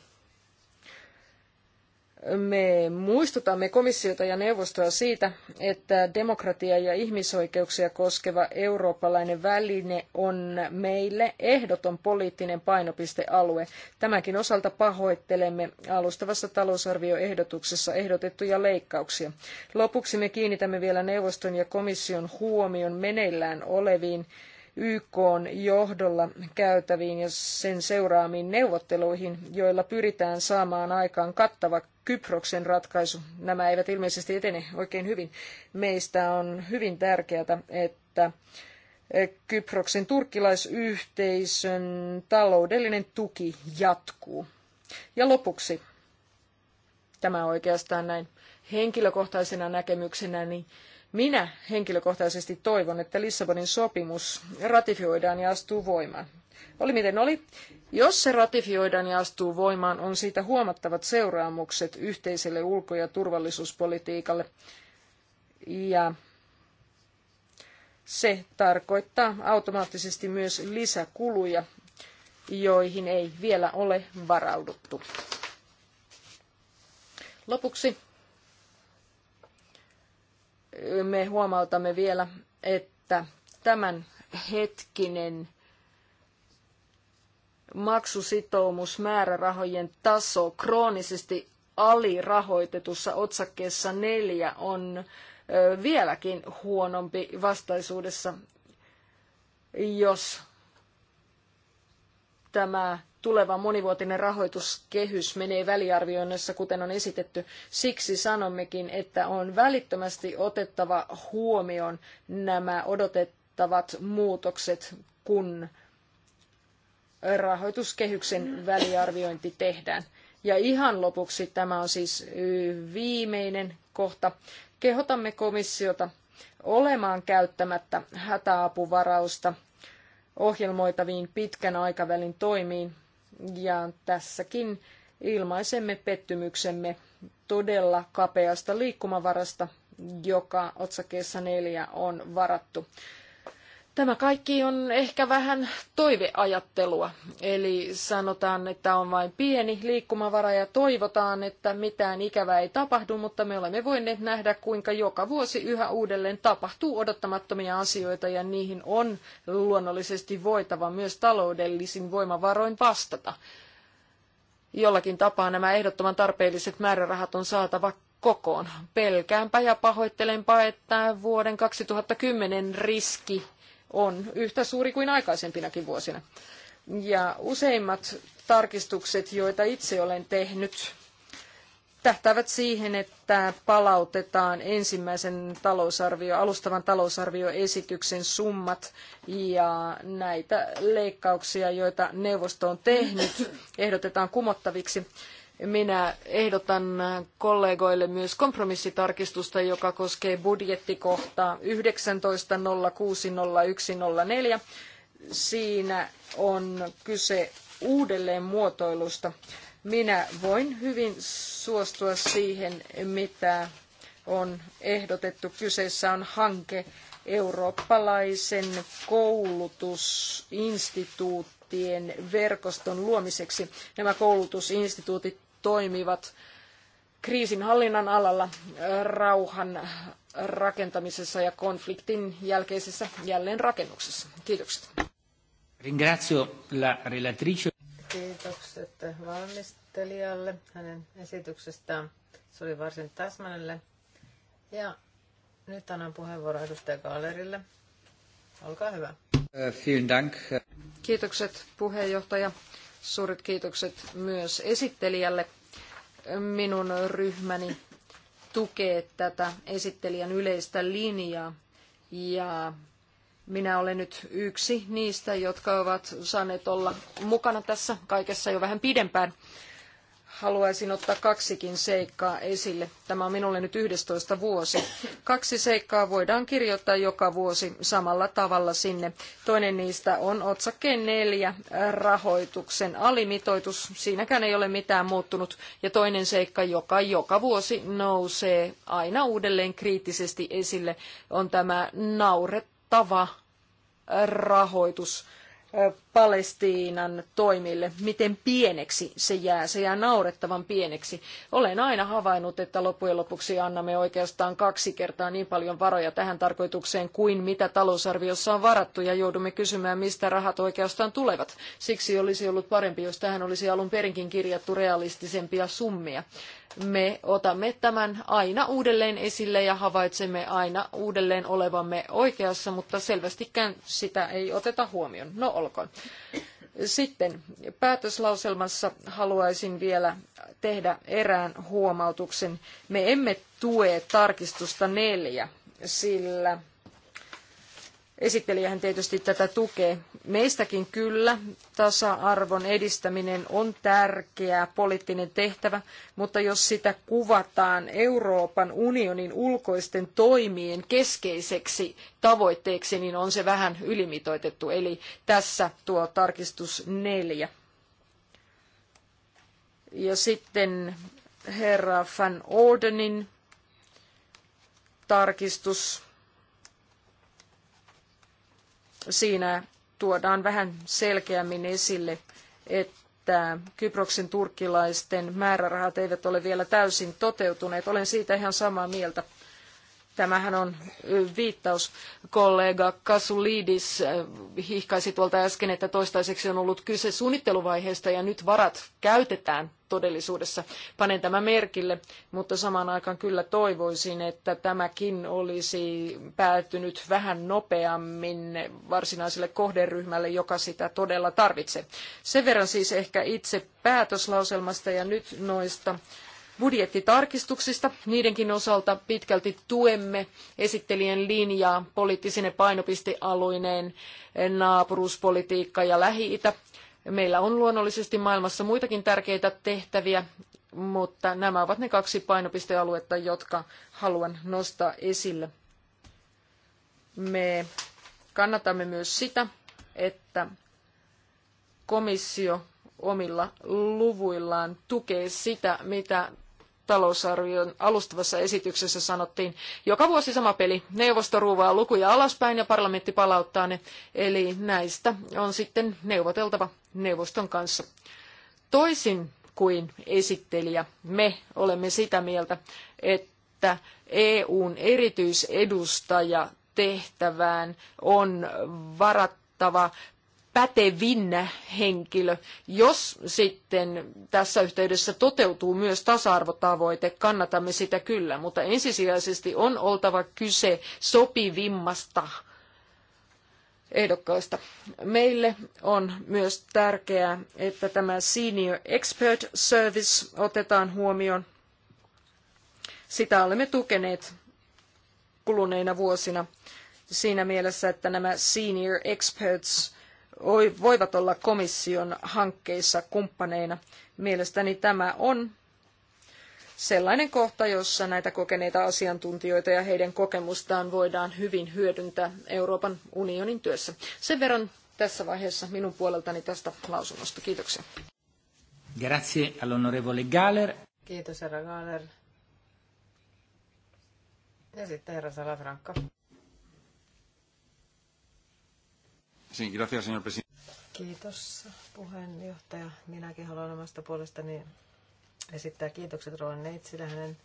me muistutamme komissiota ja neuvostoa siitä, että demokratia ja ihmisoikeuksia koskeva eurooppalainen väline on meille ehdoton poliittinen painopistealue. Tämänkin osalta pahoittelemme alustavassa talousarvioehdotuksessa ehdotettuja leikkauksia. Lopuksi me kiinnitämme vielä neuvoston ja komission huomion meneillään oleviin YK johdolla käytäviin ja sen seuraamiin neuvotteluihin, joilla pyritään saamaan aikaan kattava Kyproksen ratkaisu. Nämä eivät ilmeisesti etene oikein hyvin. Meistä on hyvin tärkeää, että eh, Kyproksen turkkilaisyhteisön taloudellinen tuki jatkuu. Ja lopuksi, tämä oikeastaan näin henkilökohtaisena näkemyksenä, niin minä henkilökohtaisesti toivon, että Lissabonin sopimus ratifioidaan ja astuu voimaan. Oli miten oli. Jos se ratifioidaan ja astuu voimaan, on siitä huomattavat seuraamukset yhteiselle ulko- ja turvallisuuspolitiikalle. Ja se tarkoittaa automaattisesti myös lisäkuluja, joihin ei vielä ole varauduttu. Lopuksi me huomautamme vielä, että tämän hetkinen maksusitoumusmäärärahojen taso kroonisesti alirahoitetussa otsakkeessa neljä on vieläkin huonompi vastaisuudessa, jos tämä tuleva monivuotinen rahoituskehys menee väliarvioinnissa, kuten on esitetty. Siksi sanommekin, että on välittömästi otettava huomioon nämä odotettavat muutokset, kun rahoituskehyksen väliarviointi tehdään. Ja ihan lopuksi tämä on siis viimeinen kohta. Kehotamme komissiota olemaan käyttämättä hätäapuvarausta ohjelmoitaviin pitkän aikavälin toimiin. Ja tässäkin ilmaisemme pettymyksemme todella kapeasta liikkumavarasta, joka otsakkeessa neljä on varattu. Tämä kaikki on ehkä vähän toiveajattelua, eli sanotaan, että on vain pieni liikkumavara ja toivotaan, että mitään ikävää ei tapahdu, mutta me olemme voineet nähdä, kuinka joka vuosi yhä uudelleen tapahtuu odottamattomia asioita ja niihin on luonnollisesti voitava myös taloudellisin voimavaroin vastata. Jollakin tapaa nämä ehdottoman tarpeelliset määrärahat on saatava kokoon. Pelkäänpä ja pahoittelenpa, että vuoden 2010 riski on yhtä suuri kuin aikaisempinakin vuosina. Ja useimmat tarkistukset, joita itse olen tehnyt, tähtävät siihen, että palautetaan ensimmäisen talousarvio, alustavan talousarvioesityksen summat ja näitä leikkauksia, joita neuvosto on tehnyt, ehdotetaan kumottaviksi. Minä ehdotan kollegoille myös kompromissitarkistusta, joka koskee budjettikohtaa 19060104. Siinä on kyse uudelleenmuotoilusta. Minä voin hyvin suostua siihen, mitä on ehdotettu. Kyseessä on hanke eurooppalaisen koulutusinstituutin verkoston luomiseksi. Nämä koulutusinstituutit toimivat kriisinhallinnan alalla, rauhan rakentamisessa ja konfliktin jälkeisessä jälleenrakennuksessa. Kiitokset. Ringrazio la relatrice. Kiitokset valmistelijalle hänen esityksestään. Se oli varsin täsmällinen. Ja nyt annan puheenvuoron edustaja Gallerille. Olkaa hyvä. Äh, vielen Dank. Kiitokset puheenjohtaja. Suuret kiitokset myös esittelijälle. Minun ryhmäni tukee tätä esittelijän yleistä linjaa ja minä olen nyt yksi niistä, jotka ovat saaneet olla mukana tässä kaikessa jo vähän pidempään haluaisin ottaa kaksikin seikkaa esille. Tämä on minulle nyt 11 vuosi. Kaksi seikkaa voidaan kirjoittaa joka vuosi samalla tavalla sinne. Toinen niistä on otsakkeen neljä rahoituksen alimitoitus. Siinäkään ei ole mitään muuttunut. Ja toinen seikka, joka joka vuosi nousee aina uudelleen kriittisesti esille, on tämä naurettava rahoitus Palestiinan toimille, miten pieneksi se jää. Se jää naurettavan pieneksi. Olen aina havainnut, että loppujen lopuksi annamme oikeastaan kaksi kertaa niin paljon varoja tähän tarkoitukseen kuin mitä talousarviossa on varattu ja joudumme kysymään, mistä rahat oikeastaan tulevat. Siksi olisi ollut parempi, jos tähän olisi alun perinkin kirjattu realistisempia summia me otamme tämän aina uudelleen esille ja havaitsemme aina uudelleen olevamme oikeassa, mutta selvästikään sitä ei oteta huomioon. No olkoon. Sitten päätöslauselmassa haluaisin vielä tehdä erään huomautuksen. Me emme tue tarkistusta neljä, sillä Esittelijähän tietysti tätä tukee. Meistäkin kyllä tasa-arvon edistäminen on tärkeä poliittinen tehtävä, mutta jos sitä kuvataan Euroopan unionin ulkoisten toimien keskeiseksi tavoitteeksi, niin on se vähän ylimitoitettu. Eli tässä tuo tarkistus neljä. Ja sitten herra Van Ordenin tarkistus Siinä tuodaan vähän selkeämmin esille, että Kyproksen turkkilaisten määrärahat eivät ole vielä täysin toteutuneet. Olen siitä ihan samaa mieltä. Tämähän on viittaus kollega Kasulidis hihkaisi tuolta äsken, että toistaiseksi on ollut kyse suunnitteluvaiheesta ja nyt varat käytetään todellisuudessa. Panen tämän merkille, mutta samaan aikaan kyllä toivoisin, että tämäkin olisi päätynyt vähän nopeammin varsinaiselle kohderyhmälle, joka sitä todella tarvitsee. Sen verran siis ehkä itse päätöslauselmasta ja nyt noista budjettitarkistuksista. Niidenkin osalta pitkälti tuemme esittelijän linjaa poliittisine painopistealuineen naapuruuspolitiikka ja Lähi-Itä. Meillä on luonnollisesti maailmassa muitakin tärkeitä tehtäviä, mutta nämä ovat ne kaksi painopistealuetta, jotka haluan nostaa esille. Me kannatamme myös sitä, että komissio omilla luvuillaan tukee sitä, mitä talousarvion alustavassa esityksessä sanottiin, joka vuosi sama peli. Neuvosto ruuvaa lukuja alaspäin ja parlamentti palauttaa ne. Eli näistä on sitten neuvoteltava neuvoston kanssa. Toisin kuin esittelijä, me olemme sitä mieltä, että EUn erityisedustaja tehtävään on varattava pätevin henkilö, jos sitten tässä yhteydessä toteutuu myös tasa-arvotavoite, kannatamme sitä kyllä, mutta ensisijaisesti on oltava kyse sopivimmasta ehdokkaista. Meille on myös tärkeää, että tämä Senior Expert Service otetaan huomioon. Sitä olemme tukeneet kuluneina vuosina siinä mielessä, että nämä Senior Experts – voivat olla komission hankkeissa kumppaneina. Mielestäni tämä on sellainen kohta, jossa näitä kokeneita asiantuntijoita ja heidän kokemustaan voidaan hyvin hyödyntää Euroopan unionin työssä. Sen verran tässä vaiheessa minun puoleltani tästä lausunnosta. Kiitoksia. Grazie all'onorevole Galler. Kiitos herra Galler. Ja sitten herra Salafranca. Kiitos puheenjohtaja. Minäkin haluan omasta puolestani esittää kiitokset Roan Neitsille hänen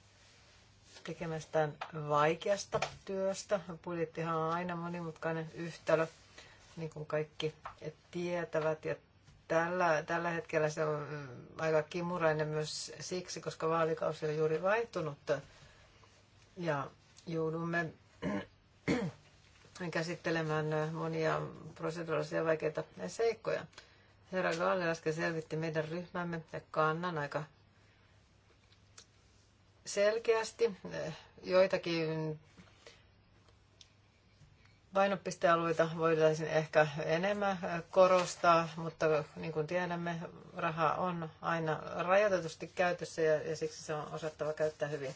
tekemästään vaikeasta työstä. Budjettihan on aina monimutkainen yhtälö, niin kuin kaikki tietävät. Ja tällä, tällä hetkellä se on aika kimurainen myös siksi, koska vaalikausi on juuri vaihtunut ja joudumme käsittelemään äh, monia proseduraalisia vaikeita seikkoja. Herra Gaalle äsken selvitti meidän ryhmämme ja kannan aika selkeästi. Äh, joitakin painopistealueita voitaisiin ehkä enemmän äh, korostaa, mutta niin kuin tiedämme, raha on aina rajoitetusti käytössä ja, ja siksi se on osattava käyttää hyvin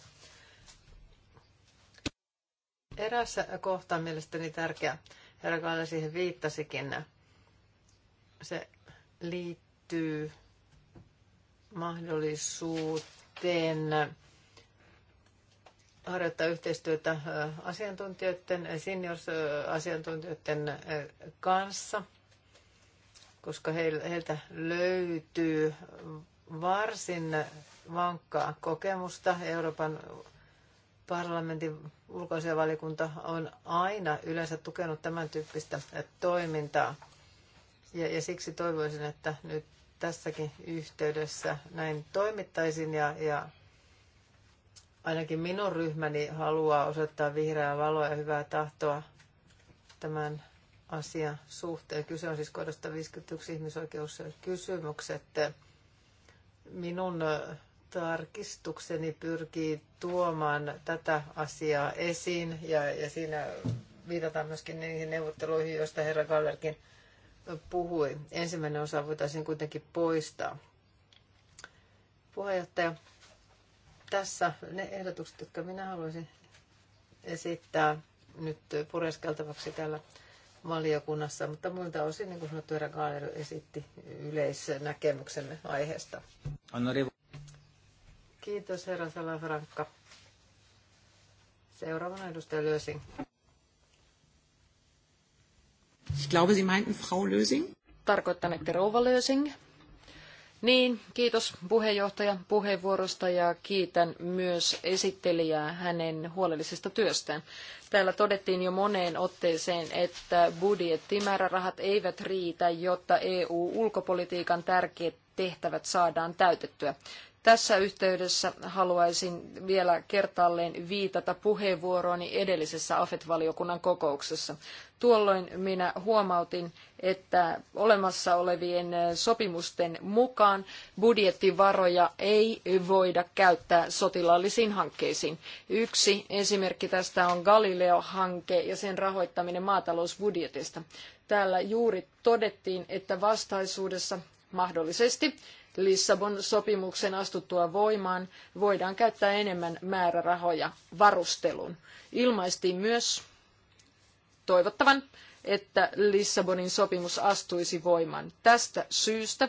Erässä kohta mielestäni tärkeä. Herra Kalle siihen viittasikin. Se liittyy mahdollisuuteen harjoittaa yhteistyötä asiantuntijoiden, seniors-asiantuntijoiden kanssa, koska heiltä löytyy varsin vankkaa kokemusta Euroopan parlamentin ulkoasiavaliokunta on aina yleensä tukenut tämän tyyppistä toimintaa. Ja, ja siksi toivoisin, että nyt tässäkin yhteydessä näin toimittaisin ja, ja ainakin minun ryhmäni haluaa osoittaa vihreää valoa ja hyvää tahtoa tämän asian suhteen. Kyse on siis kohdasta 51 ihmisoikeuskysymykset. Minun tarkistukseni pyrkii tuomaan tätä asiaa esiin ja, ja siinä viitataan myöskin niihin neuvotteluihin, joista herra Gallerkin puhui. Ensimmäinen osa voitaisiin kuitenkin poistaa. Puheenjohtaja, tässä ne ehdotukset, jotka minä haluaisin esittää nyt pureskeltavaksi täällä valiokunnassa, mutta muilta osin, niin kuin sanottu, herra Gaaler esitti yleisnäkemyksemme aiheesta. Kiitos, herra Salafrankka. Seuraavana edustaja Lösing. Ich glaube, Sie meinten Frau Lösing. Tarkoittanette rouva Lösing. Niin, kiitos puheenjohtaja puheenvuorosta ja kiitän myös esittelijää hänen huolellisesta työstään. Täällä todettiin jo moneen otteeseen, että budjettimäärärahat eivät riitä, jotta EU-ulkopolitiikan tärkeät tehtävät saadaan täytettyä. Tässä yhteydessä haluaisin vielä kertaalleen viitata puheenvuorooni edellisessä AFET-valiokunnan kokouksessa. Tuolloin minä huomautin, että olemassa olevien sopimusten mukaan budjettivaroja ei voida käyttää sotilaallisiin hankkeisiin. Yksi esimerkki tästä on Galileo-hanke ja sen rahoittaminen maatalousbudjetista. Täällä juuri todettiin, että vastaisuudessa mahdollisesti Lissabon sopimuksen astuttua voimaan voidaan käyttää enemmän määrärahoja varusteluun. Ilmaistiin myös toivottavan, että Lissabonin sopimus astuisi voimaan. Tästä syystä,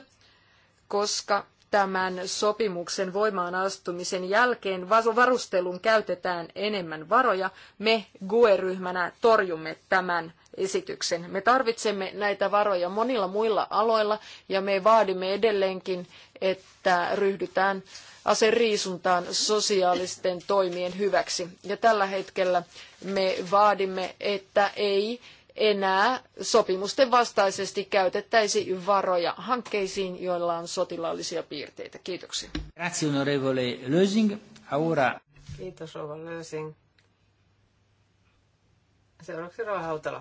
koska tämän sopimuksen voimaan astumisen jälkeen varustelun käytetään enemmän varoja. Me GUE-ryhmänä torjumme tämän esityksen. Me tarvitsemme näitä varoja monilla muilla aloilla ja me vaadimme edelleenkin, että ryhdytään aseriisuntaan sosiaalisten toimien hyväksi. Ja tällä hetkellä me vaadimme, että ei enää sopimusten vastaisesti käytettäisi varoja hankkeisiin, joilla on sotilaallisia piirteitä. Kiitoksia. Grazie, onorevole Lösing. Aura. Kiitos, Ova Lösing. Seuraavaksi Rova Hautala.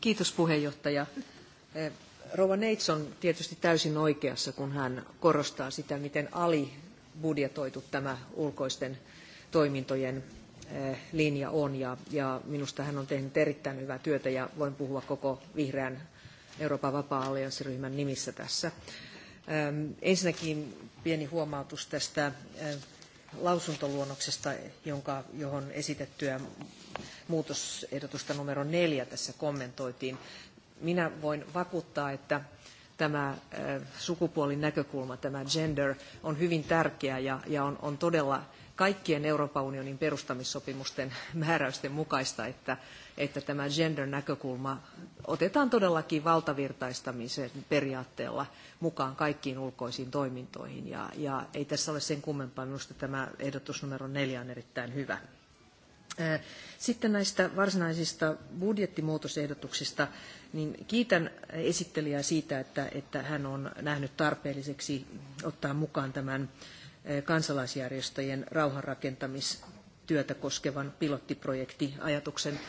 Kiitos puheenjohtaja. Eh, Rova Neits on tietysti täysin oikeassa, kun hän korostaa sitä, miten alibudjetoitu tämä ulkoisten toimintojen Eh, linja on. Ja, ja minusta hän on tehnyt erittäin hyvää työtä ja voin puhua koko vihreän Euroopan vapaa-allianssiryhmän nimissä tässä. Ehm, ensinnäkin pieni huomautus tästä eh, lausuntoluonnoksesta, jonka, johon esitettyä muutosehdotusta numero neljä tässä kommentoitiin. Minä voin vakuuttaa, että tämä eh, sukupuolin näkökulma, tämä gender, on hyvin tärkeä ja, ja on, on todella kaikkien Euroopan unionin perustamissopimusten määräysten mukaista, että, että tämä gender-näkökulma otetaan todellakin valtavirtaistamisen periaatteella mukaan kaikkiin ulkoisiin toimintoihin. Ja, ja ei tässä ole sen kummempaa. Minusta tämä ehdotus numero neljä on erittäin hyvä. Sitten näistä varsinaisista budjettimuutosehdotuksista, niin kiitän esittelijää siitä, että, että hän on nähnyt tarpeelliseksi ottaa mukaan tämän Eh, kansalaisjärjestöjen rauhanrakentamistyötä koskevan pilottiprojektiajatuksen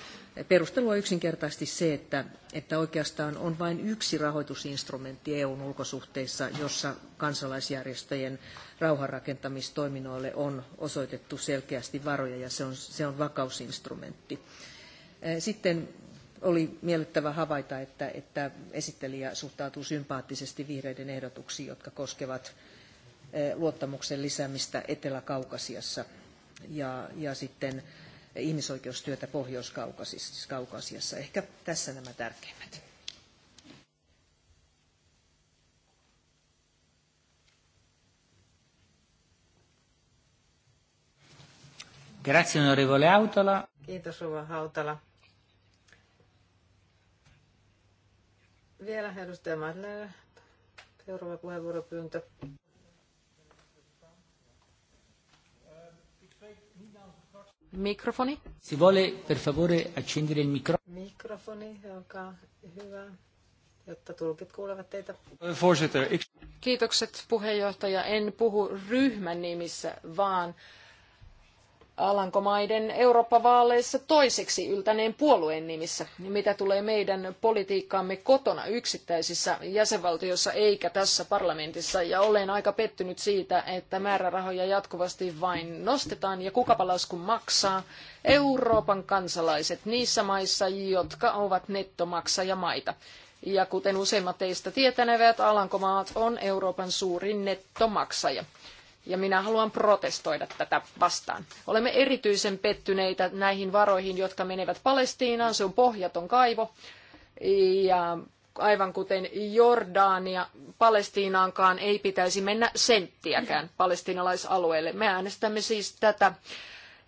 perustelu on yksinkertaisesti se, että, että oikeastaan on vain yksi rahoitusinstrumentti EUn ulkosuhteissa, jossa kansalaisjärjestöjen rauhanrakentamistoiminnoille on osoitettu selkeästi varoja, ja se on, se on vakausinstrumentti. Eh, sitten oli miellyttävä havaita, että, että esittelijä suhtautuu sympaattisesti vihreiden ehdotuksiin, jotka koskevat Eh, luottamuksen lisäämistä Etelä-Kaukasiassa ja, ja sitten ihmisoikeustyötä Pohjois-Kaukasiassa. Ehkä tässä nämä tärkeimmät. Grazie onorevole Autola. Kiitos Uva Hautala. Vielä edustaja Madler. Seuraava puheenvuoropyyntö. Mikrofoni. Si vuole per favore accendere il Mikrofoni, hyvä, jotta tulkit kuulevat teitä. Kiitokset puheenjohtaja. En puhu ryhmän nimissä, vaan Alankomaiden Eurooppa-vaaleissa toiseksi yltäneen puolueen nimissä, mitä tulee meidän politiikkaamme kotona yksittäisissä jäsenvaltioissa eikä tässä parlamentissa. Ja olen aika pettynyt siitä, että määrärahoja jatkuvasti vain nostetaan ja kukapa laskun maksaa Euroopan kansalaiset niissä maissa, jotka ovat nettomaksajamaita. Ja kuten useimmat teistä tietänevät, Alankomaat on Euroopan suurin nettomaksaja ja minä haluan protestoida tätä vastaan. Olemme erityisen pettyneitä näihin varoihin, jotka menevät Palestiinaan. Se on pohjaton kaivo. Ja aivan kuten Jordania, Palestiinaankaan ei pitäisi mennä senttiäkään palestiinalaisalueelle. Me äänestämme siis tätä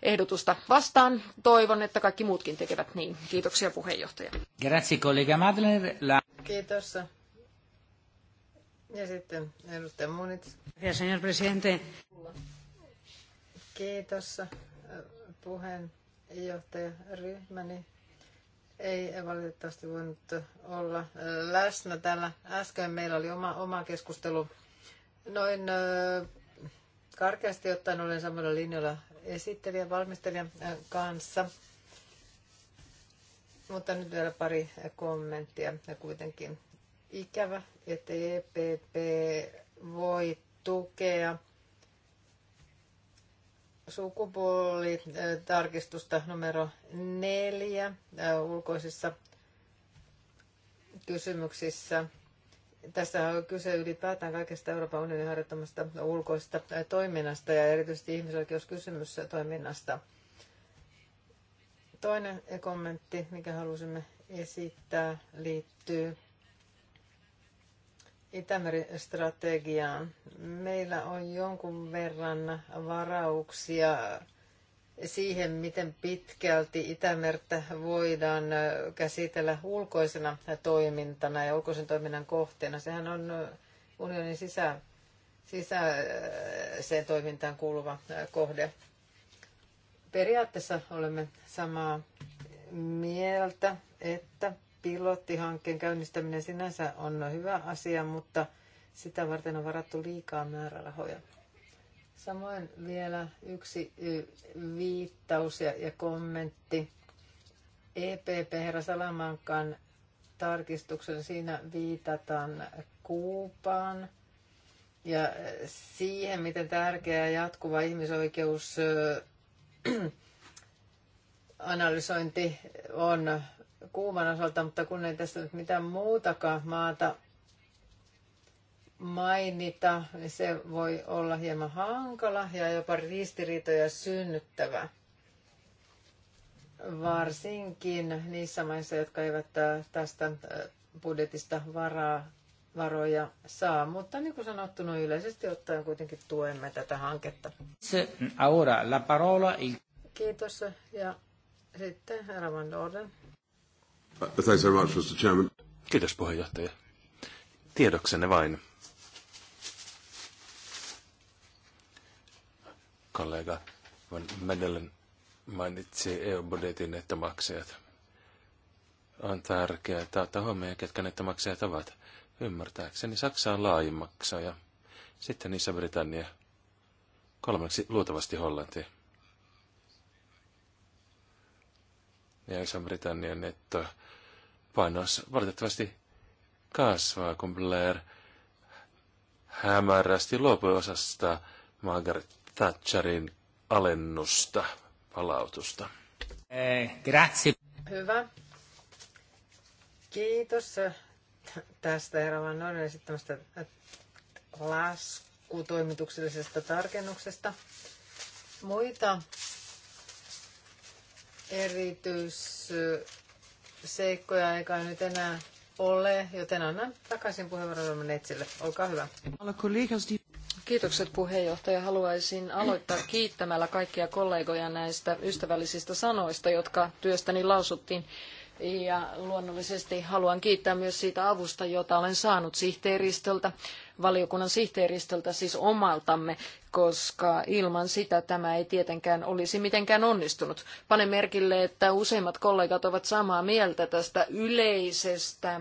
ehdotusta vastaan. Toivon, että kaikki muutkin tekevät niin. Kiitoksia puheenjohtaja. Grazie, collega Madler. Kiitos ja sitten edustaja Munits. Ja senior presidente. Kiitos äh, puheenjohtaja ryhmäni ei valitettavasti voinut olla äh, läsnä täällä. Äsken meillä oli oma, oma keskustelu. Noin äh, karkeasti ottaen olen samalla linjalla esittelijän, valmistelijan kanssa. Mutta nyt vielä pari kommenttia kuitenkin ikävä, että EPP voi tukea sukupuolitarkistusta numero neljä äh, ulkoisissa kysymyksissä. Tässä on kyse ylipäätään kaikesta Euroopan unionin harjoittamasta ulkoista äh, toiminnasta ja erityisesti toiminnasta. Toinen kommentti, mikä halusimme esittää, liittyy Itämeri-strategiaan. Meillä on jonkun verran varauksia siihen, miten pitkälti Itämertä voidaan käsitellä ulkoisena toimintana ja ulkoisen toiminnan kohteena. Sehän on unionin sisä, sisäiseen toimintaan kuuluva kohde. Periaatteessa olemme samaa mieltä, että Pilottihankkeen käynnistäminen sinänsä on hyvä asia, mutta sitä varten on varattu liikaa määrärahoja. Samoin vielä yksi viittaus ja, ja kommentti. EPP Herra Salamankan tarkistuksen siinä viitataan Kuupaan ja siihen, miten tärkeä jatkuva ihmisoikeus analysointi on Kuuman osalta, mutta kun ei tässä nyt mitään muutakaan maata mainita, niin se voi olla hieman hankala ja jopa ristiriitoja synnyttävä. Varsinkin niissä maissa, jotka eivät tästä budjetista varaa, varoja saa. Mutta niin kuin sanottu, noin yleisesti ottaen kuitenkin tuemme tätä hanketta. Mm, ahora la parola. Kiitos ja sitten Ravan Orden. Uh, thanks very much, Mr. Chairman. Kiitos puheenjohtaja. Tiedoksenne vain. Kollega Van Medelen mainitsi EU-budjetin nettomaksajat. On tärkeää ottaa huomioon, ketkä nettomaksajat ovat. Ymmärtääkseni Saksa on laajin maksaja. Sitten Iso-Britannia. Kolmeksi luultavasti Hollanti. ja Iso-Britannian painos valitettavasti kasvaa, kun Blair hämärästi luopui osasta Margaret Thatcherin alennusta, palautusta. Eh, grazie. Hyvä. Kiitos eh, tästä Eravan Van Noiden esittämästä eh, laskutoimituksellisesta tarkennuksesta. Muita erityisseikkoja eikä nyt enää ole, joten annan takaisin puheenvuoron etsille. Olkaa hyvä. Kiitokset puheenjohtaja. Haluaisin aloittaa kiittämällä kaikkia kollegoja näistä ystävällisistä sanoista, jotka työstäni lausuttiin. Ja luonnollisesti haluan kiittää myös siitä avusta, jota olen saanut sihteeristöltä, valiokunnan sihteeristöltä siis omaltamme, koska ilman sitä tämä ei tietenkään olisi mitenkään onnistunut. Pane merkille, että useimmat kollegat ovat samaa mieltä tästä yleisestä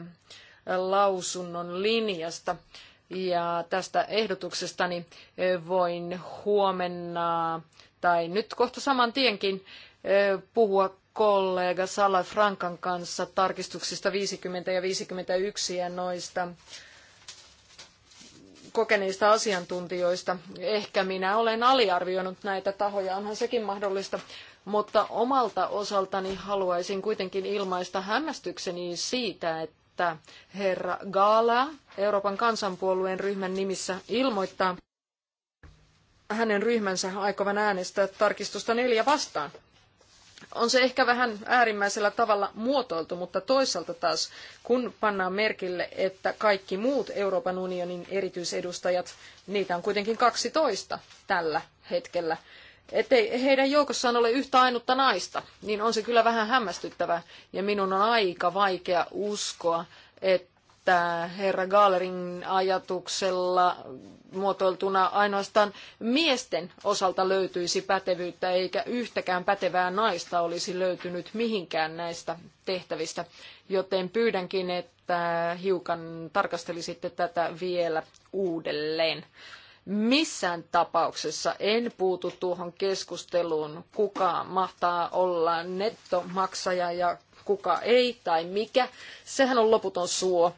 lausunnon linjasta. Ja tästä ehdotuksestani e, voin huomenna tai nyt kohta saman tienkin e, puhua kollega Sala Frankan kanssa tarkistuksista 50 ja 51 ja noista kokeneista asiantuntijoista. Ehkä minä olen aliarvioinut näitä tahoja, onhan sekin mahdollista. Mutta omalta osaltani haluaisin kuitenkin ilmaista hämmästykseni siitä, että herra Gala Euroopan kansanpuolueen ryhmän nimissä ilmoittaa hänen ryhmänsä aikovan äänestää tarkistusta neljä vastaan on se ehkä vähän äärimmäisellä tavalla muotoiltu, mutta toisaalta taas, kun pannaan merkille, että kaikki muut Euroopan unionin erityisedustajat, niitä on kuitenkin 12 tällä hetkellä, ettei heidän joukossaan ole yhtä ainutta naista, niin on se kyllä vähän hämmästyttävää. Ja minun on aika vaikea uskoa, että että herra Gaalerin ajatuksella muotoiltuna ainoastaan miesten osalta löytyisi pätevyyttä, eikä yhtäkään pätevää naista olisi löytynyt mihinkään näistä tehtävistä. Joten pyydänkin, että hiukan tarkastelisitte tätä vielä uudelleen. Missään tapauksessa en puutu tuohon keskusteluun, kuka mahtaa olla nettomaksaja ja kuka ei tai mikä, sehän on loputon suo.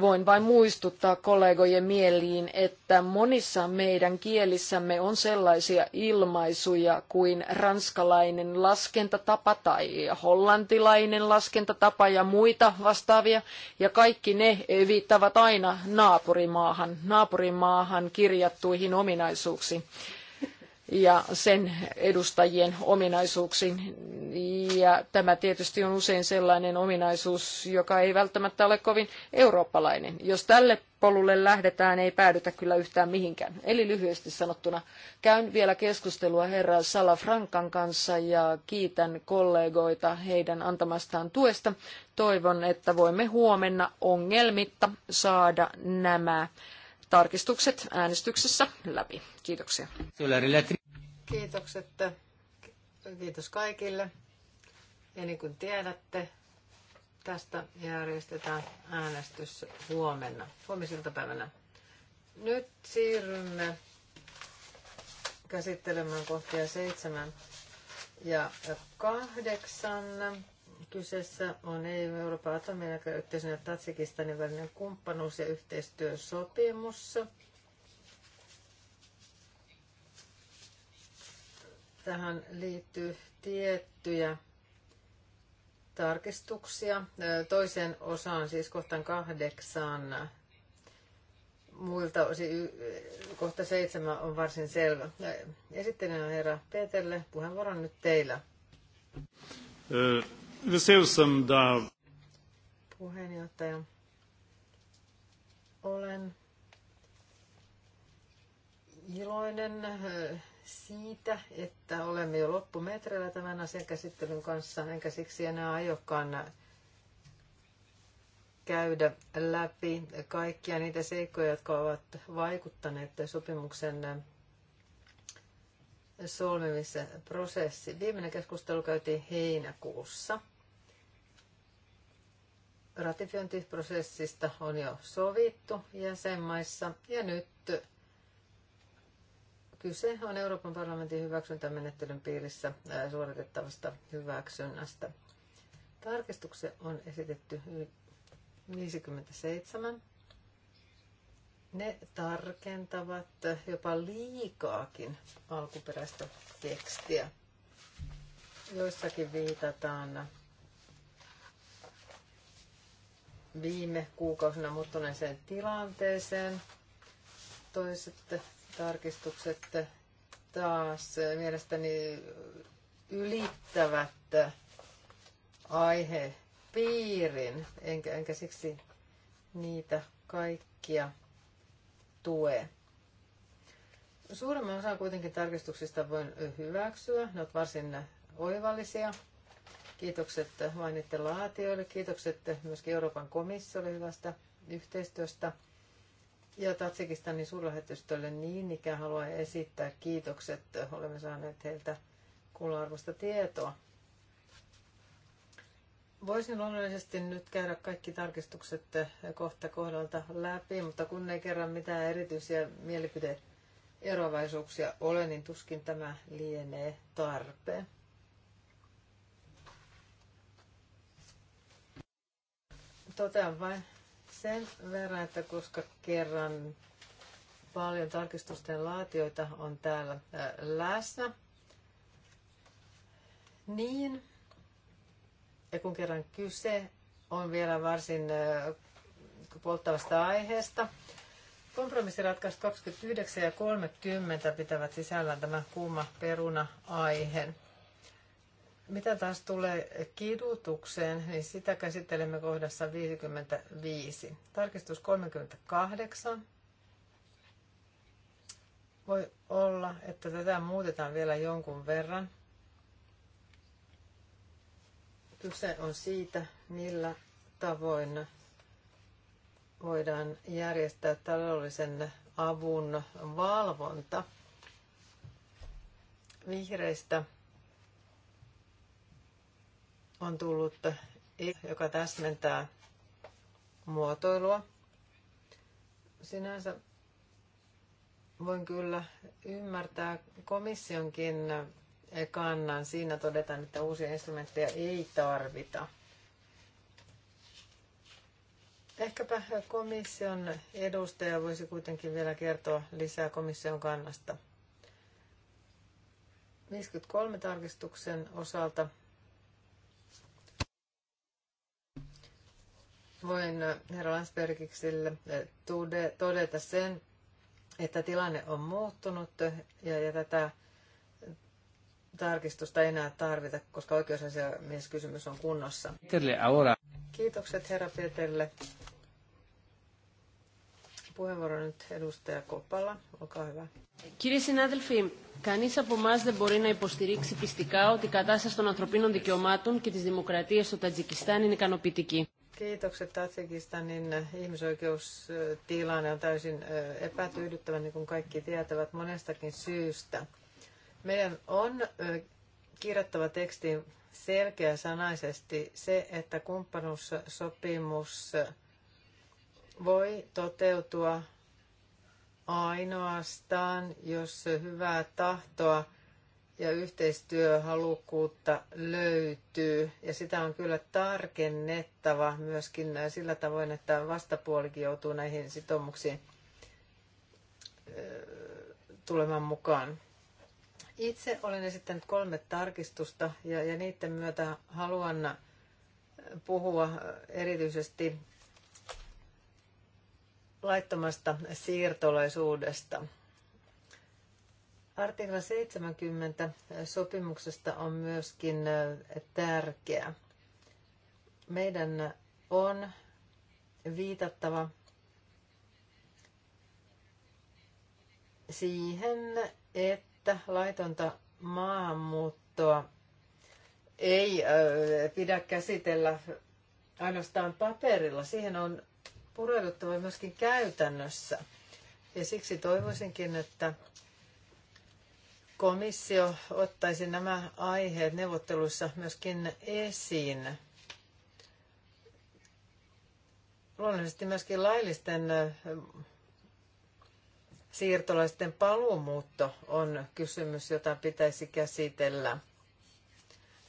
Voin vain muistuttaa kollegojen mieliin, että monissa meidän kielissämme on sellaisia ilmaisuja kuin ranskalainen laskentatapa tai hollantilainen laskentatapa ja muita vastaavia. Ja kaikki ne viittavat aina naapurimaahan, naapurimaahan kirjattuihin ominaisuuksiin ja sen edustajien ominaisuuksiin. Ja tämä tietysti on usein sellainen ominaisuus, joka ei välttämättä ole kovin eurooppalainen. Jos tälle polulle lähdetään, ei päädytä kyllä yhtään mihinkään. Eli lyhyesti sanottuna käyn vielä keskustelua herra Salafrankan kanssa ja kiitän kollegoita heidän antamastaan tuesta. Toivon, että voimme huomenna ongelmitta saada nämä tarkistukset äänestyksessä läpi. Kiitoksia. Kiitokset. Kiitos kaikille. Ja niin kuin tiedätte, tästä järjestetään äänestys huomenna, huomisiltapäivänä. Nyt siirrymme käsittelemään kohtia seitsemän ja kahdeksan. Kyseessä on EU, Euroopan atomienerkan yhteisön ja Tatsikistanin välinen kumppanuus- ja yhteistyösopimus. Tähän liittyy tiettyjä tarkistuksia. Toisen osaan, siis kohtaan kahdeksan, muilta osin kohta seitsemän on varsin selvä. Esittelen herra Peterille, puheenvuoron nyt teillä vesel sem, da. Puheenjohtaja, olen iloinen äh, siitä, että olemme jo loppumetreillä tämän asian käsittelyn kanssa, enkä siksi enää aiokaan käydä läpi kaikkia niitä seikkoja, jotka ovat vaikuttaneet sopimuksen solmimisprosessiin. Viimeinen keskustelu käytiin heinäkuussa – ratifiointiprosessista on jo sovittu jäsenmaissa ja nyt kyse on Euroopan parlamentin hyväksyntämenettelyn piirissä suoritettavasta hyväksynnästä. Tarkistuksen on esitetty 57. Ne tarkentavat jopa liikaakin alkuperäistä tekstiä. Joissakin viitataan viime kuukausina muuttuneeseen tilanteeseen. Toiset tarkistukset taas mielestäni ylittävät aihepiirin, enkä, enkä siksi niitä kaikkia tue. Suurimman osan kuitenkin tarkistuksista voin hyväksyä. Ne ovat varsin oivallisia Kiitokset mainitte laatioille, kiitokset myöskin Euroopan komissiolle hyvästä yhteistyöstä. Ja Tatsikistanin suurlähetystölle niin ikään haluan esittää kiitokset. Olemme saaneet heiltä kuulla tietoa. Voisin luonnollisesti nyt käydä kaikki tarkistukset kohta kohdalta läpi, mutta kun ei kerran mitään erityisiä mielipideeroavaisuuksia ole, niin tuskin tämä lienee tarpeen. Totean vain sen verran, että koska kerran paljon tarkistusten laatioita on täällä läsnä, niin ja kun kerran kyse on vielä varsin polttavasta aiheesta, kompromissiratkaisut 29 ja 30 pitävät sisällään tämän kuuma peruna aiheen. Mitä taas tulee kidutukseen, niin sitä käsittelemme kohdassa 55. Tarkistus 38. Voi olla, että tätä muutetaan vielä jonkun verran. Kyse on siitä, millä tavoin voidaan järjestää taloudellisen avun valvonta. Vihreistä on tullut, e- joka täsmentää muotoilua. Sinänsä voin kyllä ymmärtää komissionkin kannan. Siinä todetaan, että uusia instrumentteja ei tarvita. Ehkäpä komission edustaja voisi kuitenkin vielä kertoa lisää komission kannasta. 53 tarkistuksen osalta voin äh, herra Landsbergiksille äh, todeta sen, että tilanne on muuttunut äh, ja, ja tätä tarkistusta ei enää tarvita, koska oikeusasiamies kysymys on kunnossa. Kiitokset herra Pietelle. Puheenvuoro nyt edustaja Kopala, olkaa hyvä. Κύριε συνάδελφοι, κανείς από εμά δεν μπορεί να υποστηρίξει πιστικά ότι η κατάσταση των ανθρωπίνων δικαιωμάτων και της δημοκρατίας στο Τατζικιστάν είναι ικανοποιητική. Kiitokset niin ihmisoikeustilanne on täysin epätyydyttävä, niin kuin kaikki tietävät, monestakin syystä. Meidän on kirjattava tekstiin selkeä sanaisesti se, että kumppanuussopimus voi toteutua ainoastaan, jos hyvää tahtoa – ja yhteistyöhalukkuutta löytyy. Ja sitä on kyllä tarkennettava myöskin sillä tavoin, että vastapuolikin joutuu näihin sitoumuksiin tulemaan mukaan. Itse olen esittänyt kolme tarkistusta ja, ja niiden myötä haluan puhua erityisesti laittomasta siirtolaisuudesta – Artikla 70 sopimuksesta on myöskin tärkeä. Meidän on viitattava siihen, että laitonta maahanmuuttoa ei pidä käsitellä ainoastaan paperilla. Siihen on pureuduttava myöskin käytännössä. Ja siksi toivoisinkin, että komissio ottaisi nämä aiheet neuvotteluissa myöskin esiin. Luonnollisesti myöskin laillisten siirtolaisten paluumuutto on kysymys, jota pitäisi käsitellä.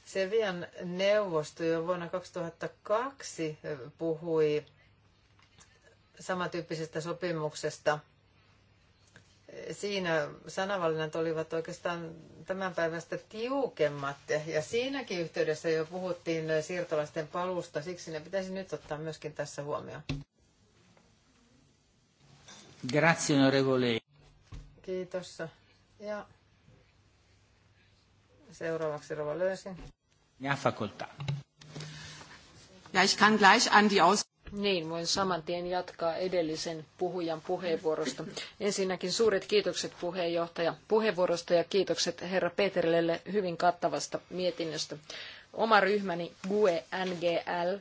Sevian neuvosto jo vuonna 2002 puhui samantyyppisestä sopimuksesta – siinä sanavalinnat olivat oikeastaan tämän päivästä tiukemmat. Ja siinäkin yhteydessä jo puhuttiin siirtolaisten palusta, siksi ne pitäisi nyt ottaa myöskin tässä huomioon. Grazie, onorevole. Kiitos. Ja seuraavaksi Rova Löysin. Ja Ja, ich kann gleich an die Aus... Niin, voin saman tien jatkaa edellisen puhujan puheenvuorosta. Ensinnäkin suuret kiitokset puheenjohtaja puheenvuorosta ja kiitokset herra Peterille hyvin kattavasta mietinnöstä. Oma ryhmäni GUE NGL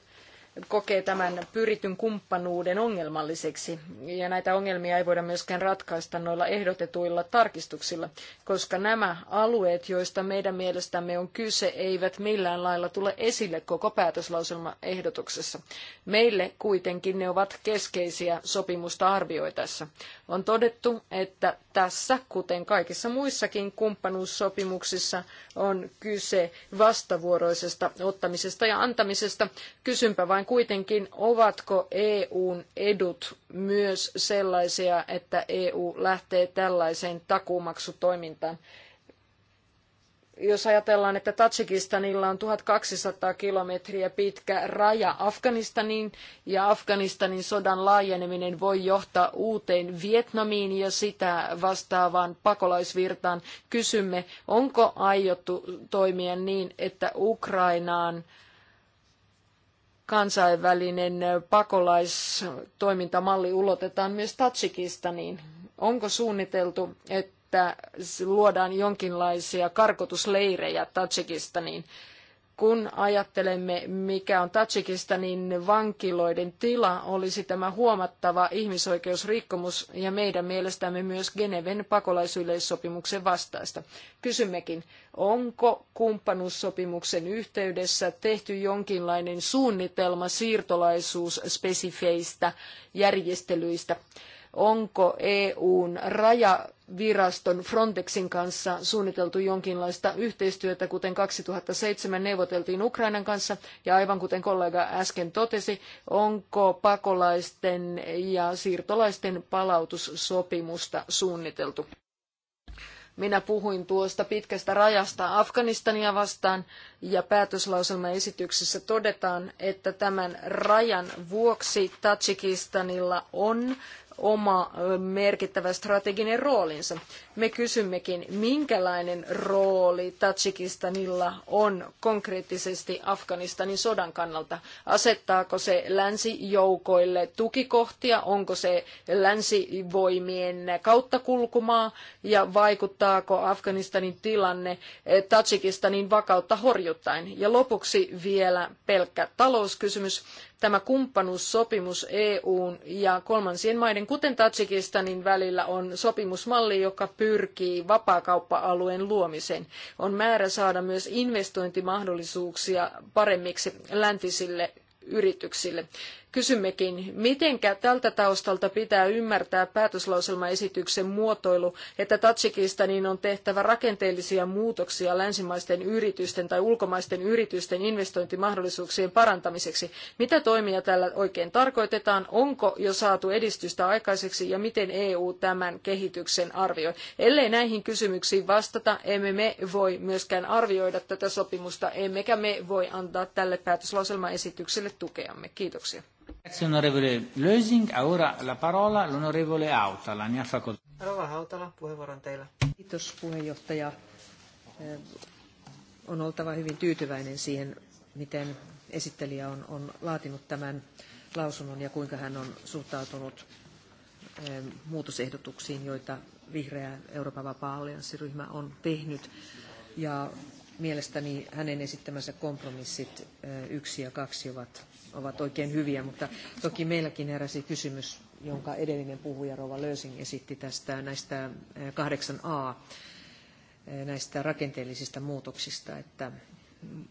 kokee tämän pyrityn kumppanuuden ongelmalliseksi, ja näitä ongelmia ei voida myöskään ratkaista noilla ehdotetuilla tarkistuksilla, koska nämä alueet, joista meidän mielestämme on kyse, eivät millään lailla tule esille koko päätöslauselmaehdotuksessa. Meille kuitenkin ne ovat keskeisiä sopimusta arvioitaessa. On todettu, että tässä, kuten kaikissa muissakin kumppanuussopimuksissa, on kyse vastavuoroisesta ottamisesta ja antamisesta. Kysynpä vain kuitenkin, ovatko EUn edut myös sellaisia, että EU lähtee tällaiseen takuumaksutoimintaan? jos ajatellaan, että Tatsikistanilla on 1200 kilometriä pitkä raja Afganistaniin ja Afganistanin sodan laajeneminen voi johtaa uuteen Vietnamiin ja sitä vastaavaan pakolaisvirtaan, kysymme, onko aiottu toimia niin, että Ukrainaan kansainvälinen pakolaistoimintamalli ulotetaan myös Tatsikistaniin. Onko suunniteltu, että että luodaan jonkinlaisia karkotusleirejä Tatsikistaniin. Kun ajattelemme, mikä on Tatsikistanin vankiloiden tila, olisi tämä huomattava ihmisoikeusrikkomus ja meidän mielestämme myös Geneven pakolaisyleissopimuksen vastaista. Kysymmekin, onko kumppanuussopimuksen yhteydessä tehty jonkinlainen suunnitelma siirtolaisuusspesifeistä järjestelyistä? onko EUn rajaviraston Frontexin kanssa suunniteltu jonkinlaista yhteistyötä, kuten 2007 neuvoteltiin Ukrainan kanssa, ja aivan kuten kollega äsken totesi, onko pakolaisten ja siirtolaisten palautussopimusta suunniteltu. Minä puhuin tuosta pitkästä rajasta Afganistania vastaan ja päätöslauselmaesityksessä todetaan, että tämän rajan vuoksi Tajikistanilla on oma merkittävä strateginen roolinsa. Me kysymmekin, minkälainen rooli Tajikistanilla on konkreettisesti Afganistanin sodan kannalta. Asettaako se länsijoukoille tukikohtia, onko se länsivoimien kauttakulkumaa ja vaikuttaako Afganistanin tilanne Tajikistanin vakautta horjuttaen. Ja lopuksi vielä pelkkä talouskysymys. Tämä kumppanuussopimus EUn ja kolmansien maiden, kuten Tatsikistanin välillä, on sopimusmalli, joka pyrkii vapaakauppa-alueen luomiseen. On määrä saada myös investointimahdollisuuksia paremmiksi läntisille yrityksille. Kysymmekin, mitenkä tältä taustalta pitää ymmärtää päätöslauselmaesityksen muotoilu, että Tatsikistanin on tehtävä rakenteellisia muutoksia länsimaisten yritysten tai ulkomaisten yritysten investointimahdollisuuksien parantamiseksi. Mitä toimia tällä oikein tarkoitetaan? Onko jo saatu edistystä aikaiseksi ja miten EU tämän kehityksen arvioi? Ellei näihin kysymyksiin vastata, emme me voi myöskään arvioida tätä sopimusta, emmekä me voi antaa tälle päätöslauselmaesitykselle tukeamme. Kiitoksia. Grazie onorevole Lösing. Ora la parola l'onorevole Hautala. Ne Rova Hautala, puheenvuoron teillä. Kiitos puheenjohtaja. Eh, on oltava hyvin tyytyväinen siihen, miten esittelijä on, on laatinut tämän lausunnon ja kuinka hän on suhtautunut eh, muutosehdotuksiin, joita vihreä Euroopan vapaa-allianssiryhmä on tehnyt. Ja mielestäni hänen esittämänsä kompromissit eh, yksi ja kaksi ovat ovat oikein hyviä, mutta toki meilläkin heräsi kysymys, jonka edellinen puhuja Rova Lösing esitti tästä näistä 8a eh, eh, näistä rakenteellisista muutoksista, että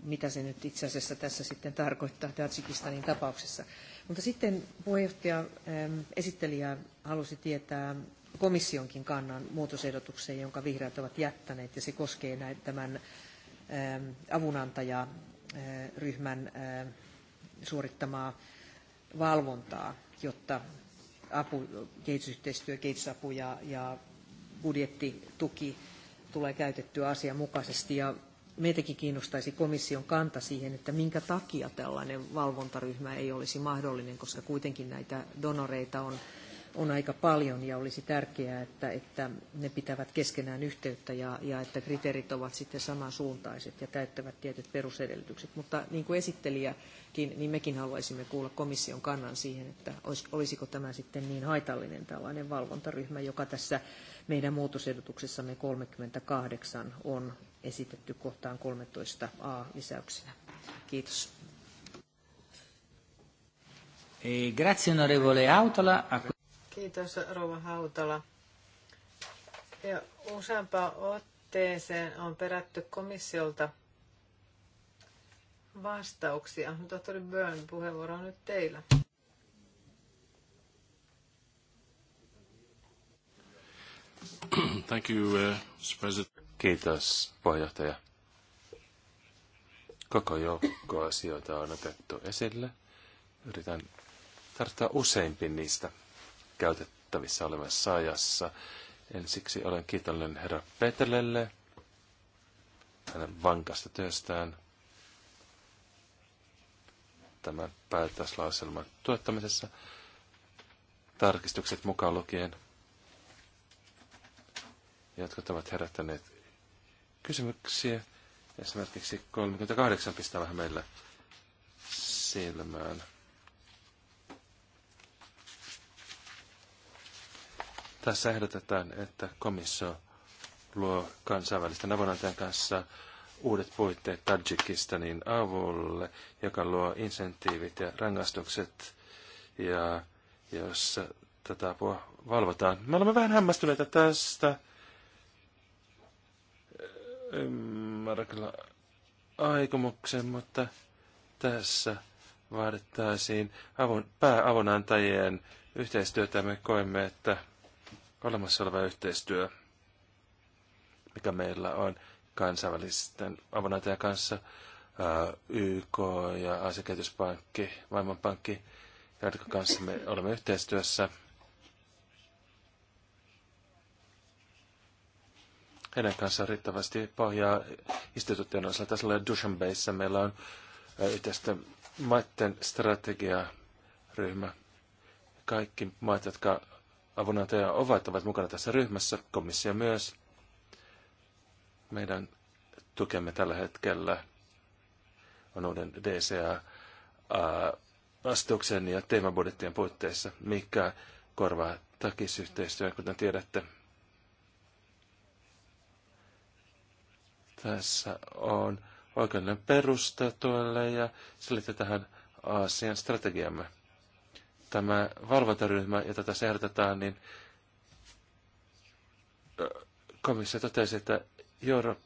mitä se nyt itse asiassa tässä sitten tarkoittaa Tajikistanin tapauksessa. Mutta sitten puheenjohtaja eh, esittelijä halusi tietää komissionkin kannan muutosehdotukseen, jonka vihreät ovat jättäneet, ja se koskee tämän avunantajaryhmän suorittamaa valvontaa, jotta apu, kehitysyhteistyö, kehitysapu ja, ja budjettituki tulee käytettyä asianmukaisesti. Ja meitäkin kiinnostaisi komission kanta siihen, että minkä takia tällainen valvontaryhmä ei olisi mahdollinen, koska kuitenkin näitä donoreita on on aika paljon ja olisi tärkeää, että, että ne pitävät keskenään yhteyttä ja, ja että kriteerit ovat sitten samansuuntaiset ja täyttävät tietyt perusedellytykset. Mutta niin kuin esittelijäkin, niin mekin haluaisimme kuulla komission kannan siihen, että olisiko tämä sitten niin haitallinen tällainen valvontaryhmä, joka tässä meidän muutosehdotuksessamme 38 on esitetty kohtaan 13a lisäyksenä. Kiitos. Eh, grazie onorevole Autola. Kiitos Rouva Hautala. Ja useampaan otteeseen on perätty komissiolta vastauksia. Tohtori Byrne, puheenvuoro on nyt teillä. Thank you, uh, Kiitos, puheenjohtaja. Koko joukko asioita on otettu esille. Yritän tarttua useimpiin niistä käytettävissä olevassa ajassa. Ensiksi olen kiitollinen herra Petelelle hänen vankasta työstään tämän päätöslauselman tuottamisessa. Tarkistukset mukaan lukien, jotka ovat herättäneet kysymyksiä. Esimerkiksi 38 pistää vähän meillä silmään. Tässä ehdotetaan, että komissio luo kansainvälisten avunantajan kanssa uudet puitteet Tajikistanin avulle, joka luo insentiivit ja rangaistukset, ja jossa tätä apua valvotaan. Me olemme vähän hämmästyneitä tästä. Ymmärrän aikomuksen, mutta tässä vaadittaisiin avun, pääavunantajien yhteistyötä. Me koemme, että olemassa oleva yhteistyö, mikä meillä on kansainvälisten avunantajien kanssa, YK ja asiakehityspankki, Maailmanpankki, joiden kanssa me olemme yhteistyössä. Heidän kanssaan riittävästi pohjaa tässä on Dushanbeissa meillä on yhteistä maiden strategiaryhmä. Kaikki maat, jotka avunantaja ovat, ovat mukana tässä ryhmässä, komissio myös. Meidän tukemme tällä hetkellä on uuden DCA-astuksen ja teemabudjettien puitteissa, mikä korvaa takisyhteistyön, kuten tiedätte. Tässä on oikeudellinen perusta tuolle ja selitetään Aasian strategiamme tämä valvontaryhmä, jota tässä ehdotetaan, niin komissio totesi, että Euro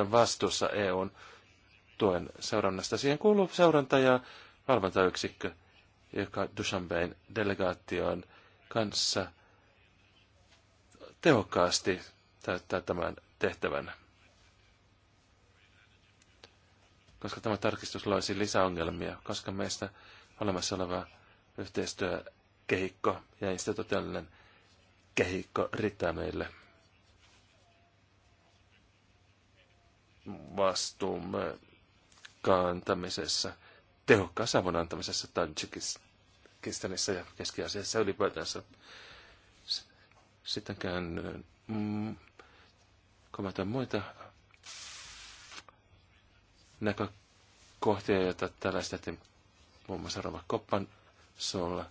on vastuussa EUn tuen seurannasta. Siihen kuuluu seuranta- ja valvontayksikkö, joka Dushanbein delegaation kanssa tehokkaasti täyttää tämän tehtävän. Koska tämä tarkistus loisi lisäongelmia, koska meistä olemassa olevaa yhteistyökehikko ja institutionaalinen kehikko riittää meille vastuumme kantamisessa, tehokkaan savun antamisessa Tajikistanissa ja Keski-Aasiassa ylipäätänsä. Sittenkään mm, kommentoin muita näkökohtia, joita täällä esitettiin muun muassa Rova Koppan sulla.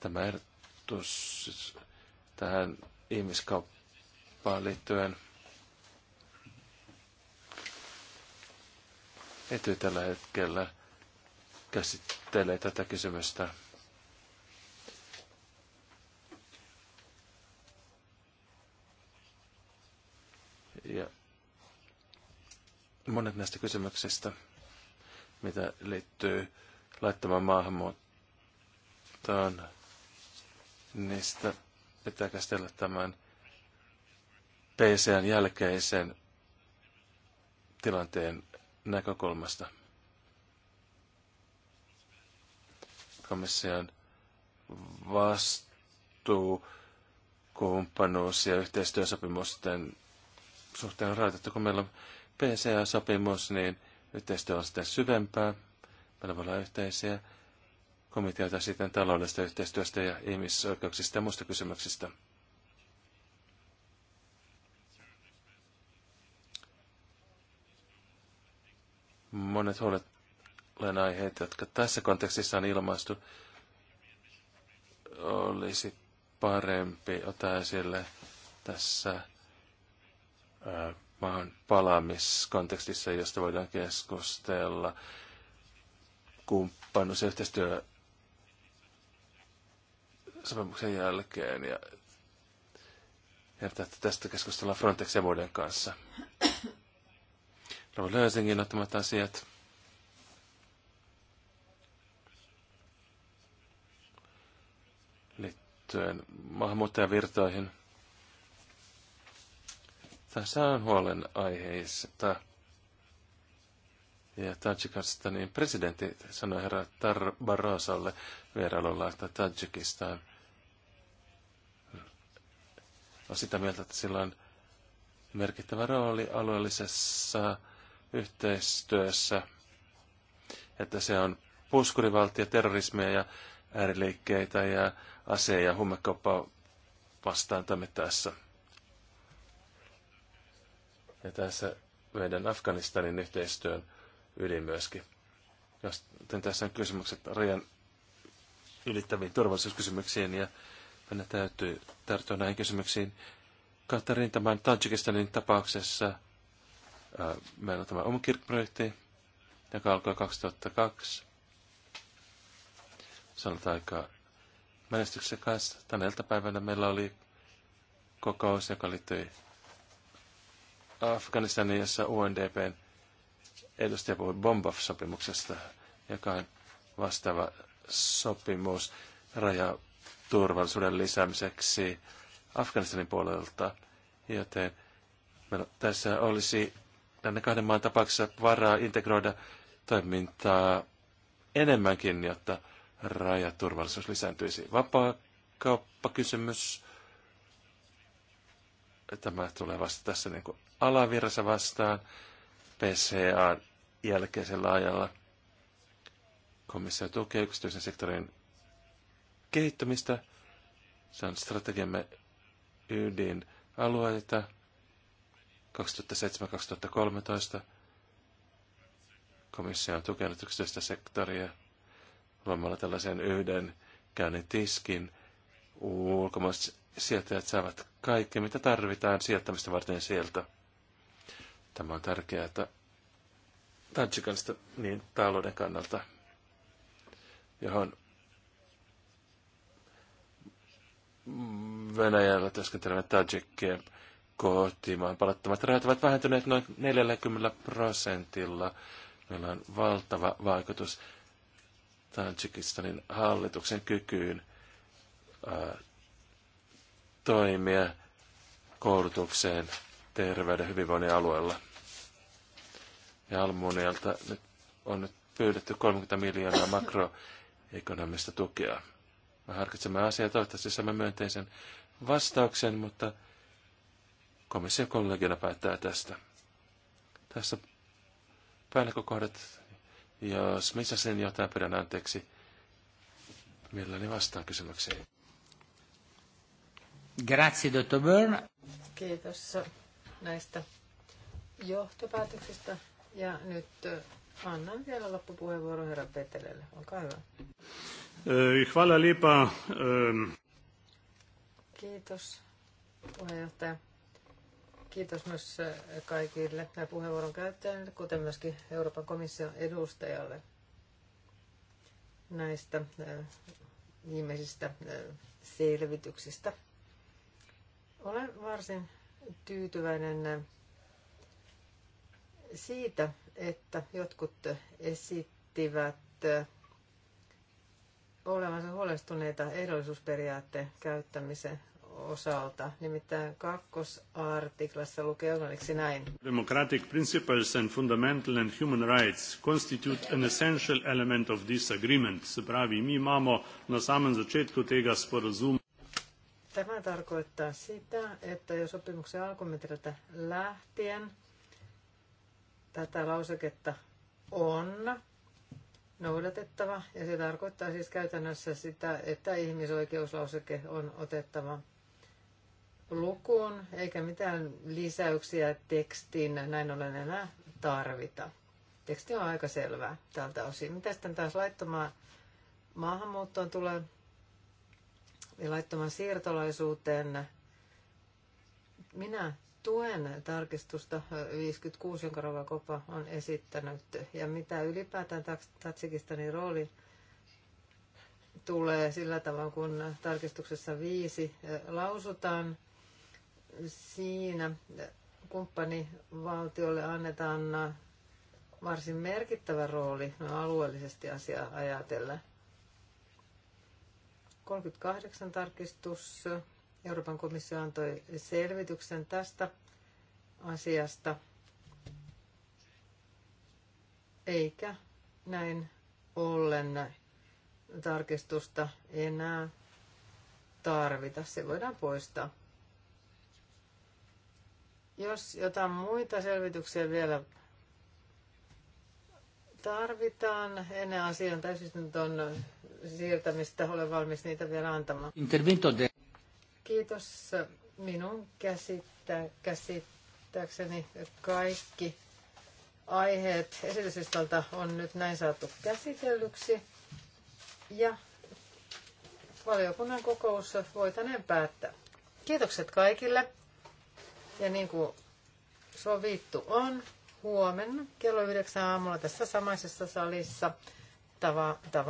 Tämä ehdotus siis tähän ihmiskauppaan liittyen Ety tällä hetkellä käsittelee tätä kysymystä. Ja monet näistä kysymyksistä, mitä liittyy laittamaan maahanmuuttoon, puhutaan, Niistä pitää käsitellä tämän PCn jälkeisen tilanteen näkökulmasta. Komission vastuu, kumppanuus ja yhteistyösopimusten suhteen on rajoitettu. Kun meillä on PCA-sopimus, niin yhteistyö on sitten syvempää. Meillä voi olla yhteisiä komiteata sitten taloudellisesta yhteistyöstä ja ihmisoikeuksista ja muista kysymyksistä. Monet huolet aiheet, jotka tässä kontekstissa on ilmaistu, olisi parempi ottaa esille tässä ää, maahan palaamiskontekstissa, josta voidaan keskustella kumppanuus- ja yhteistyö sopimuksen jälkeen ja, ja tästä keskustellaan Frontex ja muiden kanssa. Robert Lösingin ottamat asiat. liittyen maahanmuuttajavirtoihin. Tässä on huolen aiheista. Ja Tajikistanin niin presidentti sanoi herra Tar Barrosalle vierailulla, että Tajikistan – on sitä mieltä, että sillä on merkittävä rooli alueellisessa yhteistyössä, että se on puskurivaltio, terrorismia ja ääriliikkeitä ja ase- ja huumekauppaa vastaan toimittaessa. Ja tässä meidän Afganistanin yhteistyön ydin myöskin. Joten tässä on kysymykset rajan ylittäviin turvallisuuskysymyksiin ja meidän täytyy tarttua näihin kysymyksiin. Katarin tämän Tajikistanin tapauksessa meillä on tämä Omkirk-projekti, joka alkoi 2002. Sanotaan aika menestyksekäs. Tänä iltapäivänä meillä oli kokous, joka liittyi Afganistanin, jossa UNDPn edustaja puhui Bombaf-sopimuksesta, joka on vastaava sopimus raja turvallisuuden lisäämiseksi Afganistanin puolelta, joten meillä tässä olisi näiden kahden maan tapauksessa varaa integroida toimintaa enemmänkin, jotta rajaturvallisuus lisääntyisi. Vapaa kauppakysymys. Tämä tulee vasta tässä niin kuin alavirrassa vastaan PCA jälkeisellä ajalla. Komissio tukee yksityisen sektorin kehittämistä. Se on strategiamme ydin alueita 2007-2013. Komissio on tukenut yksityistä sektoria luomalla tällaisen yhden käynnin tiskin. Ulkomaiset sijoittajat saavat kaikki, mitä tarvitaan sijoittamista varten sieltä. Tämä on tärkeää, että Tajikanista niin talouden kannalta, johon Venäjällä työskentelevät Tajikkeen kotimaan palattomat rajat ovat vähentyneet noin 40 prosentilla. Meillä on valtava vaikutus Tajikistanin hallituksen kykyyn ää, äh, toimia koulutukseen terveyden hyvinvoinnin alueella. Ja Almunialta nyt on nyt pyydetty 30 miljoonaa makroekonomista tukea. Me harkitsemme asiaa toivottavasti saamme myönteisen vastauksen, mutta komission kollegina päättää tästä. Tässä päällikkökohdat, jos missä sen jotain pidän anteeksi, mielelläni vastaan kysymykseen. Grazie, dottor Byrne. Kiitos näistä johtopäätöksistä. Ja nyt äh, annan vielä loppupuheenvuoron herra Petelelle. Olkaa hyvä. Eh, hvala lepa. Kiitos puheenjohtaja. Kiitos myös eh, kaikille puheenvuoron käyttäjille, kuten myöskin Euroopan komission edustajalle näistä eh, viimeisistä selvityksistä. Olen varsin tyytyväinen siitä, että jotkut esittivät olevansa huolestuneita ehdollisuusperiaatteen käyttämisen osalta. Nimittäin kakkosartiklassa lukee englanniksi näin. Democratic principles and fundamental and human rights constitute an essential element of this agreement. Se pravi, mi imamo na samem začetku tega sporazuma. Tämä tarkoittaa sitä, että jo sopimuksen alkumetriltä lähtien tätä lauseketta on noudatettava ja se tarkoittaa siis käytännössä sitä, että ihmisoikeuslauseke on otettava lukuun eikä mitään lisäyksiä tekstiin näin ollen enää tarvita. Teksti on aika selvää tältä osin. Mitä sitten taas laittomaan maahanmuuttoon tulee ja laittomaan siirtolaisuuteen? Minä tuen tarkistusta 56, jonka Rova Kopa on esittänyt, ja mitä ylipäätään Tatsikistanin rooli tulee sillä tavalla, kun tarkistuksessa viisi lausutaan, siinä kumppanivaltiolle annetaan varsin merkittävä rooli no, alueellisesti asiaa ajatellen. 38 tarkistus Euroopan komissio antoi selvityksen tästä asiasta, eikä näin ollen tarkistusta enää tarvita. Se voidaan poistaa. Jos jotain muita selvityksiä vielä tarvitaan ennen asian täysistuntoon siirtämistä, olen valmis niitä vielä antamaan. de... Kiitos. Minun käsittää, käsittääkseni kaikki aiheet esityslistalta on nyt näin saatu käsitellyksi. Ja valiokunnan kokous voitaneen päättää. Kiitokset kaikille. Ja niin kuin sovittu on, huomenna kello 9 aamulla tässä samaisessa salissa tava, tava